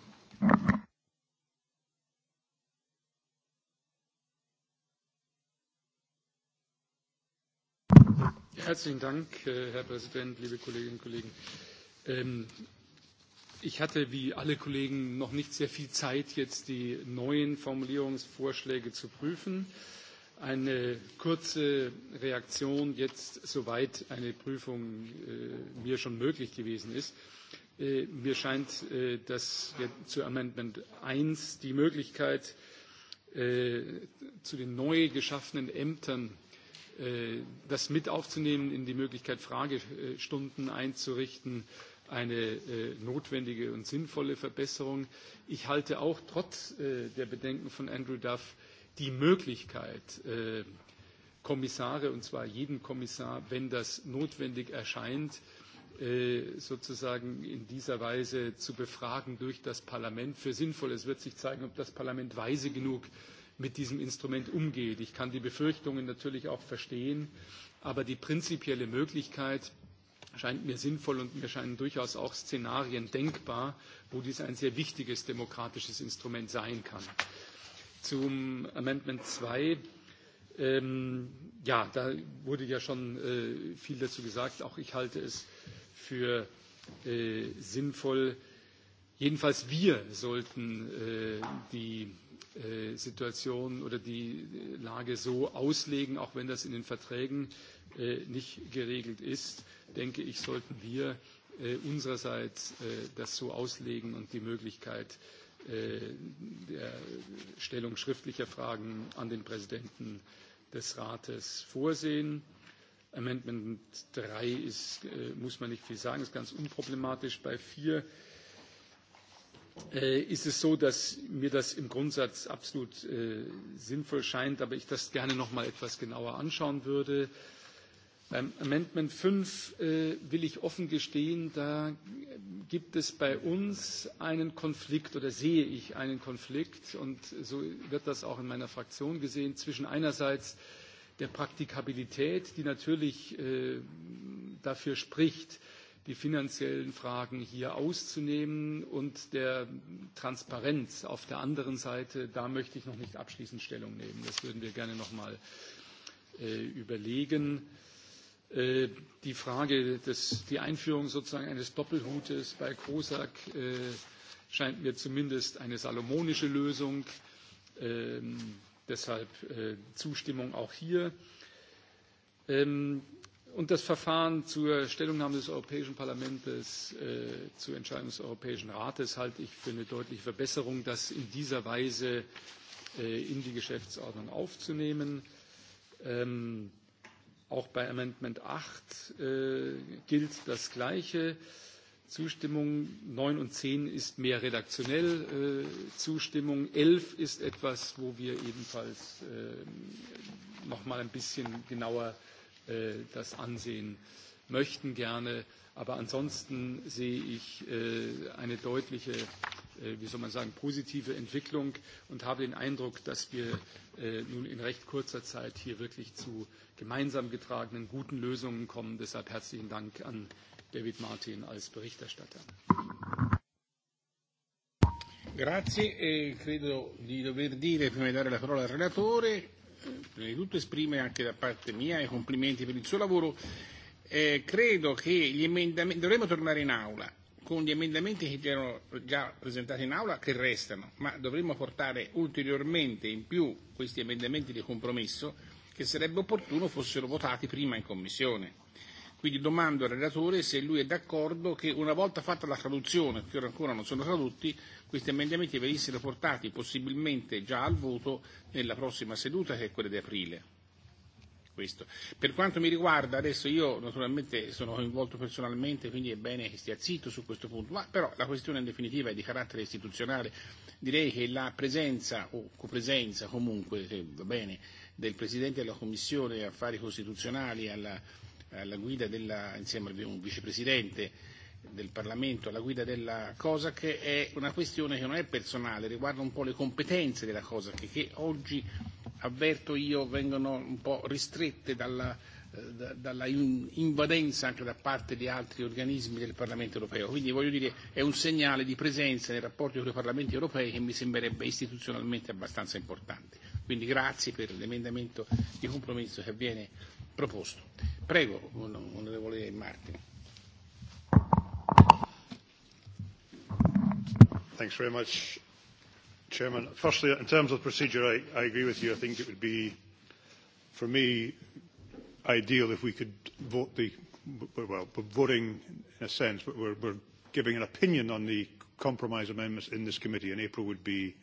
Herzlichen Dank, Herr Präsident, liebe Kolleginnen und Kollegen Ich hatte, wie alle Kollegen, noch nicht sehr viel Zeit, jetzt die neuen Formulierungsvorschläge zu prüfen. Eine kurze Reaktion jetzt, soweit eine Prüfung mir schon möglich gewesen ist. Mir scheint, dass zu Amendment 1 die Möglichkeit zu den neu geschaffenen Ämtern das mit aufzunehmen, in die Möglichkeit Fragestunden einzurichten, eine notwendige und sinnvolle Verbesserung. Ich halte auch trotz der Bedenken von Andrew Duff die Möglichkeit, Kommissare, und zwar jeden Kommissar, wenn das notwendig erscheint, sozusagen in dieser Weise zu befragen durch das Parlament für sinnvoll. Es wird sich zeigen, ob das Parlament weise genug mit diesem Instrument umgeht. Ich kann die Befürchtungen natürlich auch verstehen, aber die prinzipielle Möglichkeit, scheint mir sinnvoll und mir scheinen durchaus auch Szenarien denkbar, wo dies ein sehr wichtiges demokratisches Instrument sein kann. Zum Amendment 2. ja, da wurde ja schon viel dazu gesagt. Auch ich halte es für sinnvoll. Jedenfalls wir sollten die Situation oder die Lage so auslegen, auch wenn das in den Verträgen nicht geregelt ist, denke ich, sollten wir unsererseits das so auslegen und die Möglichkeit der Stellung schriftlicher Fragen an den Präsidenten des Rates vorsehen. Amendment 3 ist, muss man nicht viel sagen, ist ganz unproblematisch. Bei 4 ist es so, dass mir das im Grundsatz absolut sinnvoll scheint, aber ich das gerne noch mal etwas genauer anschauen würde. Äh, Beim Amendment fünf will ich offen gestehen, da gibt es bei uns einen Konflikt oder sehe ich einen Konflikt und so wird das auch in meiner Fraktion gesehen zwischen einerseits der Praktikabilität, die natürlich dafür spricht, die finanziellen Fragen hier auszunehmen und der Transparenz auf der anderen Seite, da möchte ich noch nicht abschließend Stellung nehmen. Das würden wir gerne noch mal überlegen. Äh, die Frage, des, die Einführung sozusagen eines Doppelhutes bei COSAC scheint mir zumindest eine salomonische Lösung. deshalb Zustimmung auch hier. und das Verfahren zur Stellungnahme des Europäischen Parlaments zur Entscheidung des Europäischen Rates halte ich für eine deutliche Verbesserung, das in dieser Weise in die Geschäftsordnung aufzunehmen. Ähm, Auch bei Amendment 8 gilt das Gleiche. Zustimmung neun und zehn ist mehr redaktionell. Zustimmung elf ist etwas, wo wir ebenfalls noch mal ein bisschen genauer das ansehen möchten gerne. Aber ansonsten sehe ich eine deutliche wie soll man sagen, positive Entwicklung und habe den Eindruck, dass wir nun in recht kurzer Zeit hier wirklich zu gemeinsam getragenen guten Lösungen kommen. Deshalb herzlichen Dank an David Martin als Berichterstatter. Grazie e credo di dover dire, prima di dare la parola al relatore, prima di tutto esprime anche da parte mia i complimenti per il suo lavoro. Eh, credo che gli emendamenti dovremmo tornare in aula con gli emendamenti che erano già presentati in aula che restano, ma dovremmo portare ulteriormente in più questi emendamenti di compromesso che sarebbe opportuno fossero votati prima in commissione. Quindi domando al relatore se lui è d'accordo che una volta fatta la traduzione, che ora ancora non sono tradotti, questi emendamenti venissero portati possibilmente già al voto nella prossima seduta che è quella di aprile questo. Per quanto mi riguarda, adesso io naturalmente sono coinvolto personalmente, quindi è bene che stia zitto su questo punto, ma però la questione in definitiva è di carattere istituzionale. Direi che la presenza o copresenza comunque, che va bene, del Presidente della Commissione Affari Costituzionali alla, alla guida della, insieme al vicepresidente del Parlamento alla guida della COSAC è una questione che non è personale, riguarda un po' le competenze della COSAC che oggi avverto io vengono un po' ristrette dalla, dalla invadenza anche da parte di altri organismi del Parlamento europeo. Quindi voglio dire è un segnale di presenza nei rapporti con i Parlamenti europei che mi sembrerebbe istituzionalmente abbastanza importante. Quindi grazie per l'emendamento di compromesso che viene proposto. Prego, onorevole Martini. Thanks very much, Chairman. Firstly, in terms of procedure, I, I agree with you. I think it would be, for me, ideal if we could vote the, well, we're voting in a sense, but we're, we're giving an opinion on the compromise amendments in this committee, and April would be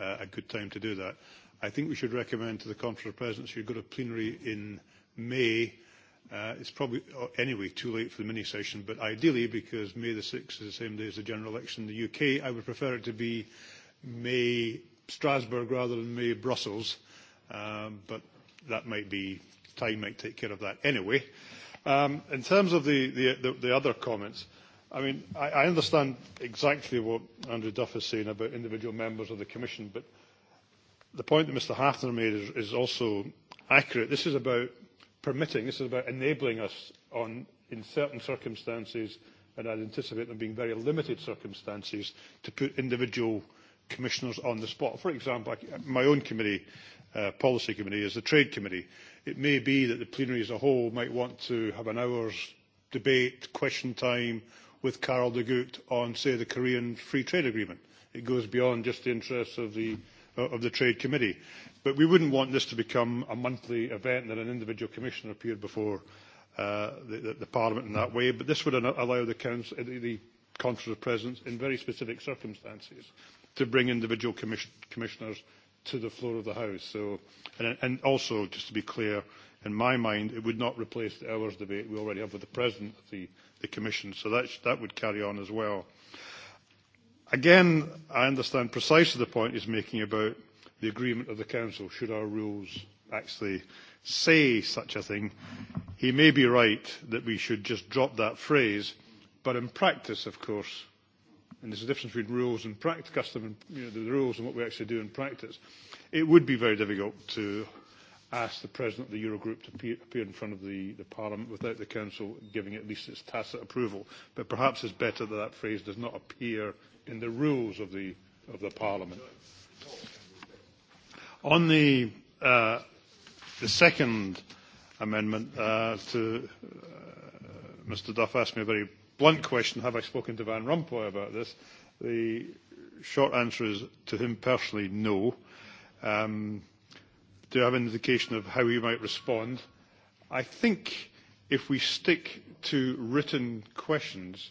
uh, a good time to do that. I think we should recommend to the Conference of Presidents you go to plenary in May Uh, it's probably anyway too late for the mini session, but ideally, because May the 6th is the same day as the general election in the UK, I would prefer it to be May Strasbourg rather than May Brussels. Um, but that might be, time might take care of that anyway. Um, in terms of the, the, the, the other comments, I mean, I, I understand exactly what Andrew Duff is saying about individual members of the Commission, but the point that Mr. Hafner made is, is also accurate. This is about permitting, this is about enabling us on, in certain circumstances, and I'd anticipate them being very limited circumstances, to put individual commissioners on the spot. For example, my own committee, uh, policy committee, is the trade committee. It may be that the plenary as a whole might want to have an hour's debate, question time with Carol de Gucht on, say, the Korean Free Trade Agreement. It goes beyond just the interests of the of the Trade Committee. But we wouldn't want this to become a monthly event that an individual commissioner appeared before uh, the, the Parliament in that way. But this would allow the, council, the, the Conference of Presidents, in very specific circumstances, to bring individual commission, commissioners to the floor of the House. So, and, and also, just to be clear, in my mind, it would not replace the hours debate we already have with the President of the, the Commission. So that, that would carry on as well. Again, I understand precisely the point he's making about the agreement of the Council, should our rules actually say such a thing. He may be right that we should just drop that phrase, but in practice, of course, and there's a difference between rules and practice, custom and you know, the rules and what we actually do in practice, it would be very difficult to ask the President of the Eurogroup to appear, appear in front of the, the Parliament without the Council giving at least its tacit approval. But perhaps it's better that that phrase does not appear in the rules of the, of the Parliament. On the, uh, the second amendment, uh, to, uh, Mr Duff asked me a very blunt question, have I spoken to Van Rompuy about this? The short answer is, to him personally, no. Um, do you have an indication of how he might respond? I think if we stick to written questions,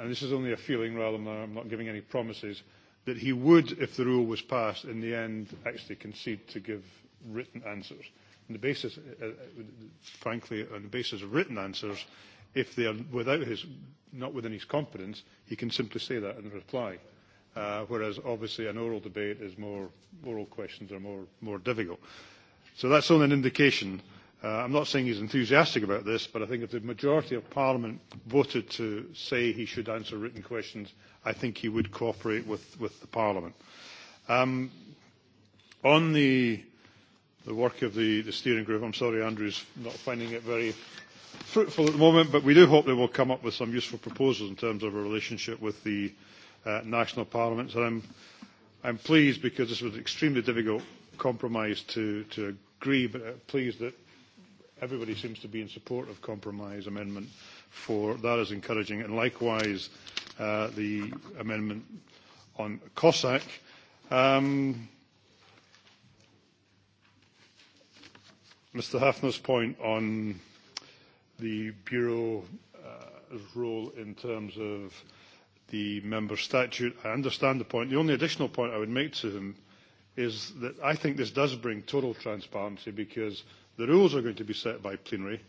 and this is only a feeling rather than I'm not giving any promises, that he would, if the rule was passed, in the end actually concede to give written answers. On the basis, uh, frankly, on the basis of written answers, if they are without his, not within his competence, he can simply say that in reply. Uh, whereas obviously an oral debate is more, oral questions are more, more difficult. So that's only an indication. Uh, I'm not saying he's enthusiastic about this, but I think if the majority of Parliament voted to say he should answer written questions, I think he would cooperate with, with the Parliament. Um, on the, the work of the, the steering group, I'm sorry Andrew's not finding it very fruitful at the moment, but we do hope they will come up with some useful proposals in terms of a relationship with the uh, national parliaments. And I'm, I'm pleased because this was an extremely difficult compromise to, to agree, but I'm pleased that everybody seems to be in support of compromise amendment four. That is encouraging. And likewise, uh, the amendment on Cossack. Um, Mr. Hafner's point on the Bureau's role in terms of the member statute, I understand the point. The only additional point I would make to him is that I think this does bring total transparency because – The rules are going to be set by plenary,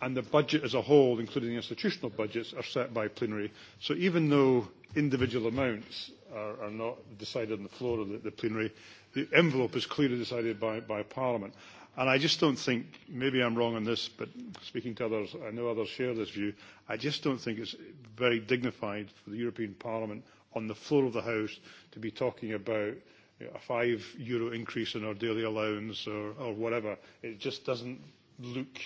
and the budget as a whole, including the institutional budgets, are set by plenary. So even though individual amounts are, are not decided on the floor of the, the plenary, the envelope is clearly decided by, by Parliament. And I just don't think, maybe I'm wrong on this, but speaking to others, I know others share this view, I just don't think it's very dignified for the European Parliament on the floor of the House to be talking about a five euro increase in our daily allowance or, or whatever. It just doesn't look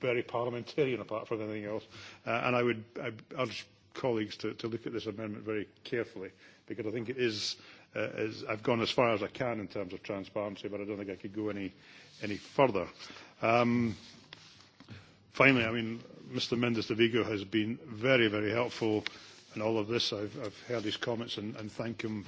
very parliamentarian apart from anything else. Uh, and I would I urge colleagues to, to look at this amendment very carefully because I think it is, uh, is, I've gone as far as I can in terms of transparency, but I don't think I could go any, any further. Um, finally, I mean, Mr. Mendes de Vigo has been very, very helpful in all of this. I've, I've heard his comments and, and thank him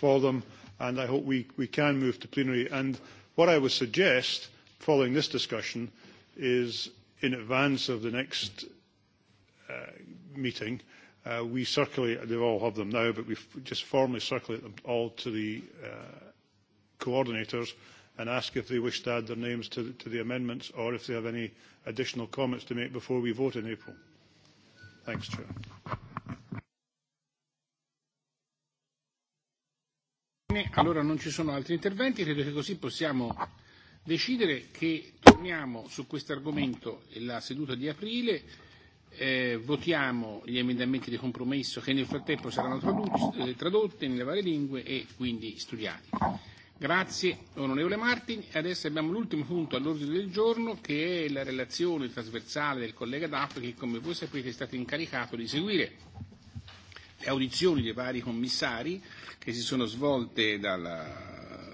for them, and I hope we, we can move to plenary. And what I would suggest, following this discussion, is in advance of the next meeting, we circulate, they all have them now, but we just formally circulate them all to the coordinators and ask if they wish to add their names to, to the amendments or if they have any additional comments to make before we vote in April. Thanks, Chair. Ecco. allora non ci sono altri interventi, credo che così possiamo decidere che torniamo su questo argomento la seduta di aprile, eh, votiamo gli emendamenti di compromesso che nel frattempo saranno tradotti nelle varie lingue e quindi studiati. Grazie onorevole Martin. Adesso abbiamo l'ultimo punto all'ordine del giorno che è la relazione trasversale del collega Daff che come voi sapete è stato incaricato di seguire Le audizioni dei vari commissari che si sono svolte dalla,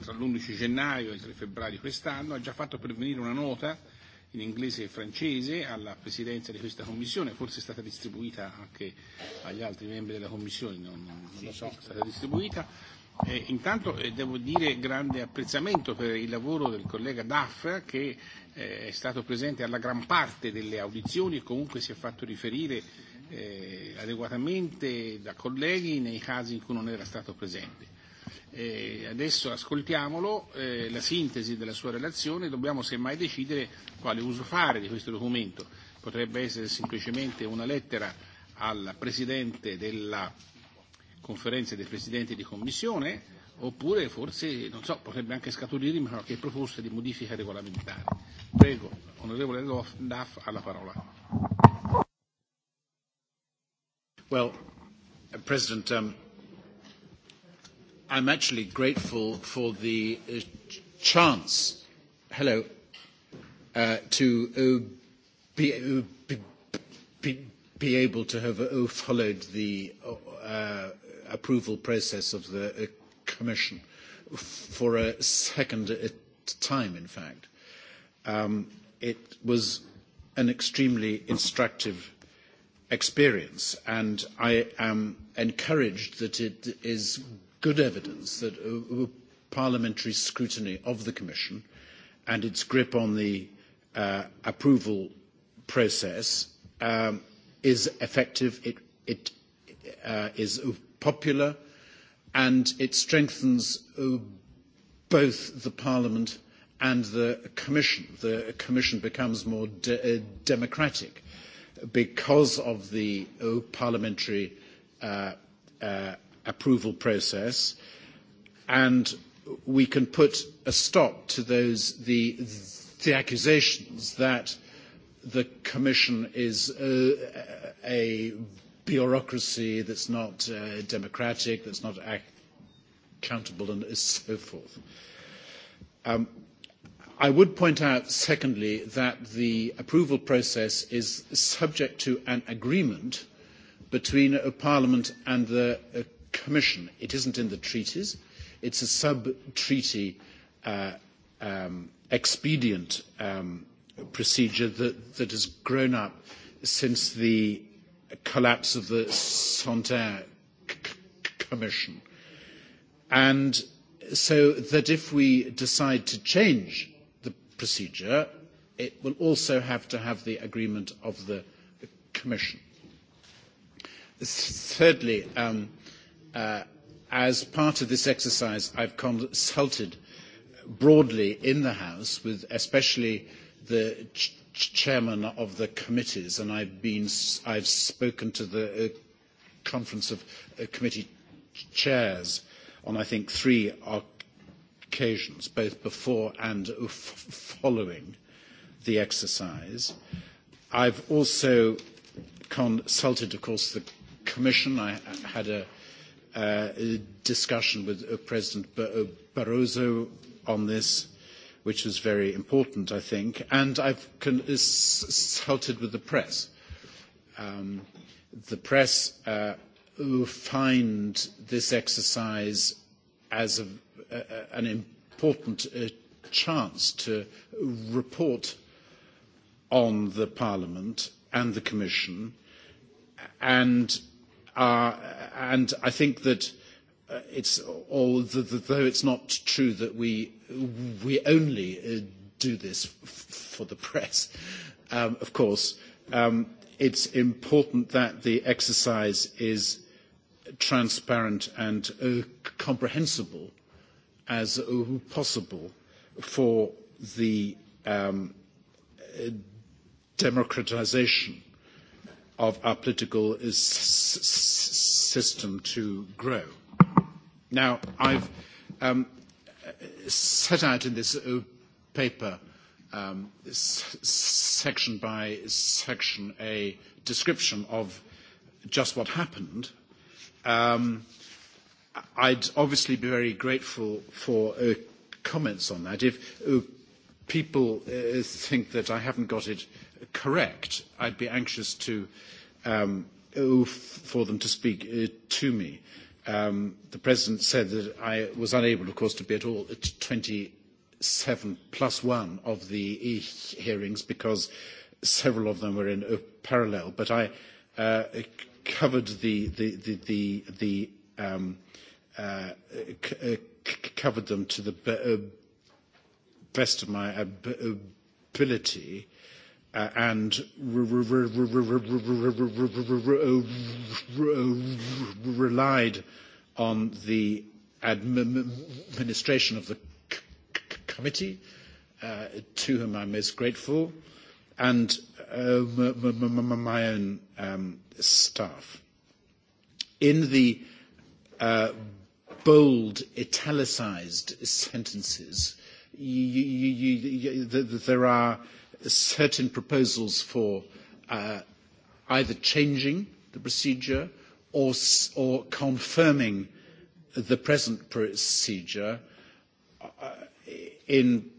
tra l'11 gennaio e il 3 febbraio quest'anno, ha già fatto pervenire una nota in inglese e francese alla presidenza di questa commissione, forse è stata distribuita anche agli altri membri della commissione, non, non lo so, è stata distribuita. E intanto eh, devo dire grande apprezzamento per il lavoro del collega Daff che eh, è stato presente alla gran parte delle audizioni e comunque si è fatto riferire eh, adeguatamente da colleghi nei casi in cui non era stato presente. E adesso ascoltiamolo, eh, la sintesi della sua relazione, dobbiamo semmai decidere quale uso fare di questo documento. Potrebbe essere semplicemente una lettera al Presidente della conferenza dei Presidenti di Commissione, oppure forse, non so, potrebbe anche scaturire qualche proposta di modifica regolamentare. Prego, onorevole Daff, alla parola. Well, President, um, I'm actually grateful for the chance, hello, to be, be, able to have followed the approval process of the Commission for a second time, in fact. it was an extremely instructive experience, and I am encouraged that it is good evidence that parliamentary scrutiny of the Commission and its grip on the approval process is effective, it, is popular, and it strengthens both the Parliament and the Commission. The Commission becomes more democratic because of the parliamentary approval process, and we can put a stop to the accusations that the Commission is a bureaucracy that is not democratic, that is not accountable, and so forth. I would point out, secondly, that the approval process is subject to an agreement between Parliament and the Commission. It is not in the treaties. It is a sub-treaty expedient procedure that, has grown up since the collapse of the Santerre Commission. And so that if we decide to change procedure, it will also have to have the agreement of the Commission. Thirdly, as part of this exercise, I have consulted broadly in the House with especially the chairman of the committees, and I've been I've spoken to the conference of committee chairs on I think three occasions, both before and following the exercise. I've also consulted, of course, the Commission. I had a discussion with President Barroso on this, which was very important, I think. And I've consulted with the press. the press find this exercise as an important chance to report on the Parliament and the Commission. And, I think that it's all, though it's not true that we, we only do this for the press, of course, um, it's important that the exercise is transparent and comprehensible as possible for the democratisation of our political system to grow. Now, I've set out in this paper section by section a description of just what happened Um, I'd obviously be very grateful for uh, comments on that. If uh, people uh, think that I haven't got it correct, I'd be anxious to um, for them to speak uh, to me. Um, the president said that I was unable, of course, to be at all at 27 plus one of the hearings because several of them were in parallel. But I uh, covered the the the the, the um, uh, c- uh, c covered them to the be- uh, best of my ability. Uh, and relied on the administration of the committee, uh to whom I'm most grateful, and my own um, staff. In the uh, bold, italicised sentences, you, you, you, you, there are certain proposals for uh, either changing the procedure or, or confirming the present procedure in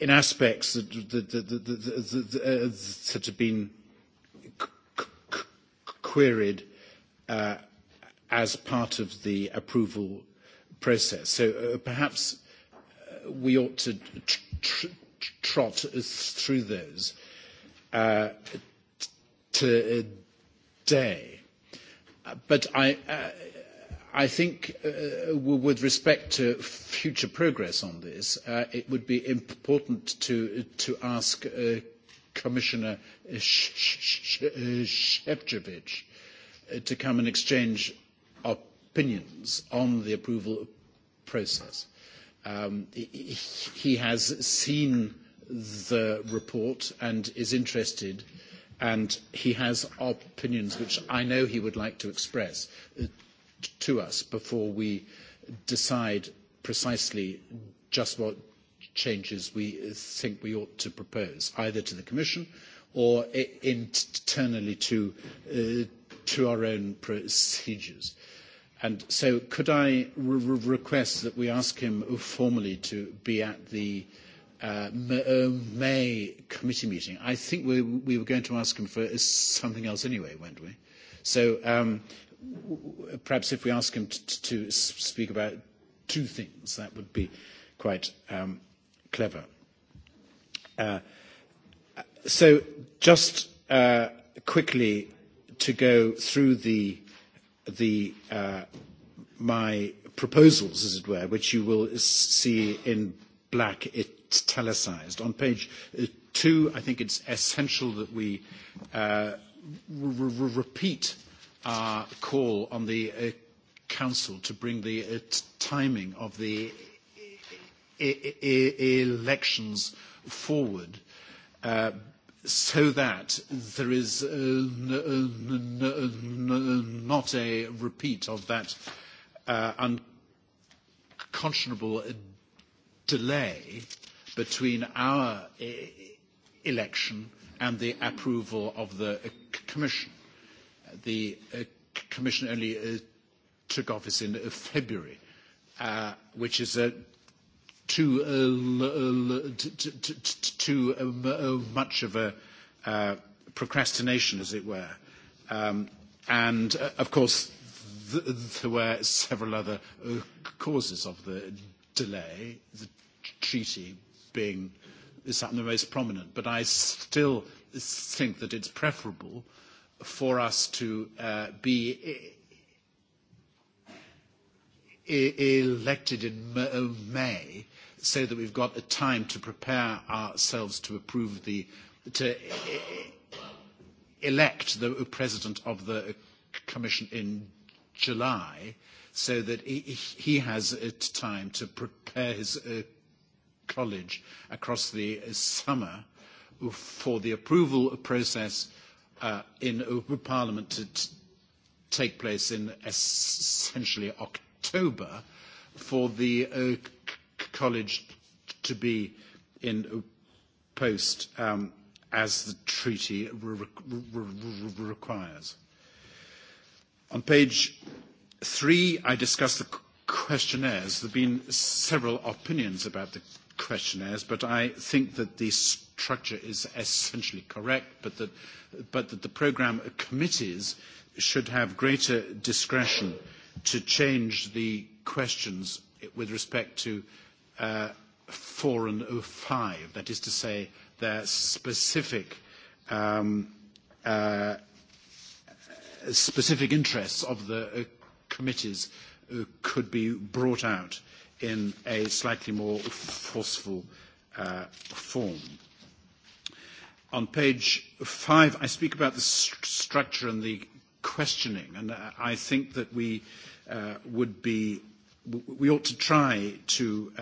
in aspects that, that, that, that, that, that, that have been queried uh, as part of the approval process. So uh, perhaps uh, we ought to tr- tr- trot through those uh, today. But I. Uh, I think with respect to future progress on this, it would be important to, ask Commissioner Shevchevich to come and exchange opinions on the approval process. he has seen the report and is interested and he has opinions which I know he would like to express to us before we decide precisely just what changes we think we ought to propose, either to the Commission or internally to, our own procedures. And so could I request that we ask him formally to be at the May committee meeting? I think we, we were going to ask him for something else anyway, weren't we? So um, perhaps if we ask him to speak about two things, that would be quite clever. so just uh quickly to go through the, the uh my proposals, as it were, which you will see in black italicized. On page two, I think it's essential that we uh repeat our call on the Council to bring the timing of the elections forward so that there is not a repeat of that unconscionable delay between our election and the approval of the Commission the Commission only took office in February, which is too much of a procrastination, as it were. And of course, there were several other causes of the delay, the treaty being something the most prominent. But I still think that it's preferable for us to be elected in May so that we've got the time to prepare ourselves to approve the to elect the president of the commission in July so that he has time to prepare his college across the summer for the approval process in Parliament to take place in essentially October for the college to be in post as the treaty requires. On page three, I discuss the questionnaires. There have been several opinions about the questionnaires, but I think that the structure is essentially correct, but that, but that the programme committees should have greater discretion to change the questions with respect to uh, 4 and 05, that is to say, their specific um, uh, specific interests of the uh, committees uh, could be brought out in a slightly more forceful form. On page five, I speak about the structure and the questioning, and I think that we would be we ought to try to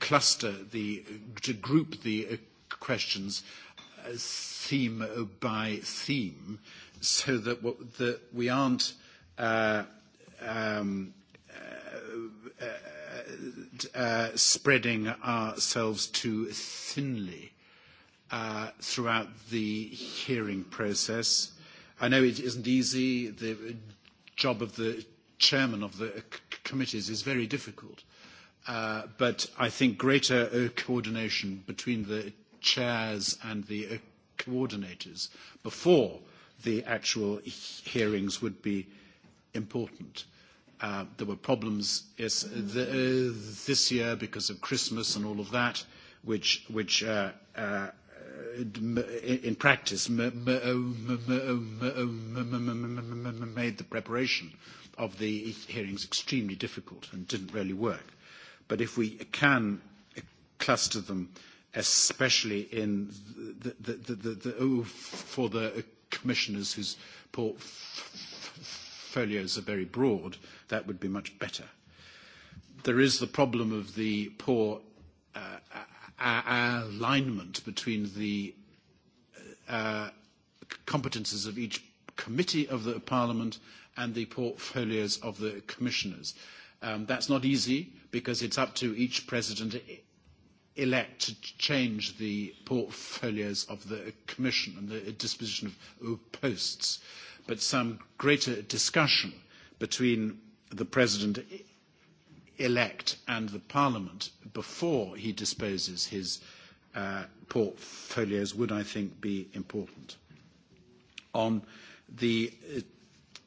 cluster the to group the questions theme by theme so that what that we aren't um, spreading ourselves too thinly throughout the hearing process. I know it isn't easy. The job of the chairman of the committees is very difficult. but I think greater coordination between the chairs and the coordinators before the actual hearings would be important There were problems this year because of Christmas and all of that, which in practice made the preparation of the hearings extremely difficult and didn't really work. But if we can cluster them, especially in the for the commissioners whose portfolios are very broad, that would be much better. There is the problem of the poor alignment between the competences of each committee of the Parliament and the portfolios of the commissioners. That's not easy because it's up to each president elect to change the portfolios of the commission and the disposition of posts but some greater discussion between the president elect and the parliament before he disposes his portfolios would, I think, be important. On the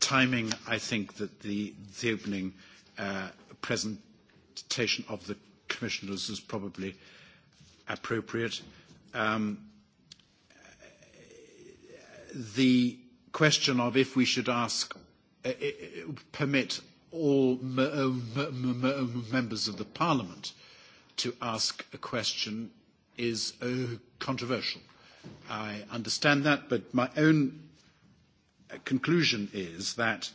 timing, I think that the opening presentation of the commissioners is probably appropriate. The question of if we should ask, permit all members of the parliament to ask a question is controversial. I understand that, but my own conclusion is that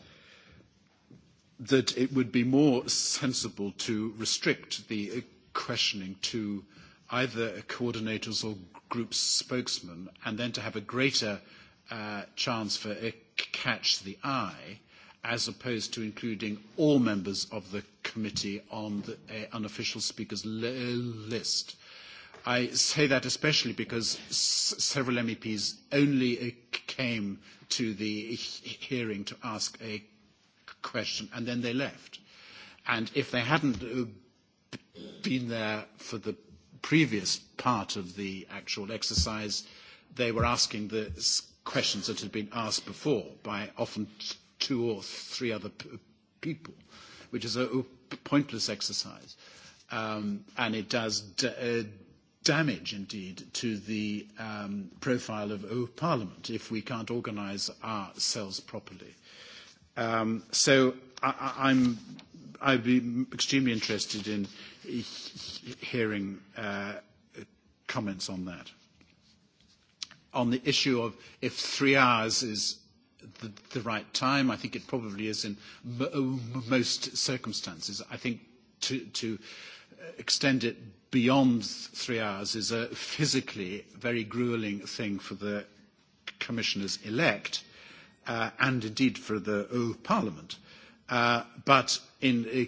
that it would be more sensible to restrict the questioning to either coordinators or group spokesmen, and then to have a greater uh, for a catch the eye as opposed to including all members of the committee on the uh, unofficial speakers list. I say that especially because s- several MEPs only uh, came to the hearing to ask a question and then they left. And if they hadn't uh, been there for the previous part of the actual exercise, they were asking the questions that had been asked before by often two or three other people, which is a pointless exercise. Um, and it does d- uh, damage, indeed, to the um, profile of oh, Parliament if we can't organise ourselves properly. Um, so I, I'm, I'd be extremely interested in hearing uh, comments on that on the issue of if three hours is the, the right time. I think it probably is in m- most circumstances. I think to, to extend it beyond three hours is a physically very grueling thing for the commissioners elect uh, and indeed for the Parliament. Uh, but in uh,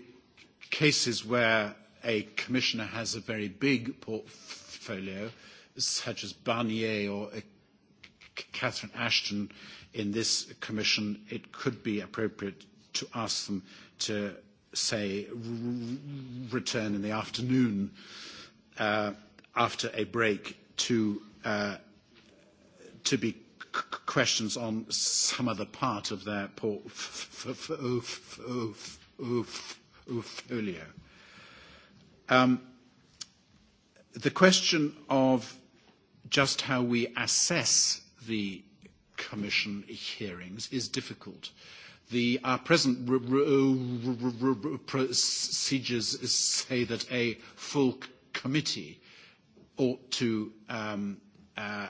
cases where a commissioner has a very big portfolio, such as Barnier or Catherine Ashton in this commission, it could be appropriate to ask them to, say, return in the afternoon after a break to be questions on some other part of their portfolio. The question of just how we assess the Commission hearings is difficult. The, our present procedures say that a full committee ought to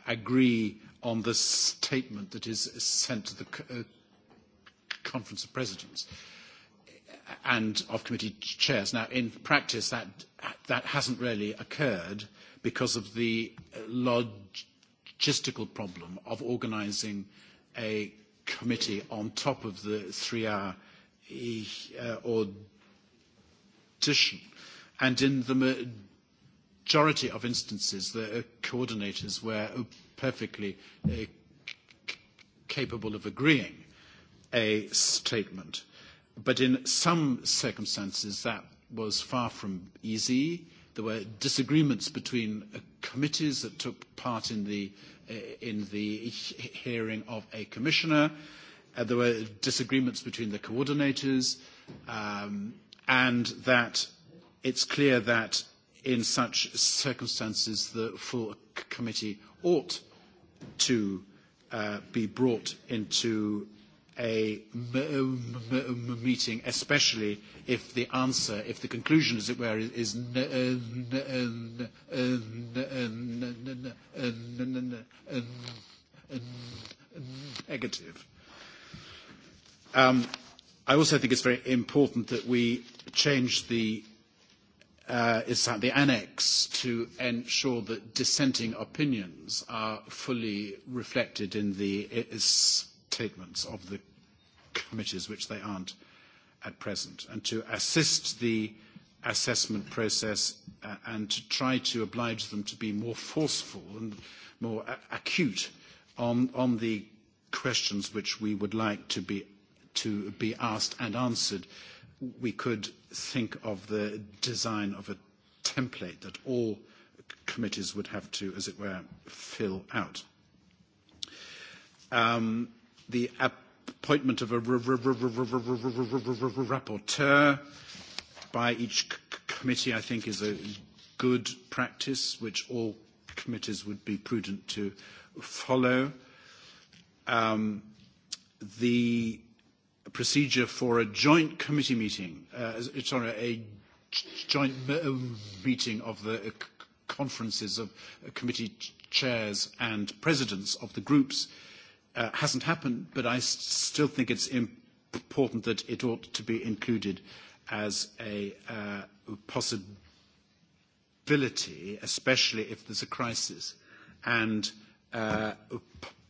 agree on the statement that is sent to the Conference of Presidents and of committee chairs. Now, in practice, that, that hasn't really occurred because of the Lodge logistical problem of organising a committee on top of the three-hour audition. And in the majority of instances, the coordinators were perfectly capable of agreeing a statement. But in some circumstances, that was far from easy There were disagreements between committees that took part in the, in the hearing of a commissioner. Uh, there were disagreements between the coordinators, um, and that it's clear that in such circumstances the full committee ought to be brought into a meeting, especially if the answer, if the conclusion, as it were, is negative. I also think it's very important that we change the is the annex to ensure that dissenting opinions are fully reflected in the statements of the committees, which they aren't at present, and to assist the assessment process and to try to oblige them to be more forceful and more acute on, the questions which we would like to be, to be asked and answered. We could think of the design of a template that all committees would have to, as it were, fill out. the appointment of a rapporteur by each committee, I think, is a good practice which all committees would be prudent to follow. Um, the procedure for a joint committee meeting, uh, sorry, a joint meeting of the conferences of committee chairs and presidents of the groups uh, uh, hasn't happened, but I still think it's important that it ought to be included as a uh, possibility, especially if there's a crisis and uh,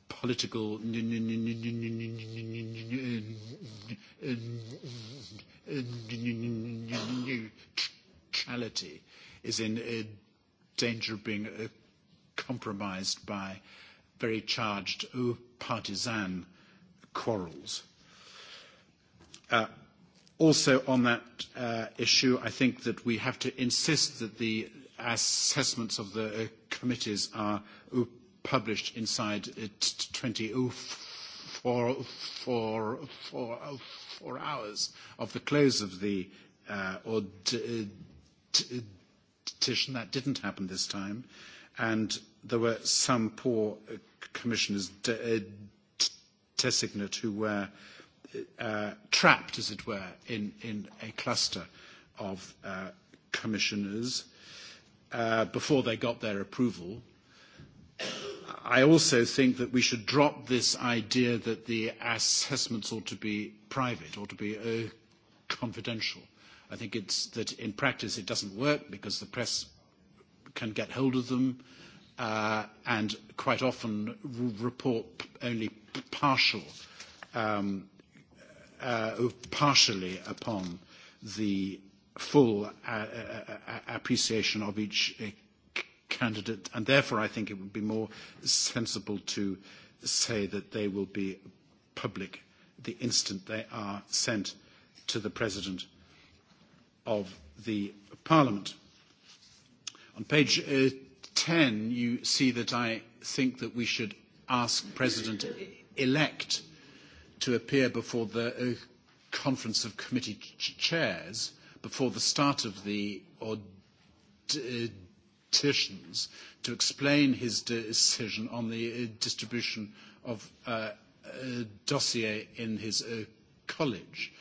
political neutrality is in danger of being compromised by uh, very charged partisan quarrels. also on that issue, I think that we have to insist that the assessments of the committees are published inside twenty four, four, four, four hours of the close of the audition. That didn't happen this time. And there were some poor commissioners designate who were trapped, as it were, in, a cluster of commissioners before they got their approval. I also think that we should drop this idea that the assessments ought to be private, ought to be confidential. I think it's that in practice it doesn't work because the press can get hold of them and quite often report only partial, um, uh, partially upon the full uh, uh, appreciation of each uh, candidate, and therefore I think it would be more sensible to say that they will be public the instant they are sent to the President of the Parliament. On page 10, you see that I think that we should ask President-elect to appear before the Conference of Committee Chairs before the start of the auditions to explain his decision on the distribution of a dossier in his college.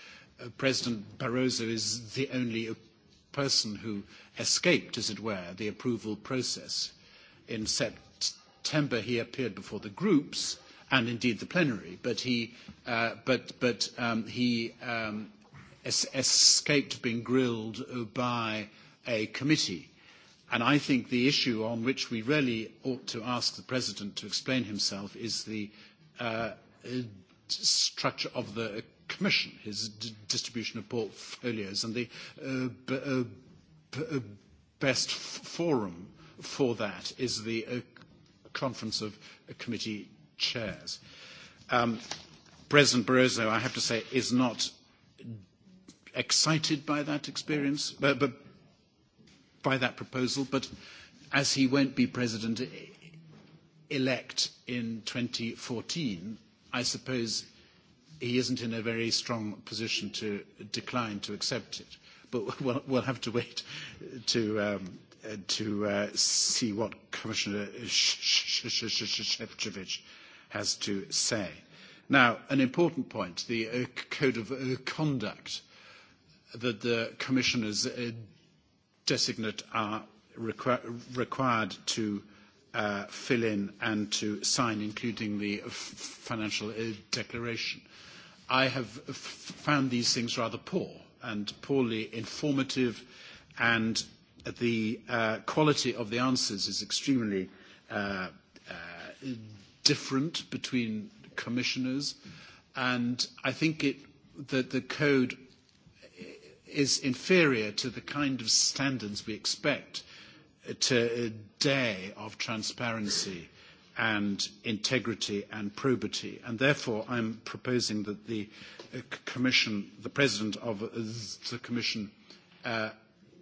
President Barroso is the only person who escaped, as it were, the approval process. In September, he appeared before the groups and indeed the plenary, but he, uh, but, but, um, he um, es- escaped being grilled by a committee. And I think the issue on which we really ought to ask the President to explain himself is the uh, structure of the Commission, his distribution of portfolios, and the best forum for that is the Conference of Committee Chairs. President Barroso, I have to say, is not excited by that experience, but, but by that proposal, but as he won't be president elect in 2014, I suppose he isn't in a very strong position to decline to accept it. But we'll, we'll have to wait to, um, to uh, see what Commissioner Shevchevich has to say. Now, an important point, the uh, code of uh, conduct that the commissioners uh, designate are requ- required to uh, fill in and to sign, including the financial uh, declaration. Uh, I have found these things rather poor and poorly informative, and the quality of the answers is extremely different between commissioners, and I think it, that the code is inferior to the kind of standards we expect today of transparency and integrity and probity. And therefore, I'm proposing that the Commission, the President of the Commission,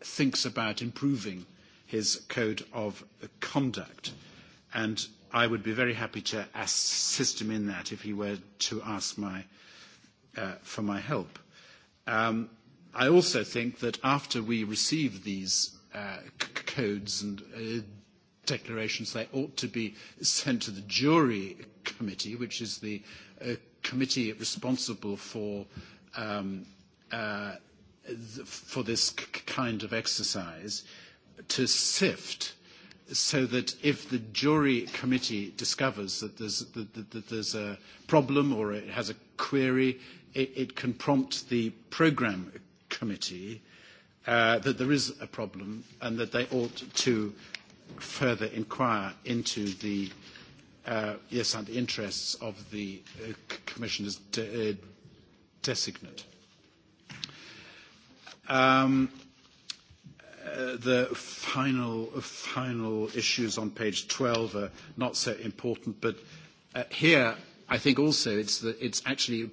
thinks about improving his code of conduct. And I would be very happy to assist him in that if he were to ask my, for my help. I also think that after we receive these codes and declarations, they ought to be sent to the jury committee, which is the committee responsible for for this kind of exercise to sift so that if the jury committee discovers that there's, that, that there's a problem or it has a query, it, it can prompt the programme committee that there is a problem and that they ought to further inquire into the yes and interests of the commissioners designate. the final final issues on page 12 are not so important, but here I think also it's the, it's actually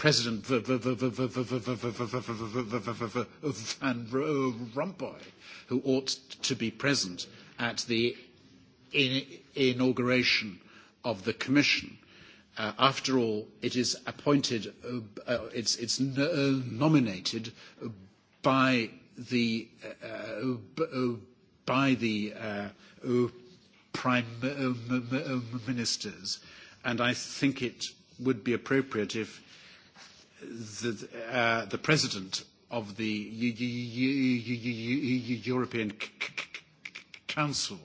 President Van Rompuy, who ought to be present at the inauguration of the Commission. after all, it is appointed, it's is nominated by the by the prime ministers, and I think it would be appropriate if the, uh, the president of the European Council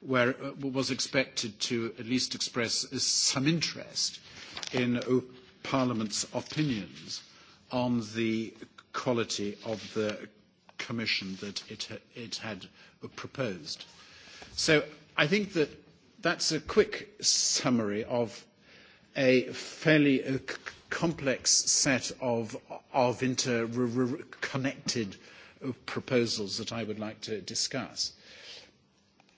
where was expected to at least express some interest in Parliament's opinions on the quality of the Commission that it, had proposed. So I think that that's a quick summary of a fairly complex set of, of interconnected proposals that I would like to discuss.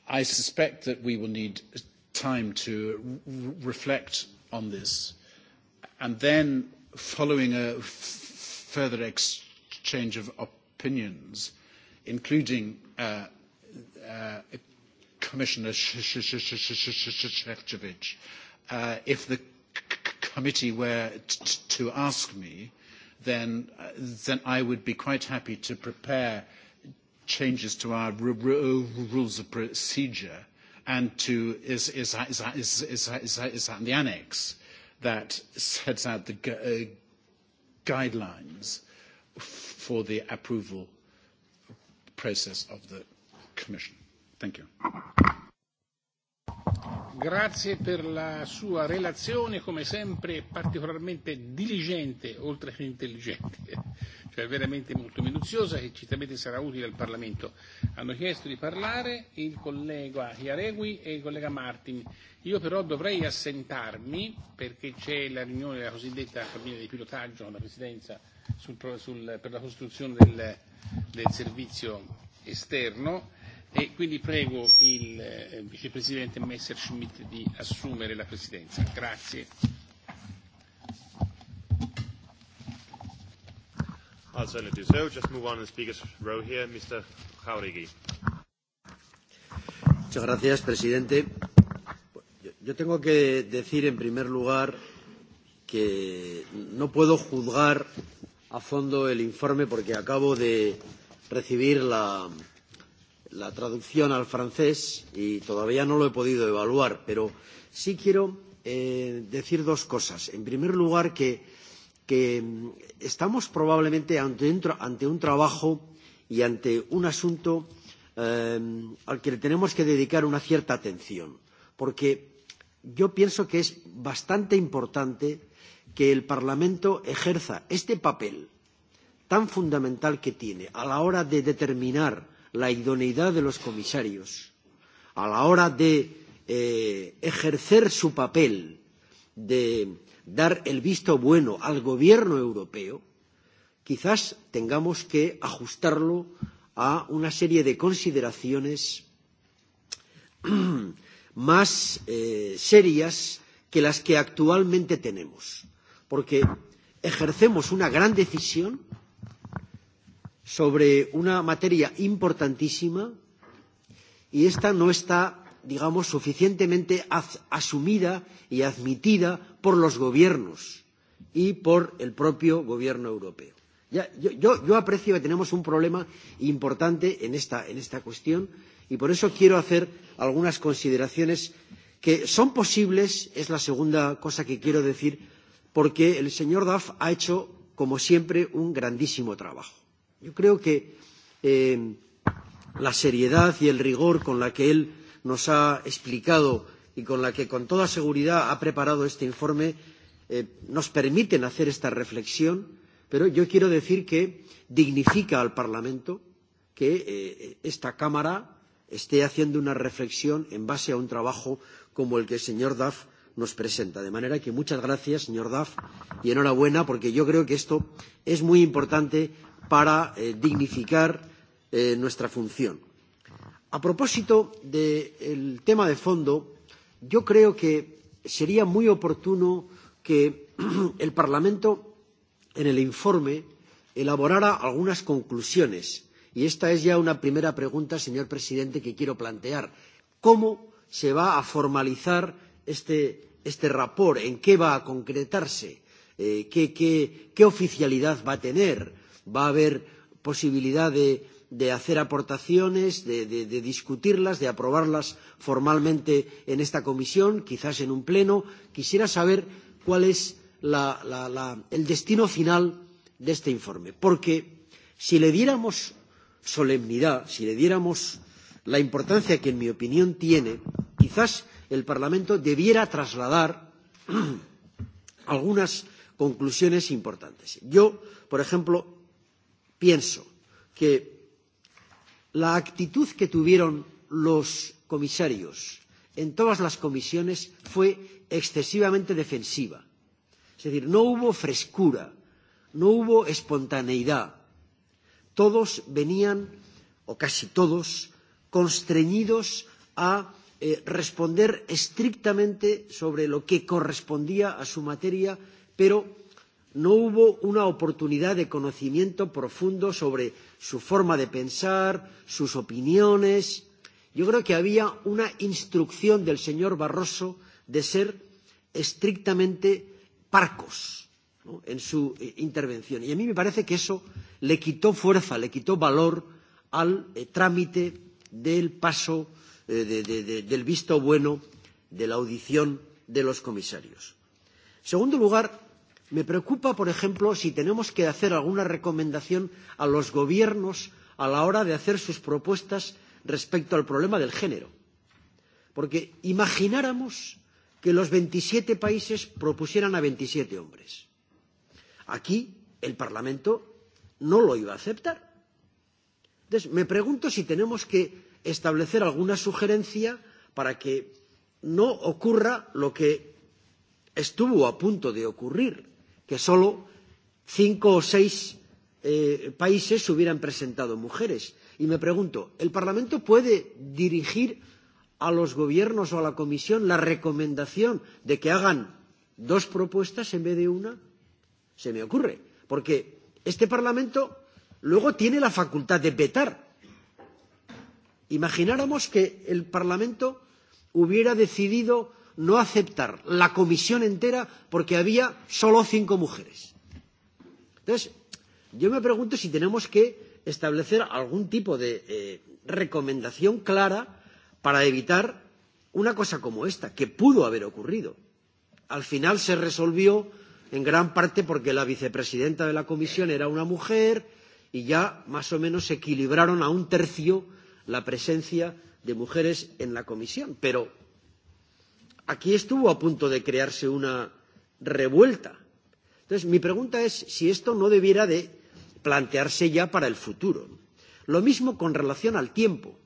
I suspect that we will need time to reflect on this. And then, following a further exchange of opinions, including Commissioner Shevchevich, if the committee were to ask me, then, I would be quite happy to prepare changes to our rules of procedure and to is, is, is, is, is, is, is the annex that sets out the guidelines for the approval process of the Commission. Thank you grazie per la sua relazione, come sempre particolarmente diligente, oltre che intelligente, cioè veramente molto minuziosa e certamente sarà utile al Parlamento. Hanno chiesto di parlare il collega Iaregui e il collega Martin. Io però dovrei assentarmi perché c'è la riunione della cosiddetta riunione di pilotaggio con la Presidenza sul, sul, per la costruzione del, del servizio esterno e quindi prego il vicepresidente Messerschmidt di assumere la presidenza. Grazie. Muchas gracias, presidente. Yo tengo que decir, en primer lugar, que no puedo juzgar a fondo el informe porque acabo de recibir la, la traducción al francés y todavía no lo he podido evaluar, pero sí quiero decir dos cosas. En primer lugar, que, estamos probablemente ante un, trabajo y ante un asunto al que le tenemos que dedicar una cierta atención, porque yo pienso que es bastante importante que el Parlamento ejerza este papel tan fundamental que tiene a la hora de determinar la idoneidad de los comisarios a la hora de eh, ejercer su papel de dar el visto bueno al gobierno europeo, quizás tengamos que ajustarlo a una serie de consideraciones más eh, serias que las que actualmente tenemos, porque ejercemos una gran decisión sobre una materia importantísima y esta no está, digamos, suficientemente asumida y admitida por los gobiernos y por el propio gobierno europeo. Ya, yo, yo, yo aprecio que tenemos un problema importante en esta, en esta cuestión y por eso quiero hacer algunas consideraciones que son posibles, es la segunda cosa que quiero decir, porque el señor Duff ha hecho, como siempre, un grandísimo trabajo Yo creo que la seriedad y el rigor con la que él nos ha explicado y con la que con toda seguridad ha preparado este informe nos permiten hacer esta reflexión, pero yo quiero decir que dignifica al Parlamento que esta Cámara esté haciendo una reflexión en base a un trabajo como el que el señor Duff nos presenta. De manera que muchas gracias, señor Duff, y enhorabuena, porque yo creo que esto es muy importante para dignificar nuestra función. A propósito del tema de fondo, yo creo que sería muy oportuno que el Parlamento, en el informe, elaborara algunas conclusiones. Y esta es ya una primera pregunta, señor presidente, que quiero plantear. ¿Cómo se va a formalizar este, este ¿En qué va a concretarse? ¿qué, oficialidad va a tener? va a haber posibilidad de, de hacer aportaciones, de, de, de discutirlas, de aprobarlas formalmente en esta comisión, quizás en un pleno. Quisiera saber cuál es la, la, la, el destino final de este informe, porque si le diéramos solemnidad, si le diéramos la importancia que, en mi opinión, tiene, quizás el Parlamento debiera trasladar algunas conclusiones importantes. Yo, por ejemplo, pienso que la actitud que tuvieron los comisarios en todas las comisiones fue excesivamente defensiva. Es decir, no hubo frescura, no hubo espontaneidad. Todos venían, o casi todos, constreñidos a responder estrictamente sobre lo que correspondía a su materia, pero no hubo una oportunidad de conocimiento profundo sobre su forma de pensar, sus opiniones. Yo creo que había una instrucción del señor Barroso de ser estrictamente parcos ¿no? en su intervención. Y a mí me parece que eso le quitó fuerza, le quitó valor al eh, trámite del paso, eh, de, de, de, del visto bueno de la audición de los comisarios. En segundo lugar, Me preocupa, por ejemplo, si tenemos que hacer alguna recomendación a los gobiernos a la hora de hacer sus propuestas respecto al problema del género. Porque imagináramos que los veintisiete países propusieran a veintisiete hombres. Aquí el Parlamento no lo iba a aceptar. Entonces, me pregunto si tenemos que establecer alguna sugerencia para que no ocurra lo que estuvo a punto de ocurrir que solo cinco o seis países hubieran presentado mujeres. Y me pregunto, ¿el Parlamento puede dirigir a los gobiernos o a la Comisión la recomendación de que hagan dos propuestas en vez de una? Se me ocurre, porque este Parlamento luego tiene la facultad de vetar. Imagináramos que el Parlamento hubiera decidido no aceptar la comisión entera porque había solo cinco mujeres. Entonces, yo me pregunto si tenemos que establecer algún tipo de eh, recomendación clara para evitar una cosa como esta, que pudo haber ocurrido. Al final se resolvió en gran parte porque la vicepresidenta de la comisión era una mujer y ya más o menos se equilibraron a un tercio la presencia de mujeres en la comisión. Pero aquí estuvo a punto de crearse una revuelta. Entonces, mi pregunta es si esto no debiera de plantearse ya para el futuro. Lo mismo con relación al tiempo.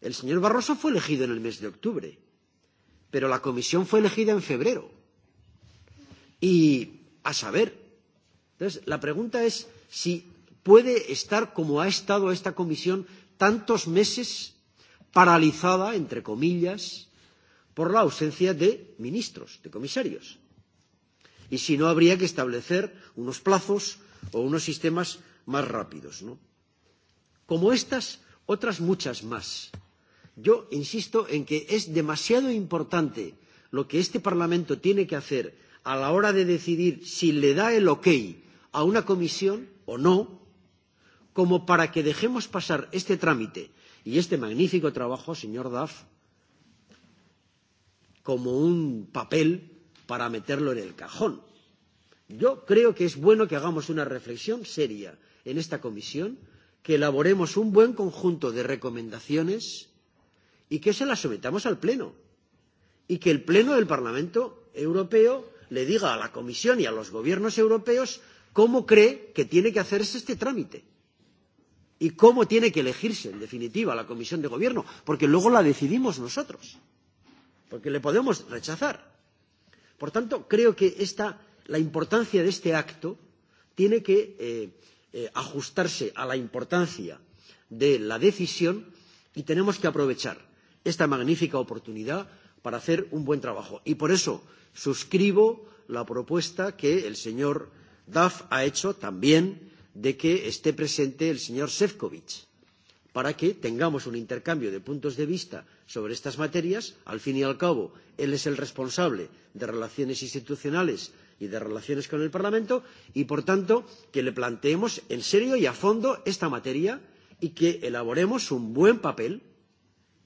El señor Barroso fue elegido en el mes de octubre, pero la comisión fue elegida en febrero. Y a saber. Entonces, la pregunta es si puede estar como ha estado esta comisión tantos meses paralizada, entre comillas, por la ausencia de ministros, de comisarios. Y si no, habría que establecer unos plazos o unos sistemas más rápidos. ¿no? Como estas, otras muchas más. Yo insisto en que es demasiado importante lo que este Parlamento tiene que hacer a la hora de decidir si le da el ok a una comisión o no, como para que dejemos pasar este trámite y este magnífico trabajo, señor Duff, como un papel para meterlo en el cajón. Yo creo que es bueno que hagamos una reflexión seria en esta comisión, que elaboremos un buen conjunto de recomendaciones y que se las sometamos al Pleno. Y que el Pleno del Parlamento Europeo le diga a la Comisión y a los gobiernos europeos cómo cree que tiene que hacerse este trámite y cómo tiene que elegirse, en definitiva, la Comisión de Gobierno, porque luego la decidimos nosotros porque le podemos rechazar. Por tanto, creo que esta, la importancia de este acto tiene que eh, eh, ajustarse a la importancia de la decisión y tenemos que aprovechar esta magnífica oportunidad para hacer un buen trabajo. Y por eso suscribo la propuesta que el señor Duff ha hecho también de que esté presente el señor Sefcovic para que tengamos un intercambio de puntos de vista sobre estas materias. Al fin y al cabo, él es el responsable de relaciones institucionales y de relaciones con el Parlamento y, por tanto, que le planteemos en serio y a fondo esta materia y que elaboremos un buen papel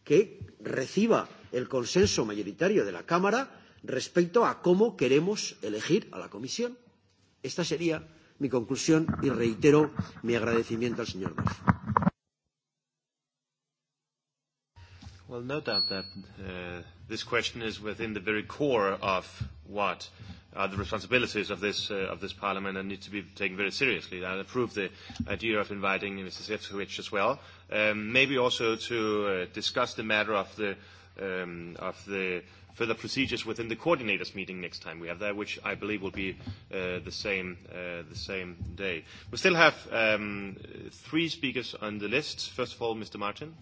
que reciba el consenso mayoritario de la Cámara respecto a cómo queremos elegir a la Comisión. Esta sería mi conclusión y reitero mi agradecimiento al señor Duff. Well, no doubt that uh, this question is within the very core of what are the responsibilities of this, uh, of this parliament and needs to be taken very seriously. I approve the idea of inviting Mr. Sefcovic as well, um, maybe also to uh, discuss the matter of the, um, of the further procedures within the coordinators meeting next time we have that, which I believe will be uh, the, same, uh, the same day. We still have um, three speakers on the list. First of all, Mr. Martin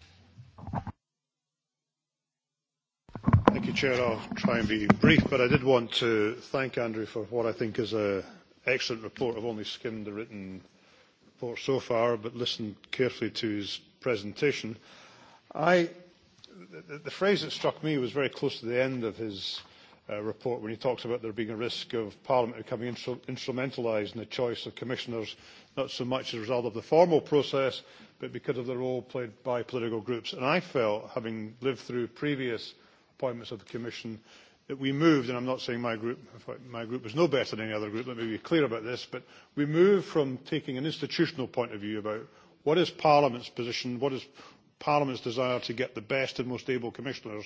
you, Chair. I'll try and be brief, but I did want to thank Andrew for what I think is an excellent report. I've only skimmed the written report so far, but listened carefully to his presentation. I, the, the phrase that struck me was very close to the end of his report when he talks about there being a risk of Parliament becoming instrumentalised in the choice of commissioners, not so much as a result of the formal process, but because of the role played by political groups. I felt, having lived through previous appointments of the Commission that we moved, and I'm not saying my group, my group was no better than any other group, let me be clear about this, but we moved from taking an institutional point of view about what is Parliament's position, what is Parliament's desire to get the best and most able commissioners,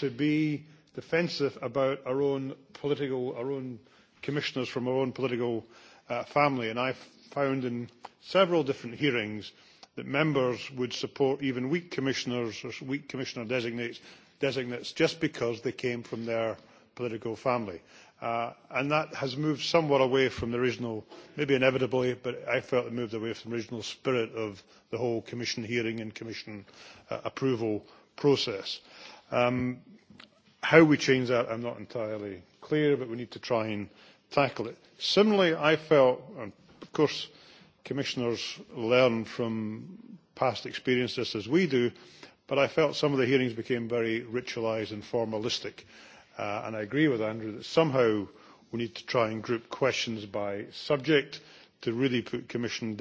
to be defensive about our own political, our own commissioners from our own political uh, family. And I found in several different hearings that members would support even weak commissioners or weak commissioner designates designates just because they came from their political family. and that has moved somewhat away from the original, maybe inevitably, but I felt it moved away from the original spirit of the whole Commission hearing and Commission approval process. how we change that, I am not entirely clear, but we need to try and tackle it. Similarly, I felt, and of course, commissioners learn from past experiences as we do, But I felt some of the hearings became very ritualised and formalistic. and I agree with Andrew that somehow we need to try and group questions by subject to really put commission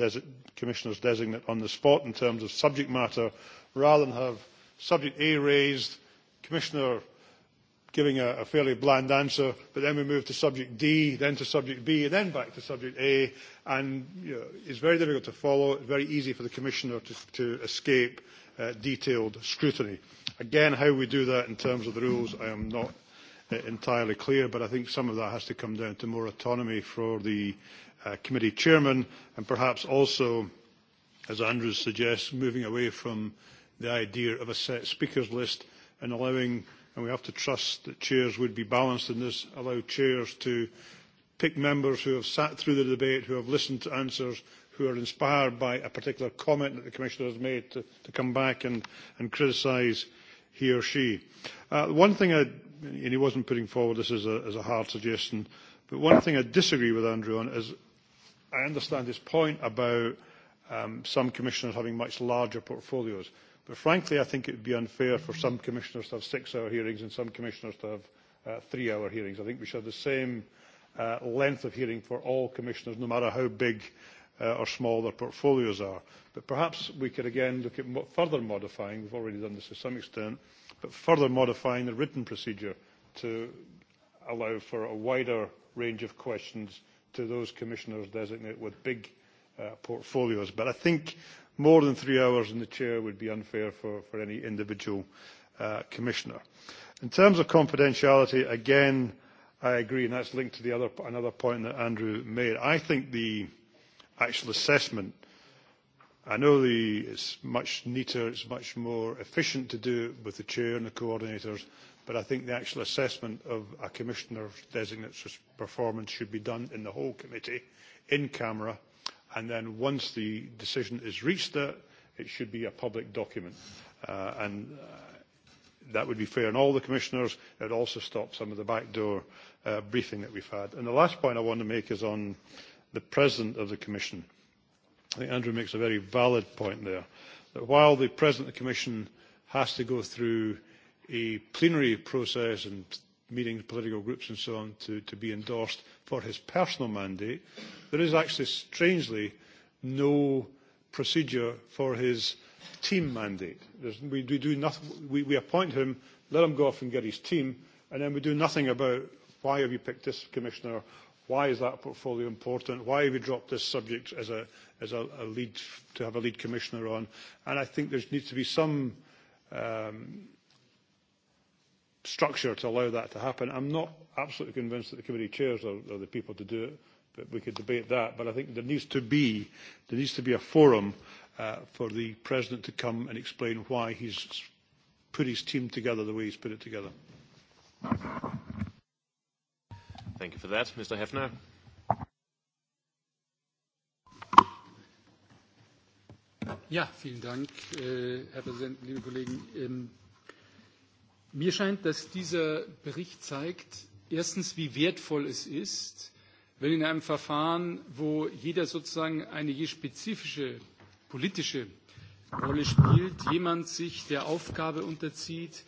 commissioners designate on the spot in terms of subject matter rather than have subject A raised, commissioner giving a, a fairly bland answer, but then we move to subject D, then to subject B, and then back to subject A. And you know, it's very difficult to follow. It's very easy for the commissioner to, to escape detailed scrutiny. Again, how we do that in terms of the rules, I am not entirely clear, but I think some of that has to come down to more autonomy for the committee chairman and perhaps also, as Andrew suggests, moving away from the idea of a set speakers list and allowing, and we have to trust that chairs would be balanced in this, allow chairs to pick members who have sat through the debate, who have listened to answers, who are inspired by a particular comment that the Commissioner has made to, to come back and, and criticise he or she. Uh, one thing I, and he wasn't putting forward this as a, as a hard suggestion, but one thing I disagree with Andrew on is I understand his point about um, some commissioners having much larger portfolios. But frankly, I think it would be unfair for some commissioners to have six-hour hearings and some commissioners to have uh, three-hour hearings. I think we should have the same uh, length of hearing for all commissioners, no matter how big or smaller portfolios are. But perhaps we could again look at further modifying, we've already done this to some extent, but further modifying the written procedure to allow for a wider range of questions to those commissioners designate with big portfolios. But I think more than three hours in the chair would be unfair for, any individual commissioner. In terms of confidentiality, again, I agree, and that's linked to the other, another point that Andrew made. I think the, actual assessment. I know the, it's much neater, it's much more efficient to do it with the chair and the coordinators, but I think the actual assessment of a commissioner designate's performance should be done in the whole committee, in camera, and then once the decision is reached it should be a public document. Uh, and that would be fair on all the commissioners. It would also stop some of the backdoor uh, briefing that we've had. And the last point I want to make is on the President of the Commission. I think Andrew makes a very valid point there, that while the President of the Commission has to go through a plenary process and meetings, political groups and so on to, to be endorsed for his personal mandate, there is actually, strangely, no procedure for his team mandate. There's, we, we, do nothing, we, we appoint him, let him go off and get his team, and then we do nothing about why have you picked this commissioner Why is that portfolio important? Why have we dropped this subject as a, as a, a lead, to have a lead commissioner on? And I think there needs to be some um, structure to allow that to happen. I'm not absolutely convinced that the committee chairs are, are the people to do it, but we could debate that. But I think there needs to be, there needs to be a forum uh, for the president to come and explain why he's put his team together the way he's put it together. Thank you for that. Mr. Hefner. Ja, vielen Dank, Herr Präsident, liebe Kollegen. Mir scheint, dass dieser Bericht zeigt, erstens, wie wertvoll es ist, wenn in einem Verfahren, wo jeder sozusagen eine je spezifische politische Rolle spielt, jemand sich der Aufgabe unterzieht,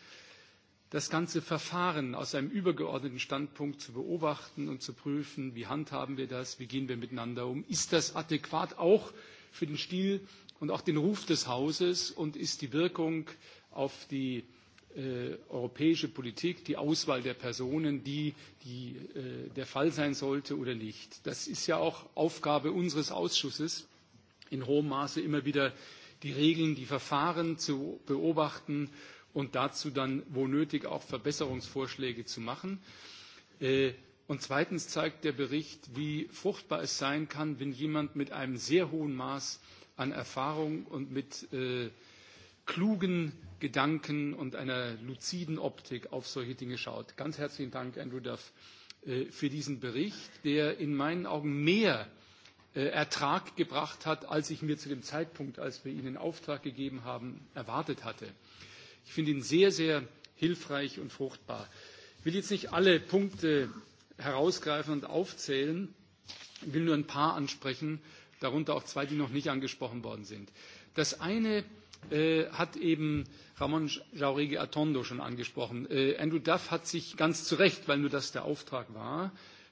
das ganze Verfahren aus einem übergeordneten Standpunkt zu beobachten und zu prüfen, wie handhaben wir das, wie gehen wir miteinander um, ist das adäquat auch für den Stil und auch den Ruf des Hauses und ist die Wirkung auf die europäische Politik, die Auswahl der Personen, die, der Fall sein sollte oder nicht. Das ist ja auch Aufgabe unseres Ausschusses, in hohem Maße immer wieder die Regeln, die Verfahren zu beobachten und dazu dann, wo nötig, auch Verbesserungsvorschläge zu machen. Und zweitens zeigt der Bericht, wie fruchtbar es sein kann, wenn jemand mit einem sehr hohen Maß an Erfahrung und mit klugen Gedanken und einer luziden Optik auf solche Dinge schaut. Ganz herzlichen Dank, Andrew Duff, für diesen Bericht, der in meinen Augen mehr Ertrag gebracht hat, als ich mir zu dem Zeitpunkt, als wir ihn in Auftrag gegeben haben, erwartet hatte. Ich finde ihn sehr, sehr hilfreich und fruchtbar. Ich will jetzt nicht alle Punkte herausgreifen und aufzählen. Ich will nur ein paar ansprechen, darunter auch zwei, die noch nicht angesprochen worden sind. Das eine hat eben Ramon Jauregui Atondo schon angesprochen. Andrew Duff hat sich ganz zu Recht, weil nur das der Auftrag war,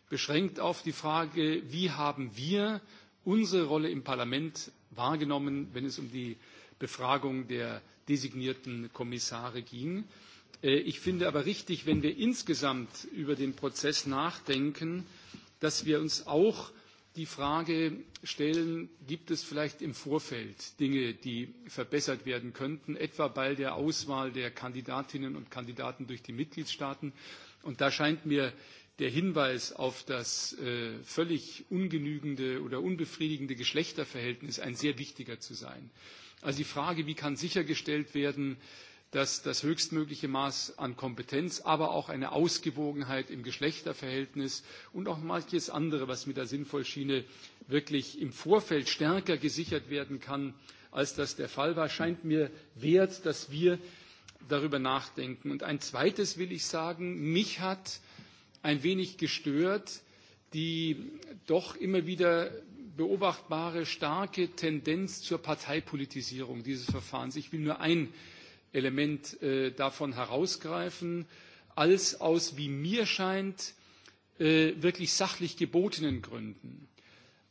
beschränkt auf die Frage, wie haben wir unsere Rolle im Parlament wahrgenommen, wenn es um die Befragung der designierten Kommissare ging. Ich finde aber richtig, wenn wir insgesamt über den Prozess nachdenken, dass wir uns auch die Frage stellen, gibt es vielleicht im Vorfeld Dinge, die verbessert werden könnten, etwa bei der Auswahl der Kandidatinnen und Kandidaten durch die Mitgliedstaaten. Und da scheint mir der Hinweis auf das völlig ungenügende oder unbefriedigende Geschlechterverhältnis ein sehr wichtiger zu sein. Also die Frage, wie kann sichergestellt werden, dass das höchstmögliche Maß an Kompetenz, aber auch eine Ausgewogenheit im Geschlechterverhältnis und auch manches andere, was mit der Sinnvollschiene wirklich im Vorfeld stärker gesichert werden kann, als das der Fall war, scheint mir wert, dass wir darüber nachdenken. Und ein zweites will ich sagen, mich hat ein wenig gestört die doch immer wieder beobachtbare starke Tendenz zur Parteipolitisierung dieses Verfahrens. Ich will nur ein Element davon herausgreifen. Als aus, wie mir scheint, wirklich sachlich gebotenen Gründen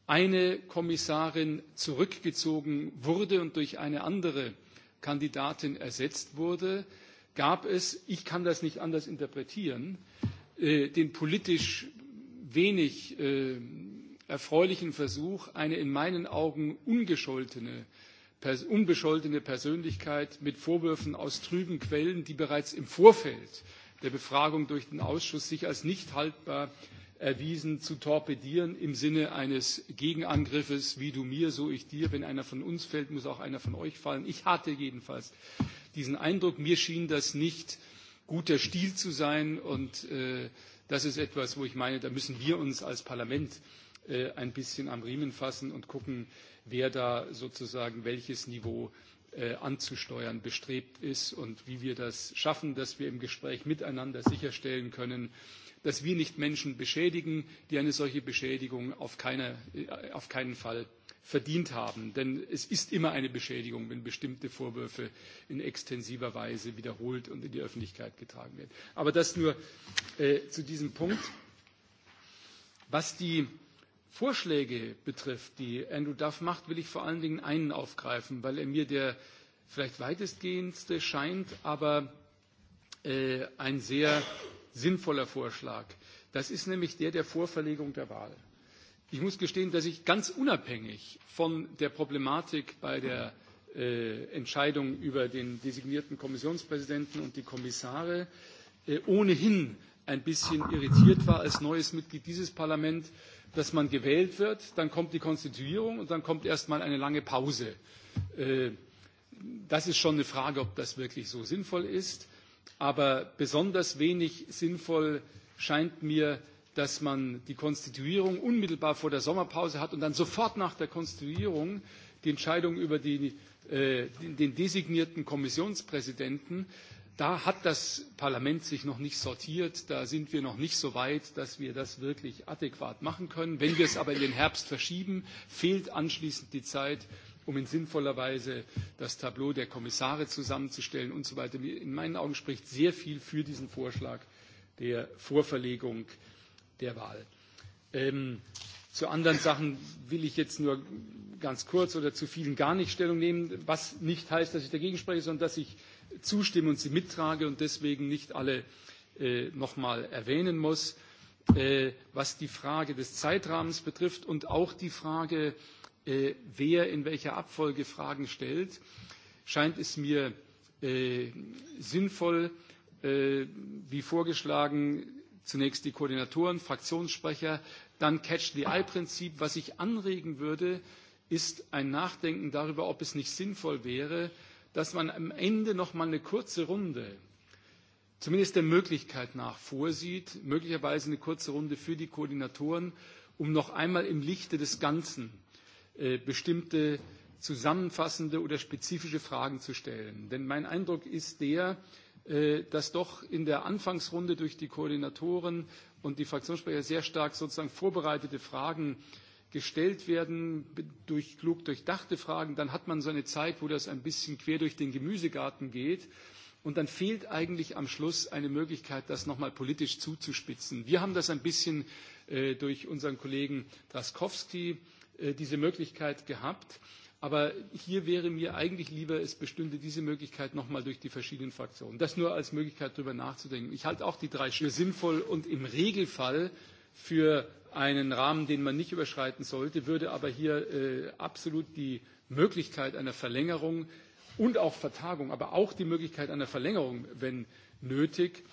eine Kommissarin zurückgezogen wurde und durch eine andere Kandidatin ersetzt wurde, gab es, ich kann das nicht anders interpretieren, den politisch wenig erfreulichen Versuch, eine in meinen Augen ungescholtene, unbescholtene Persönlichkeit mit Vorwürfen aus trüben Quellen, die bereits im Vorfeld der Befragung durch den Ausschuss sich als nicht haltbar erwiesen, zu torpedieren im Sinne eines Gegenangriffes, wie du mir, so ich dir, wenn einer von uns fällt, muss auch einer von euch fallen. Ich hatte jedenfalls diesen Eindruck. Mir schien das nicht guter Stil zu sein und das ist etwas, wo ich meine, da müssen wir uns als Parlament ein bisschen am Riemen fassen und gucken, wer da sozusagen welches Niveau anzusteuern bestrebt ist und wie wir das schaffen, dass wir im Gespräch miteinander sicherstellen können, dass wir nicht Menschen beschädigen, die eine solche Beschädigung auf, keinen Fall verdient haben. Denn es ist immer eine Beschädigung, wenn bestimmte Vorwürfe in extensiver Weise wiederholt und in die Öffentlichkeit getragen werden. Aber das nur zu diesem Punkt. Was die Vorschläge betrifft, die Andrew Duff macht, will ich vor allen Dingen einen aufgreifen, weil er mir der vielleicht weitestgehendste scheint, aber ein sehr sinnvoller Vorschlag. Das ist nämlich der der Vorverlegung der Wahl. Ich muss gestehen, dass ich ganz unabhängig von der Problematik bei der Entscheidung über den designierten Kommissionspräsidenten und die Kommissare ohnehin ein bisschen irritiert war als neues Mitglied dieses Parlaments dass man gewählt wird, dann kommt die Konstituierung und dann kommt erst mal eine lange Pause. Das ist schon eine Frage, ob das wirklich so sinnvoll ist. Aber besonders wenig sinnvoll scheint mir, dass man die Konstituierung unmittelbar vor der Sommerpause hat und dann sofort nach der Konstituierung die Entscheidung über den designierten Kommissionspräsidenten da hat das Parlament sich noch nicht sortiert. Da sind wir noch nicht so weit, dass wir das wirklich adäquat machen können. Wenn wir es aber in den Herbst verschieben, fehlt anschließend die Zeit, um in sinnvoller Weise das Tableau der Kommissare zusammenzustellen und so weiter. In meinen Augen spricht sehr viel für diesen Vorschlag der Vorverlegung der Wahl. zu anderen Sachen will ich jetzt nur ganz kurz oder zu vielen gar nicht Stellung nehmen, was nicht heißt, dass ich dagegen spreche, sondern dass ich zustimmen und sie mittrage und deswegen nicht alle nochmal erwähnen muss. Was die Frage des Zeitrahmens betrifft und auch die Frage, wer in welcher Abfolge Fragen stellt, scheint es mir sinnvoll, wie vorgeschlagen, zunächst die Koordinatoren, Fraktionssprecher, dann Catch-the-Eye-Prinzip. Was ich anregen würde, ist ein Nachdenken darüber, ob es nicht sinnvoll wäre, dass man am Ende noch mal eine kurze Runde zumindest der Möglichkeit nach vorsieht, möglicherweise eine kurze Runde für die Koordinatoren, um noch einmal im Lichte des Ganzen bestimmte zusammenfassende oder spezifische Fragen zu stellen. Denn mein Eindruck ist der, dass doch in der Anfangsrunde durch die Koordinatoren und die Fraktionssprecher sehr stark sozusagen vorbereitete Fragen gestellt werden durch klug durchdachte Fragen, dann hat man so eine Zeit, wo das ein bisschen quer durch den Gemüsegarten geht. Und dann fehlt eigentlich am Schluss eine Möglichkeit, das nochmal politisch zuzuspitzen. Wir haben das ein bisschen durch unseren Kollegen Draskowski diese Möglichkeit gehabt. Aber hier wäre mir eigentlich lieber, es bestünde diese Möglichkeit nochmal durch die verschiedenen Fraktionen. Das nur als Möglichkeit, darüber nachzudenken. Ich halte auch die drei für sinnvoll und im Regelfall für einen Rahmen, den man nicht überschreiten sollte, würde aber hier absolut die Möglichkeit einer Verlängerung und auch Vertagung, aber auch die Möglichkeit einer Verlängerung, wenn nötig,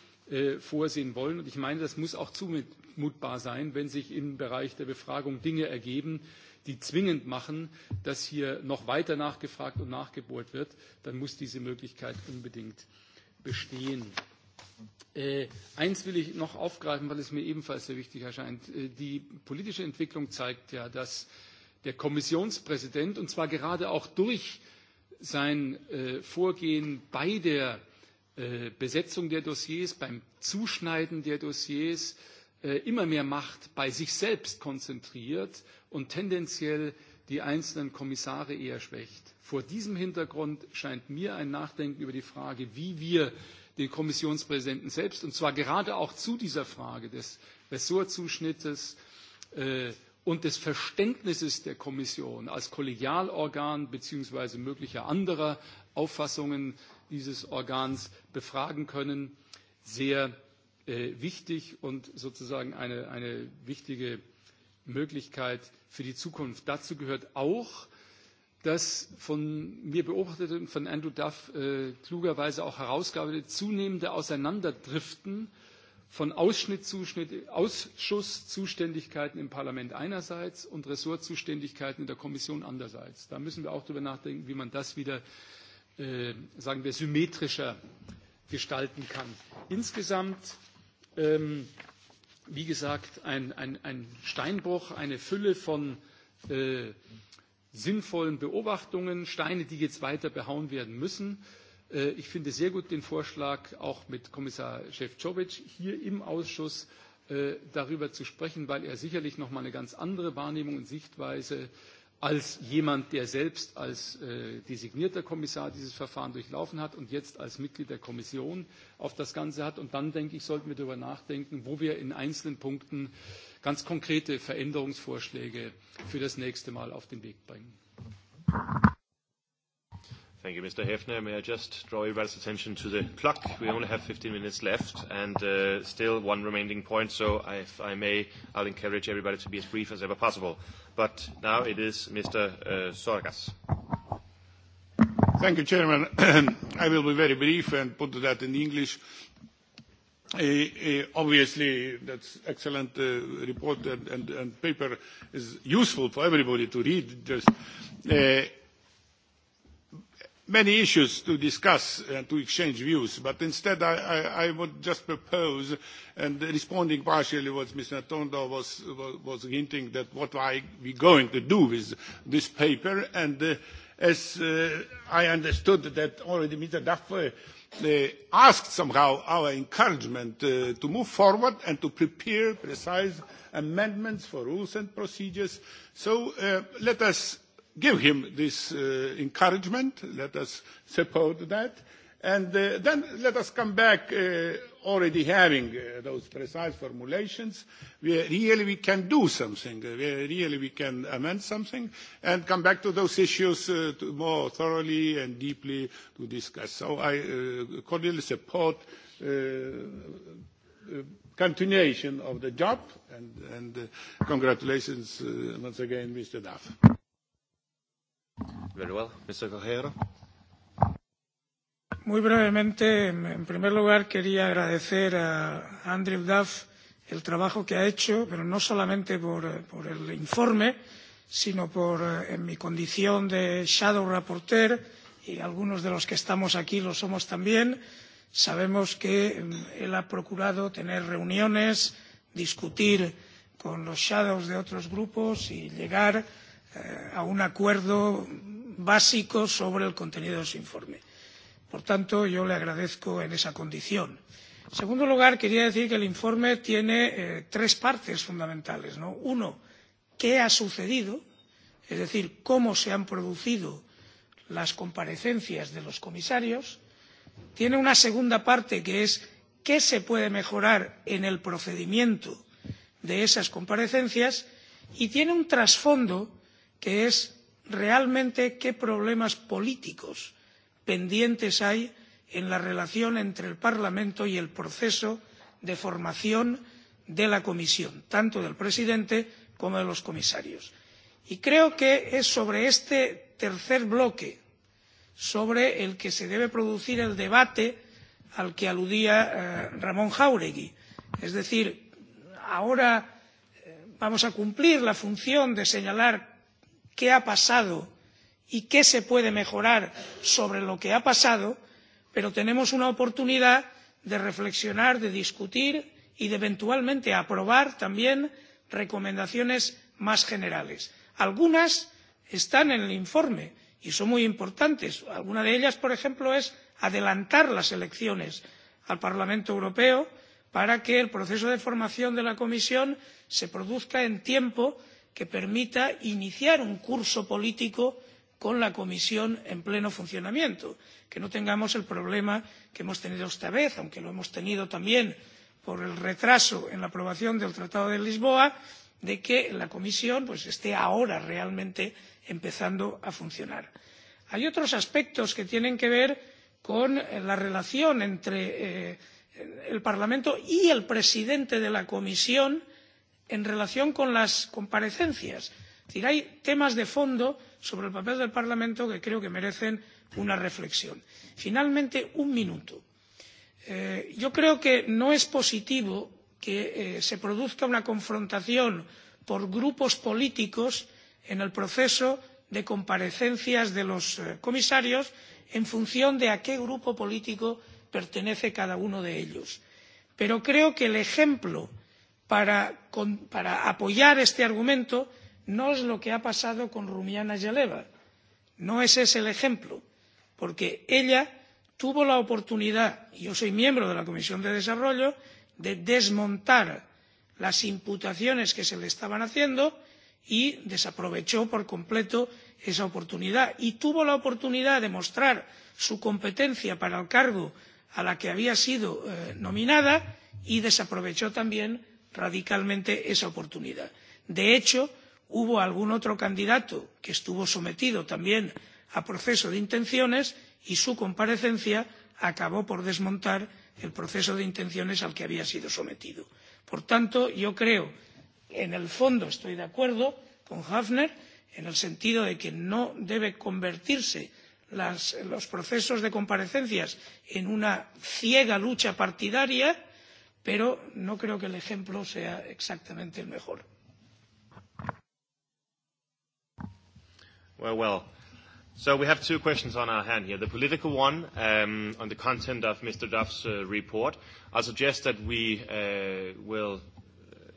vorsehen wollen. Und ich meine, das muss auch zumutbar sein, wenn sich im Bereich der Befragung Dinge ergeben, die zwingend machen, dass hier noch weiter nachgefragt und nachgebohrt wird, dann muss diese Möglichkeit unbedingt bestehen. Eins will ich noch aufgreifen, weil es mir ebenfalls sehr wichtig erscheint. Die politische Entwicklung zeigt ja, dass der Kommissionspräsident, und zwar gerade auch durch sein Vorgehen bei der Besetzung der Dossiers, beim Zuschneiden der Dossiers, immer mehr Macht bei sich selbst konzentriert und tendenziell die einzelnen Kommissare eher schwächt. Vor diesem Hintergrund scheint mir ein Nachdenken über die Frage, wie wir den Kommissionspräsidenten selbst, und zwar gerade auch zu dieser Frage des Ressortzuschnittes und des Verständnisses der Kommission als Kollegialorgan beziehungsweise möglicher anderer Auffassungen dieses Organs befragen können, sehr wichtig und sozusagen eine, wichtige Möglichkeit für die Zukunft. Dazu gehört auch, das von mir beobachtete und von Andrew Duff klugerweise auch herausgearbeitete zunehmende Auseinanderdriften von Ausschusszuständigkeiten im Parlament einerseits und Ressortzuständigkeiten in der Kommission andererseits. Da müssen wir auch darüber nachdenken, wie man das wieder, sagen wir, symmetrischer gestalten kann. Insgesamt, wie gesagt, ein, Steinbruch, eine Fülle von sinnvollen Beobachtungen, Steine, die jetzt weiter behauen werden müssen. Ich finde sehr gut den Vorschlag, auch mit Kommissar Šefčovič hier im Ausschuss darüber zu sprechen, weil er sicherlich noch mal eine ganz andere Wahrnehmung und Sichtweise als jemand, der selbst als designierter Kommissar dieses Verfahren durchlaufen hat und jetzt als Mitglied der Kommission auf das Ganze hat. Und dann, denke ich, sollten wir darüber nachdenken, wo wir in einzelnen Punkten ganz konkrete Veränderungsvorschläge für das nächste Mal auf den Weg bringen. Thank you, Mr. Hefner. May I just draw everybody's attention to the clock? We only have 15 minutes left and uh, still one remaining point, so if I may, I'll encourage everybody to be as brief as ever possible. But now it is Mr. Uh, Sorgas. Thank you, Chairman. I will be very brief and put that in English Obviously, that's excellent report and paper is useful for everybody to read. There's many issues to discuss and to exchange views, but instead I would just propose, and responding partially to what Mr. Tondo was hinting, that what are we going to do with this paper? And as I understood that already Mr. Duff asked somehow our encouragement to move forward and to prepare precise amendments for rules and procedures. So let us give him this encouragement. Let us support that And uh, then let us come back uh, already having uh, those precise formulations. We, really we can do something. we really we can amend something and come back to those issues uh, to more thoroughly and deeply to discuss. So I uh, cordially support uh, continuation of the job and, and uh, congratulations uh, once again, Mr. Duff. Very well. Mr. Cojero. Muy brevemente, en primer lugar, quería agradecer a Andrew Duff el trabajo que ha hecho, pero no solamente por, por el informe, sino por en mi condición de shadow rapporteur y algunos de los que estamos aquí lo somos también. Sabemos que él ha procurado tener reuniones, discutir con los shadows de otros grupos y llegar a un acuerdo básico sobre el contenido de su informe por tanto yo le agradezco en esa condición. en segundo lugar quería decir que el informe tiene tres partes fundamentales uno qué ha sucedido es decir cómo se han producido las comparecencias de los comisarios tiene una segunda parte que es qué se puede mejorar en el procedimiento de esas comparecencias y tiene un trasfondo que es realmente qué problemas políticos pendientes hay en la relación entre el parlamento y el proceso de formación de la comisión tanto del presidente como de los comisarios. y creo que es sobre este tercer bloque sobre el que se debe producir el debate al que aludía ramón jáuregui es decir ahora vamos a cumplir la función de señalar qué ha pasado y qué se puede mejorar sobre lo que ha pasado pero tenemos una oportunidad de reflexionar de discutir y de eventualmente aprobar también recomendaciones más generales. algunas están en el informe y son muy importantes. alguna de ellas por ejemplo es adelantar las elecciones al parlamento europeo para que el proceso de formación de la comisión se produzca en tiempo que permita iniciar un curso político con la comisión en pleno funcionamiento que no tengamos el problema que hemos tenido esta vez aunque lo hemos tenido también por el retraso en la aprobación del tratado de lisboa de que la comisión esté ahora realmente empezando a funcionar. hay otros aspectos que tienen que ver con la relación entre el parlamento y el presidente de la comisión en relación con las comparecencias. es decir hay temas de fondo sobre el papel del parlamento que creo que merecen una reflexión. finalmente un minuto. yo creo que no es positivo que se produzca una confrontación por grupos políticos en el proceso de comparecencias de los comisarios en función de a qué grupo político pertenece cada uno de ellos. pero creo que el ejemplo para apoyar este argumento no es lo que ha pasado con rumiana yaleva no es ese el ejemplo porque ella tuvo la oportunidad y yo soy miembro de la comisión de desarrollo de desmontar las imputaciones que se le estaban haciendo y desaprovechó por completo esa oportunidad y tuvo la oportunidad de mostrar su competencia para el cargo a la que había sido nominada y desaprovechó también radicalmente esa oportunidad. de hecho hubo algún otro candidato que estuvo sometido también a proceso de intenciones y su comparecencia acabó por desmontar el proceso de intenciones al que había sido sometido. por tanto yo creo en el fondo estoy de acuerdo con hfner en el sentido de que no deben convertirse los procesos de comparecencias en una ciega lucha partidaria pero no creo que el ejemplo sea exactamente el mejor. Well, well. So we have two questions on our hand here. The political one, um, on the content of Mr. Duff's uh, report. I suggest that we uh, will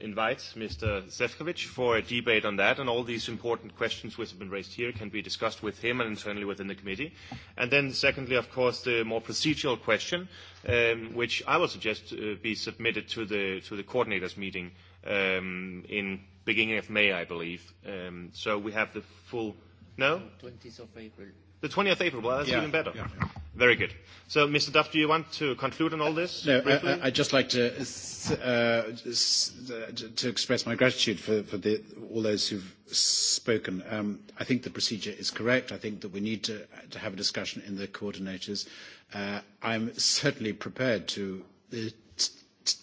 invite Mr. Sefcovic for a debate on that, and all these important questions which have been raised here can be discussed with him and internally within the committee. And then secondly, of course, the more procedural question, um, which I will suggest uh, be submitted to the, to the coordinators meeting um, in beginning of May, I believe. Um, so we have the full No? 20th of April. The 20th of April, well, that's yeah, even better. Yeah, yeah. Very good. So, Mr. Duff, do you want to conclude on all this? No, briefly? I, I'd just like to, uh, to express my gratitude for, for the, all those who've spoken. Um, I think the procedure is correct. I think that we need to, to have a discussion in the coordinators. Uh, I'm certainly prepared to uh, t-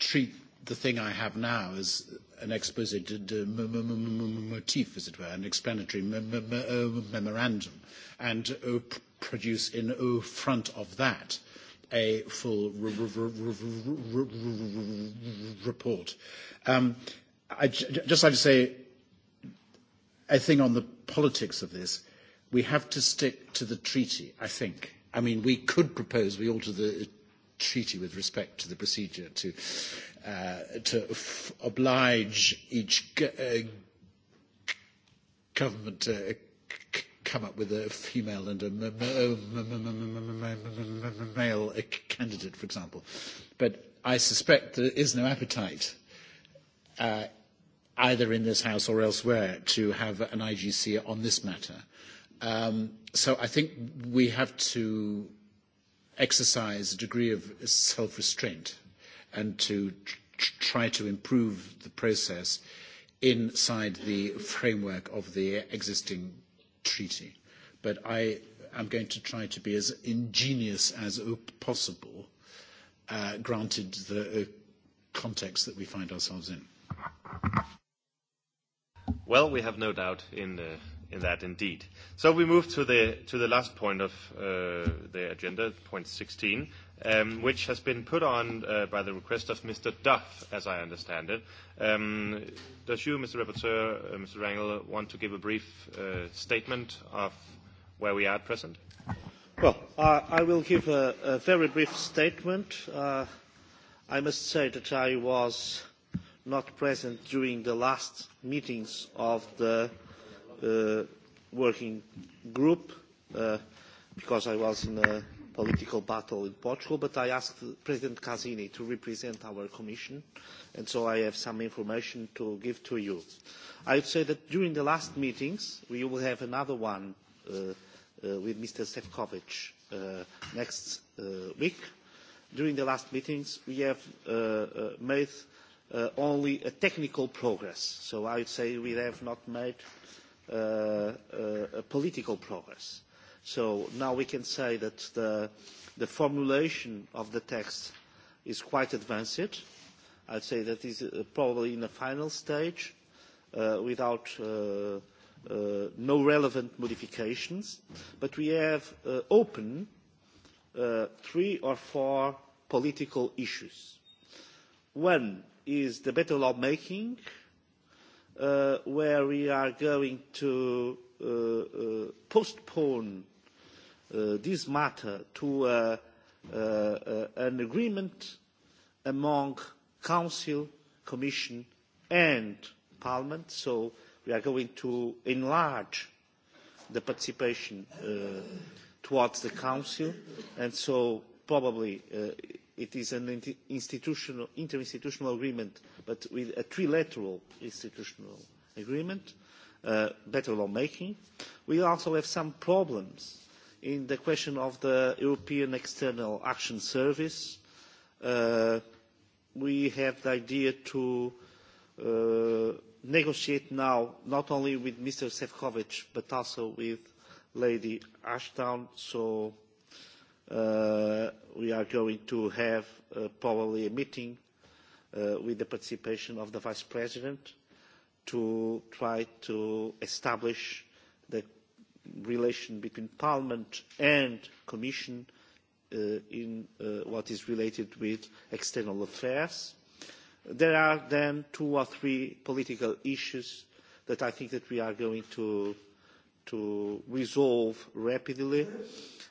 treat the thing I have now as an expose de motif, as it were, an explanatory memorandum, and produce in front of that a full report. I'd just like to say a thing on the politics of this. We have to stick to the treaty, I think. I mean, we could propose we alter the treaty with respect to the procedure to to oblige each uh government to come up with a female and a male candidate, for example. But I suspect there is no appetite either in this House or elsewhere to have an IGC on this matter. so I think we have to exercise a degree of self-restraint and to try to improve the process inside the framework of the existing treaty. But I am going to try to be as ingenious as possible, granted the context that we find ourselves in. Well, we have no doubt in, in that indeed. So we move to the, to the last point of the agenda, point 16, um, which has been put on uh, by the request of Mr. Duff, as I understand it. Um, does you, Mr. Rapporteur, uh, Mr. Rangel, want to give a brief uh, statement of where we are at present? Well, uh, I will give a, a very brief statement. Uh, I must say that I was not present during the last meetings of the uh, working group uh, because I was in a political battle in Portugal, but I asked President Casini to represent our Commission, and so I have some information to give to you. I would say that during the last meetings, we will have another one with Mr. Sefcovic next week. During the last meetings, we have made only a technical progress. So I would say we have not made political progress So now we can say that the, the formulation of the text is quite advanced. I'd say that is probably in the final stage uh, without uh, uh, no relevant modifications, but we have uh, open uh, three or four political issues. One is the better lawmaking, uh, where we are going to uh, uh, postpone this matter to an agreement among Council, Commission and Parliament. So we are going to enlarge the participation towards the Council and so probably it is an institutional, interinstitutional agreement but with a trilateral institutional agreement, better lawmaking. We also have some problems in the question of the European External Action Service. we have the idea to negotiate now not only with Mr. Sefcovic but also with Lady Ashton. So we are going to have probably a meeting with the participation of the Vice President to try to establish relation between Parliament and Commission in what is related with external affairs. There are then two or three political issues that I think that we are going to to resolve rapidly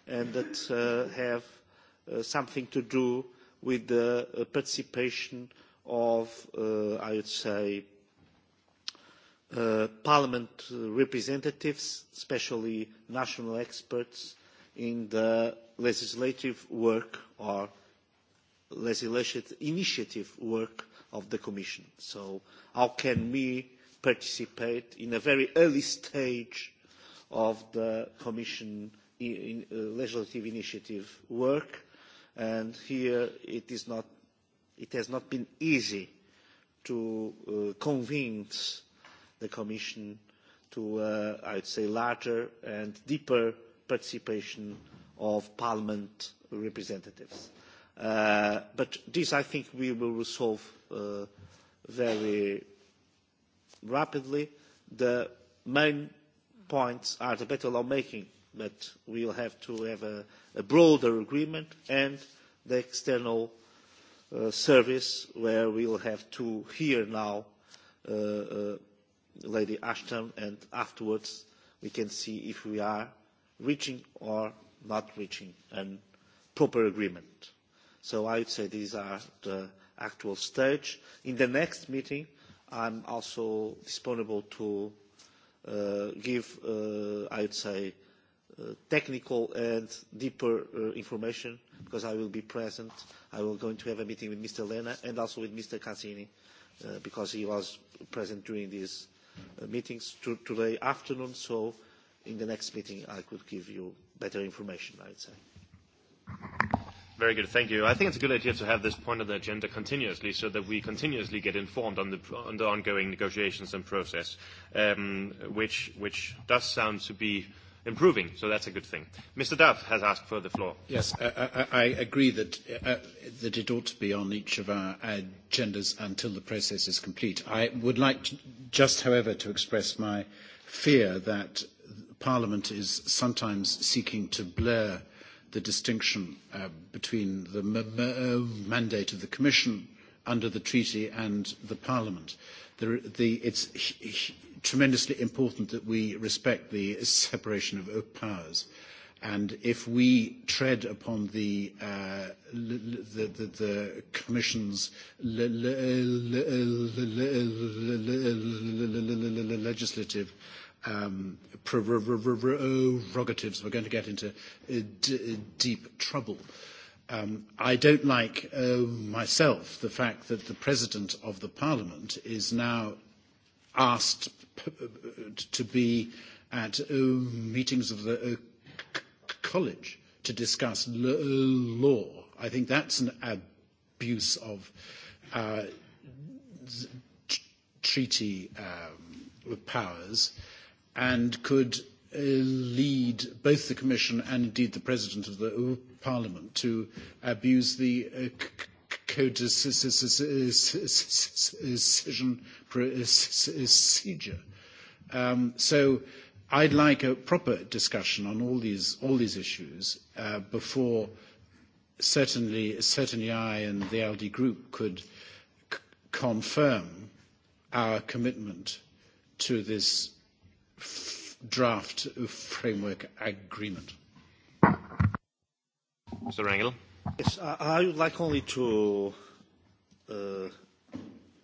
and that have something to do with the participation of, I would say, parliament representatives, especially national experts in the legislative work or legislative initiative work of the Commission. So how can we participate in a very early stage of the Commission in, legislative initiative work? And here it, is not, it has not been easy to convince the Commission to, uh, I would say, larger and deeper participation of Parliament representatives. Uh, but this, I think, we will resolve uh, very rapidly. The main points are the better lawmaking, but we will have to have a, a broader agreement and the external service where we will have to hear now Lady Ashton, and afterwards we can see if we are reaching or not reaching a proper agreement. So I would say these are the actual stage. In the next meeting, I'm also disponible to give, I would say, technical and deeper information because I will be present. I will going to have a meeting with Mr. Lena and also with Mr. Cassini because he was present during this meetings today afternoon, so in the next meeting I could give you better information, I would say. Very good. Thank you. I think it's a good idea to have this point on the agenda continuously so that we continuously get informed on the on the ongoing negotiations and process, which which does sound to be improving, so that's a good thing. Mr. Duff has asked for the floor. Yes, I, I, I agree that, uh, that it ought to be on each of our agendas until the process is complete. I would like just, however, to express my fear that Parliament is sometimes seeking to blur the distinction between the mandate of the Commission under the treaty and the Parliament. The, the, it's tremendously important that we respect the separation of powers. And if we tread upon the, Commission's legislative prerogatives, we're going to get into deep trouble. I don't like myself the fact that the President of the Parliament is now asked to be at meetings of the college to discuss law. I think that's an abuse of our treaty powers and could lead both the Commission and indeed the President of the Parliament to abuse the codecision procedure. so I'd like a proper discussion on all these, all these issues before certainly, certainly I and the ALDE group could confirm our commitment to this draft framework agreement. Mr. Rangel. Yes, I would like only to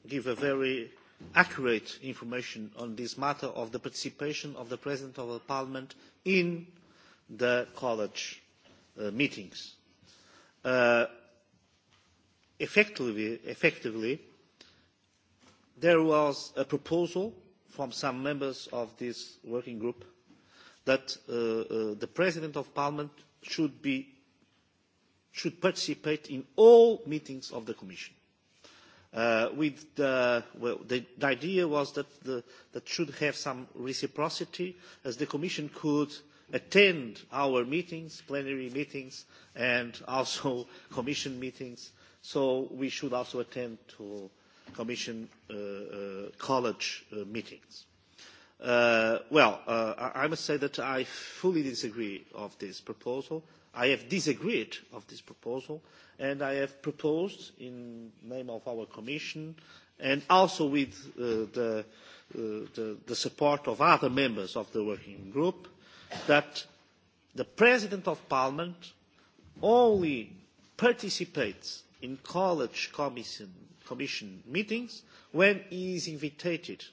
give a very accurate information on this matter of the participation of the President of the Parliament in the college meetings. effectively, there was a proposal from some members of this working group that the President of Parliament should be should participate in all meetings of the Commission. with the, well, the, the idea was that the, that should have some reciprocity, as the Commission could attend our meetings, plenary meetings, and also Commission meetings. So we should also attend to Commission college meetings. well, I must say that I fully disagree of this proposal I have disagreed with this proposal, and I have proposed, in the name of our Commission, and also with the, support of other members of the working group, that the President of Parliament only participates in college commission, meetings when he is invited.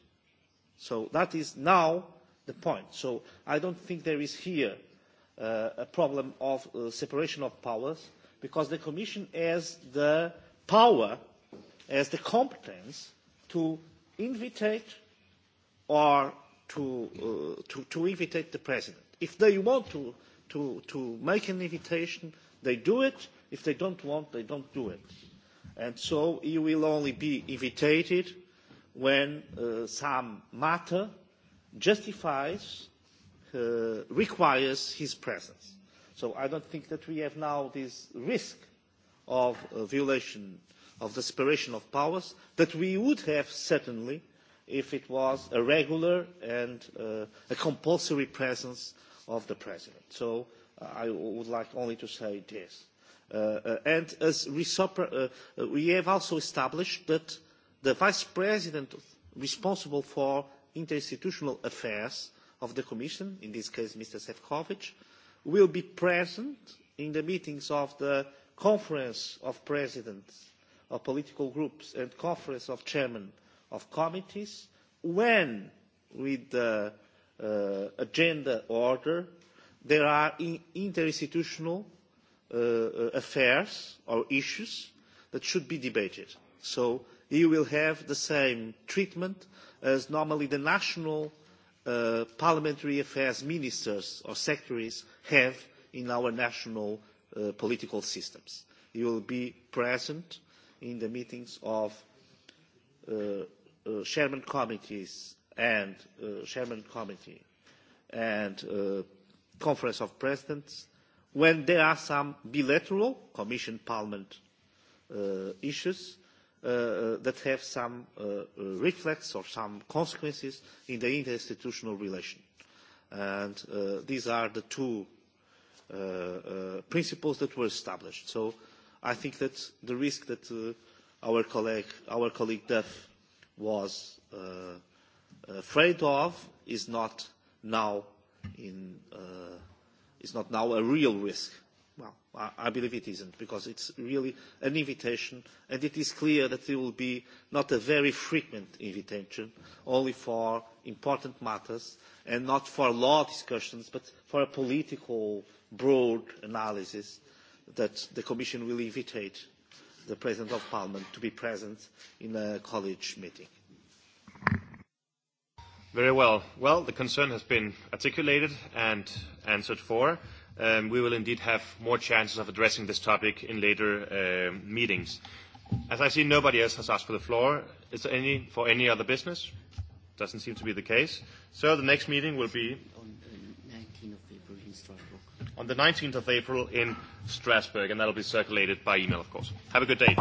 So that is now the point. So I don't think there is here a problem of separation of powers because the Commission has the power, has the competence to invitate or to, uh, to, to invitate the President. If they want to, to, to make an invitation, they do it. If they don't want, they don't do it. And so he will only be invitated when uh, some matter justifies requires his presence. So I don't think that we have now this risk of violation of the separation of powers that we would have certainly if it was a regular and a compulsory presence of the president. So I would like only to say this. and as we, we have also established that the vice president responsible for interinstitutional affairs of the Commission, in this case Mr. efovi will be present in the meetings of the Conference of Presidents of Political Groups and Conference of Chairmen of Committees when, with the agenda order, there are interinstitutional affairs or issues that should be debated. So you will have the same treatment as normally the national parliamentary affairs ministers or secretaries have in our national political systems. You will be present in the meetings of chairman committees and chairman committee and conference of presidents when there are some bilateral commission parliament issues uh that have some reflex or some consequences in the interinstitutional relation. And these are the two principles that were established. So I think that the risk that our colleague, our colleague Duff was afraid of is not now in, uh is not now a real risk Well, I, I believe it isn't, because it's really an invitation, and it is clear that it will be not a very frequent invitation, only for important matters, and not for law discussions, but for a political, broad analysis that the Commission will invite the President of Parliament to be present in a college meeting. Very well. Well, the concern has been articulated and answered for we will indeed have more chances of addressing this topic in later meetings. As I see, nobody else has asked for the floor. Is there any for any other business? Doesn't seem to be the case. So the next meeting will be on the 19th of April in Strasbourg. On the 19th of April in Strasbourg, and that'll be circulated by email, of course. Have a good day.